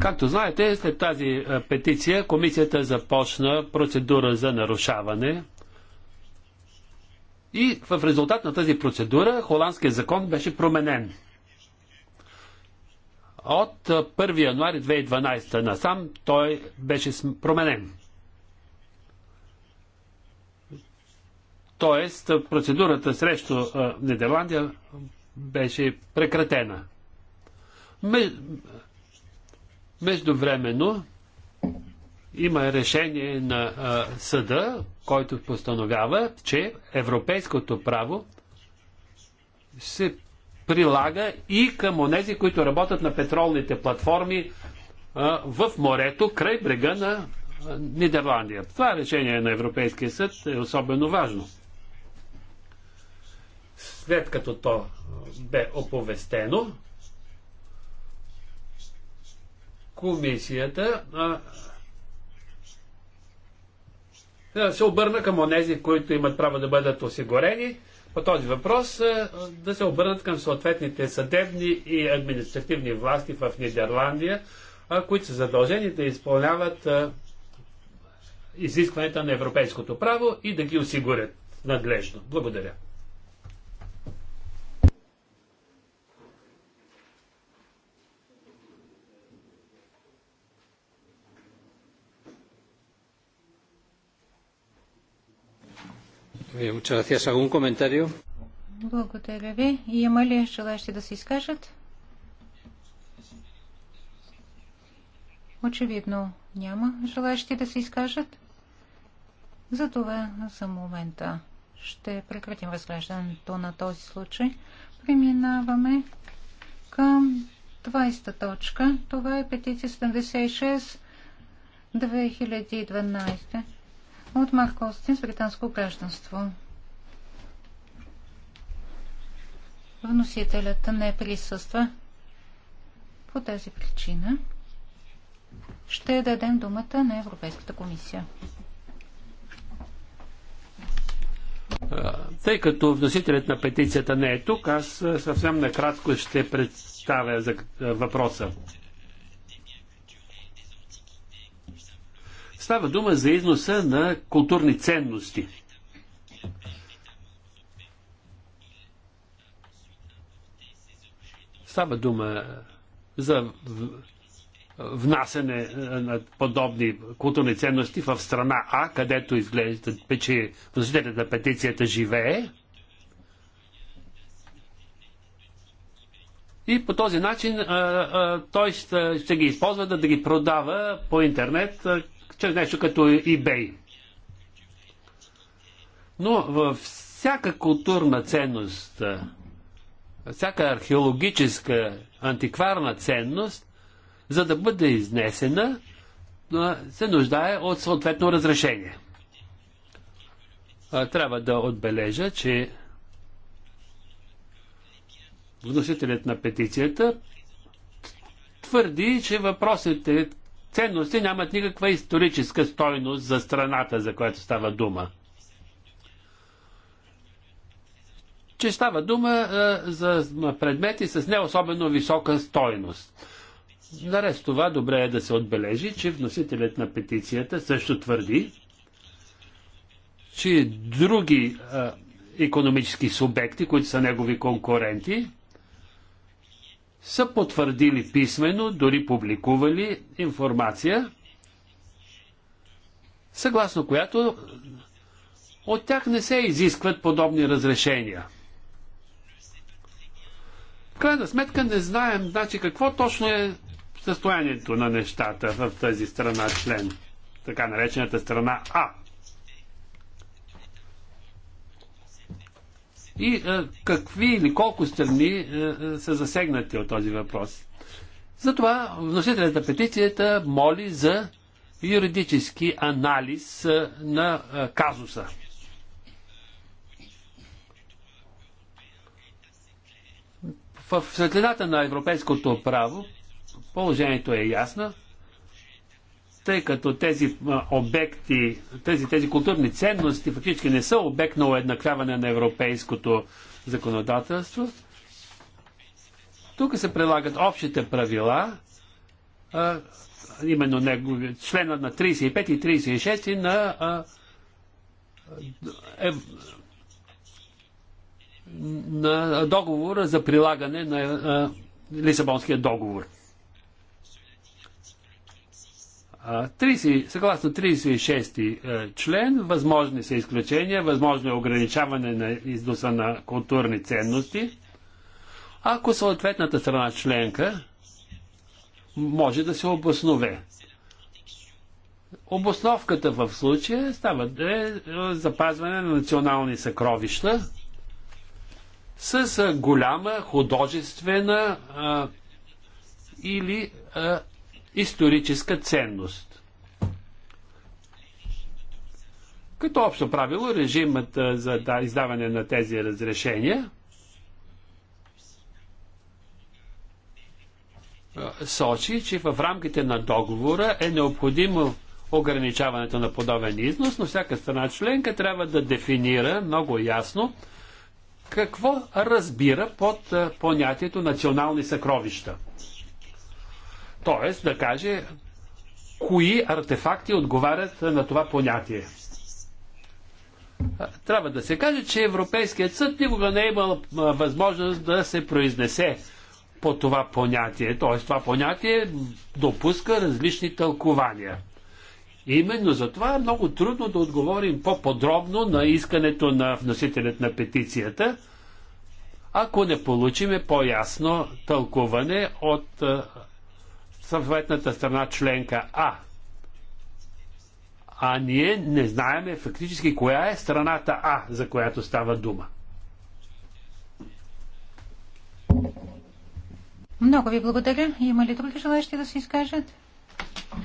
Както знаете, след тази петиция комисията започна процедура за нарушаване и в резултат на тази процедура холандският закон беше променен. От 1 януари 2012 насам той беше променен. Тоест, процедурата срещу Нидерландия беше прекратена. Междувременно има решение на съда, който постановява, че европейското право се прилага и към онези, които работят на петролните платформи а, в морето, край брега на а, Нидерландия. Това решение на Европейския съд е особено важно. След като то бе оповестено, комисията а, се обърна към онези, които имат право да бъдат осигурени по този въпрос е, да се обърнат към съответните съдебни и административни власти в Нидерландия, които са задължени да изпълняват е, изискването на европейското право и да ги осигурят надлежно. Благодаря. Благодаря ви. Има ли желащи да се изкажат? Очевидно няма желащи да се изкажат. Затова за момента ще прекратим разглеждането на този случай. Преминаваме към 20-та точка. Това е петиция 76 2012 от Марко Остин с британско гражданство. Вносителят не присъства. По тази причина ще дадем думата на Европейската комисия. Тъй като вносителят на петицията не е тук, аз съвсем накратко ще представя за въпроса. Става дума за износа на културни ценности. Става дума за внасене е, на подобни културни ценности в страна А, където изглежда, че вносителят на петицията живее. И по този начин а, е, а, е, той ще, ще ги използва да, да ги продава по интернет а, чрез нещо като eBay. Но във всяка културна ценност, всяка археологическа, антикварна ценност, за да бъде изнесена, се нуждае от съответно разрешение. Трябва да отбележа, че вносителят на петицията твърди, че въпросите, ценности нямат никаква историческа стойност за страната, за която става дума. Че става дума е, за предмети с не особено висока стойност. Наред с това, добре е да се отбележи, че вносителят на петицията също твърди, че други е, економически субекти, които са негови конкуренти, са потвърдили писменно, дори публикували информация, съгласно която от тях не се изискват подобни разрешения. В крайна сметка не знаем значи, какво точно е състоянието на нещата в тази страна член, така наречената страна А. и е, какви или колко страни е, е, са засегнати от този въпрос. Затова вносителят на петицията моли за юридически анализ на казуса. В светлината на европейското право положението е ясно тъй като тези обекти, тези, тези културни ценности фактически не са обект на уеднаквяване на европейското законодателство, тук се прилагат общите правила, а, именно негови, члена на 35 и 36 на а, е, на договора за прилагане на а, Лисабонския договор. 30, съгласно 36 е, член, възможни са изключения, възможно е ограничаване на износа на културни ценности, ако съответната страна членка може да се обоснове. Обосновката в случая става да е, е запазване на национални съкровища с е, голяма художествена а, или а, историческа ценност. Като общо правило, режимът за издаване на тези разрешения сочи, че в рамките на договора е необходимо ограничаването на подобен износ, но всяка страна членка трябва да дефинира много ясно какво разбира под понятието национални съкровища. Тоест да каже кои артефакти отговарят на това понятие. Трябва да се каже, че Европейският съд никога не е имал възможност да се произнесе по това понятие. Т.е. това понятие допуска различни тълкования. Именно за това е много трудно да отговорим по-подробно на искането на вносителят на петицията, ако не получиме по-ясно тълкуване от съответната страна членка А. А ние не знаеме фактически коя е страната А, за която става дума. Много ви благодаря. Има ли други желащи да се изкажат?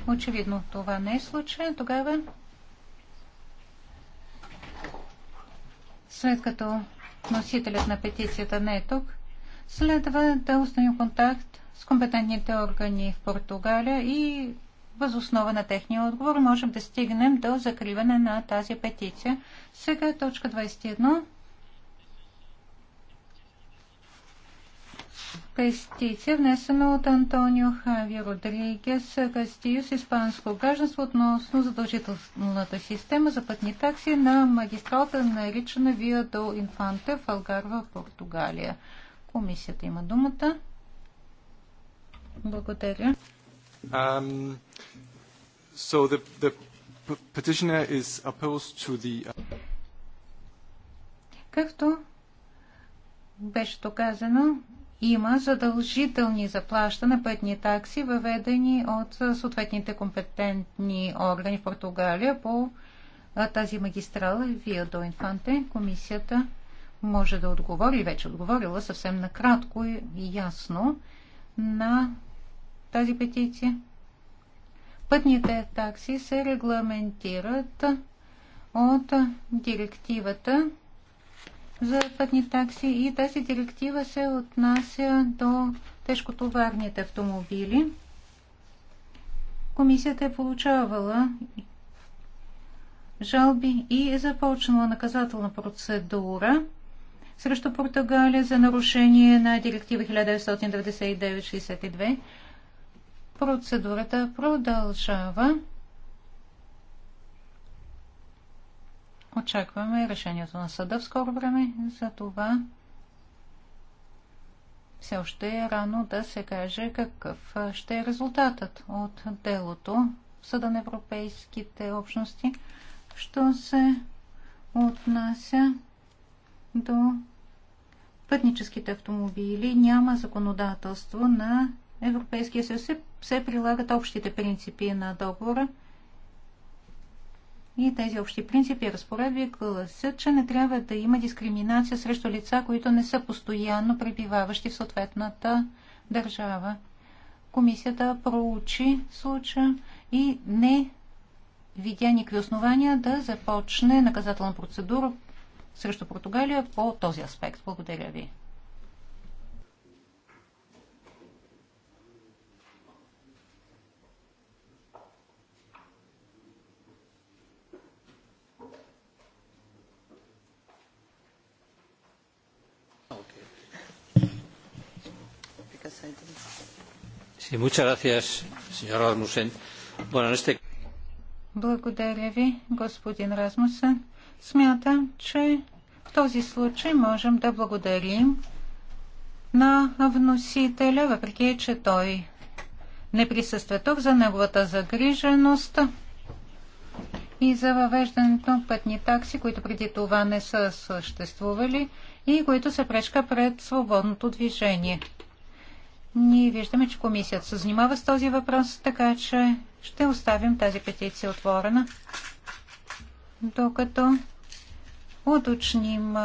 Очевидно, това не е случай. Тогава, след като носителят на петицията не е тук, следва да установим контакт с компетентните органи в Португалия и възоснова на техния отговор можем да стигнем до закриване на тази петиция. Сега точка 21. пестиция, внесена от Антонио Хави Родригес Кастио с испанско гражданство относно задължителната система за пътни такси на магистралата, наричана Виа до Инфанте в Алгарва, Португалия. Комисията има думата. Благодаря. Um, so the, the petitioner is opposed to the... Uh, Както беше доказано, има задължителни заплаща на пътни такси, въведени от съответните компетентни органи в Португалия по тази магистрала Вио до Инфанте. Комисията може да отговори, вече отговорила съвсем накратко и ясно на тази петиция. Пътните такси се регламентират от директивата за пътни такси и тази директива се отнася до тежкотоварните автомобили. Комисията е получавала жалби и е започнала наказателна процедура срещу Португалия за нарушение на директива 1999-62. Процедурата продължава. Очакваме решението на съда в скоро време. За това все още е рано да се каже какъв ще е резултатът от делото в Съда на Европейските общности, що се отнася до пътническите автомобили. Няма законодателство на Европейския съюз и се прилагат общите принципи на договора. И тези общи принципи и разпоредби гласят, че не трябва да има дискриминация срещу лица, които не са постоянно пребиваващи в съответната държава. Комисията проучи случая и не видя никакви основания да започне наказателна процедура срещу Португалия по този аспект. Благодаря ви. Благодаря ви, господин Расмусен. Смятам, че в този случай можем да благодарим на вносителя, въпреки че той не присъства тук за неговата загриженост и за въвеждането на пътни такси, които преди това не са съществували и които се пречка пред свободното движение. Ние виждаме, че комисията се занимава с този въпрос, така че ще оставим тази петиция отворена, докато уточним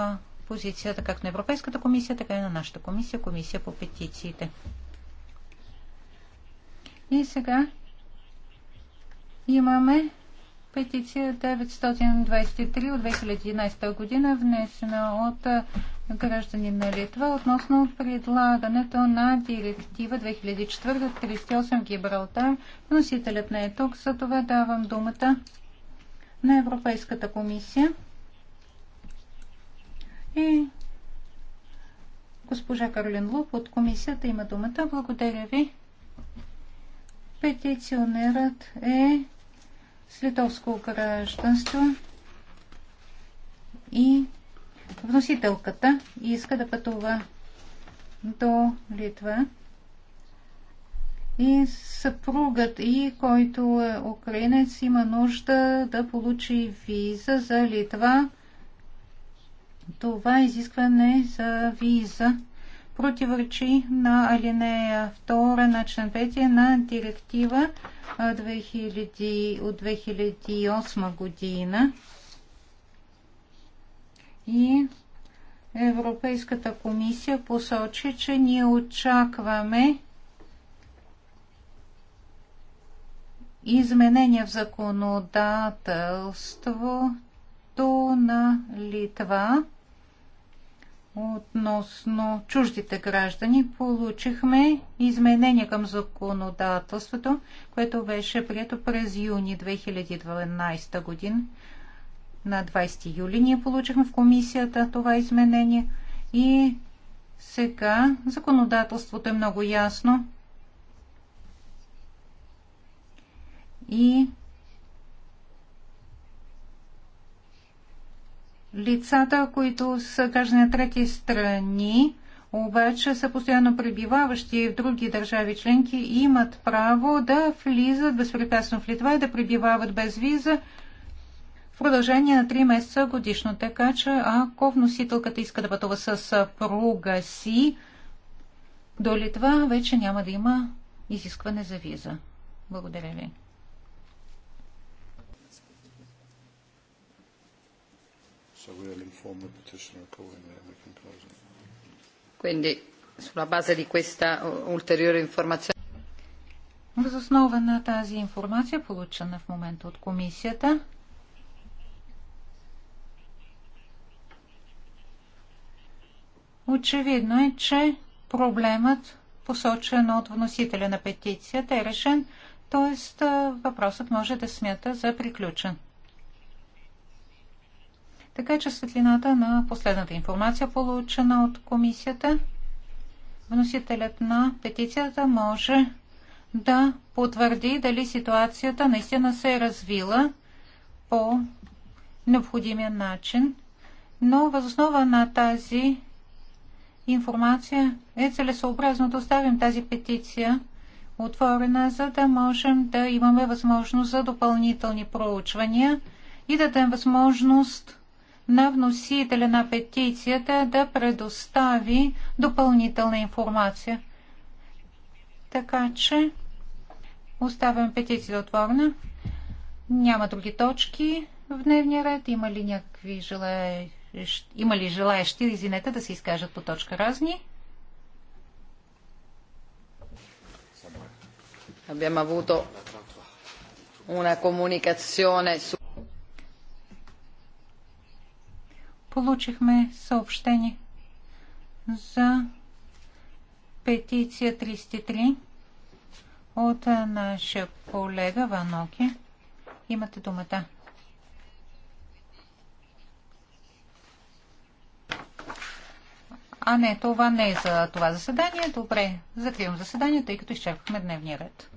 позицията както на Европейската комисия, така и на нашата комисия, комисия по петициите. И сега имаме петиция 923 от 2011 година, внесена от граждани на Литва относно предлагането на директива 2004-38 Гибралтар. Носителят не е тук, за това давам думата на Европейската комисия. И госпожа Карлин Луп от комисията има думата. Благодаря ви. Петиционерът е с литовско гражданство и вносителката иска да пътува до Литва и съпругът и, който е украинец, има нужда да получи виза за Литва. Това изискване за виза противоречи на алинея 2 на член 5 на директива 2000, от 2008 година и Европейската комисия посочи, че ние очакваме изменения в законодателството на Литва относно чуждите граждани получихме изменение към законодателството, което беше прието през юни 2012 година. На 20 юли ние получихме в комисията това изменение и сега законодателството е много ясно и Лицата, които са граждани на трети страни, обаче са постоянно пребиваващи в други държави членки и имат право да влизат безпрепятствено в Литва и да пребивават без виза в продължение на 3 месеца годишно. Така че ако вносителката иска да пътува с съпруга си до Литва, вече няма да има изискване за виза. Благодаря ви. So we'll Quindi, sulla base di questa ulteriore informazione... на тази информация, получена в момента от комисията, очевидно е, че проблемът, посочен от вносителя на петицията, е решен, т.е. въпросът може да смята за приключен. Така че светлината на последната информация, получена от комисията, вносителят на петицията може да потвърди дали ситуацията наистина се е развила по необходимия начин, но възоснова на тази информация е целесообразно да оставим тази петиция отворена, за да можем да имаме възможност за допълнителни проучвания и да дадем възможност на вносителя на петицията да предостави допълнителна информация. Така че оставям петицията отворена. Няма други точки в дневния ред. Има ли някакви желаещи, има ли желаещи, извинете, да се изкажат по точка разни? Abbiamo avuto una comunicazione su... получихме съобщение за петиция 33 от нашия колега Ваноки. Имате думата. А не, това не е за това заседание. Добре, закривам заседанието, тъй като изчерпахме дневния ред.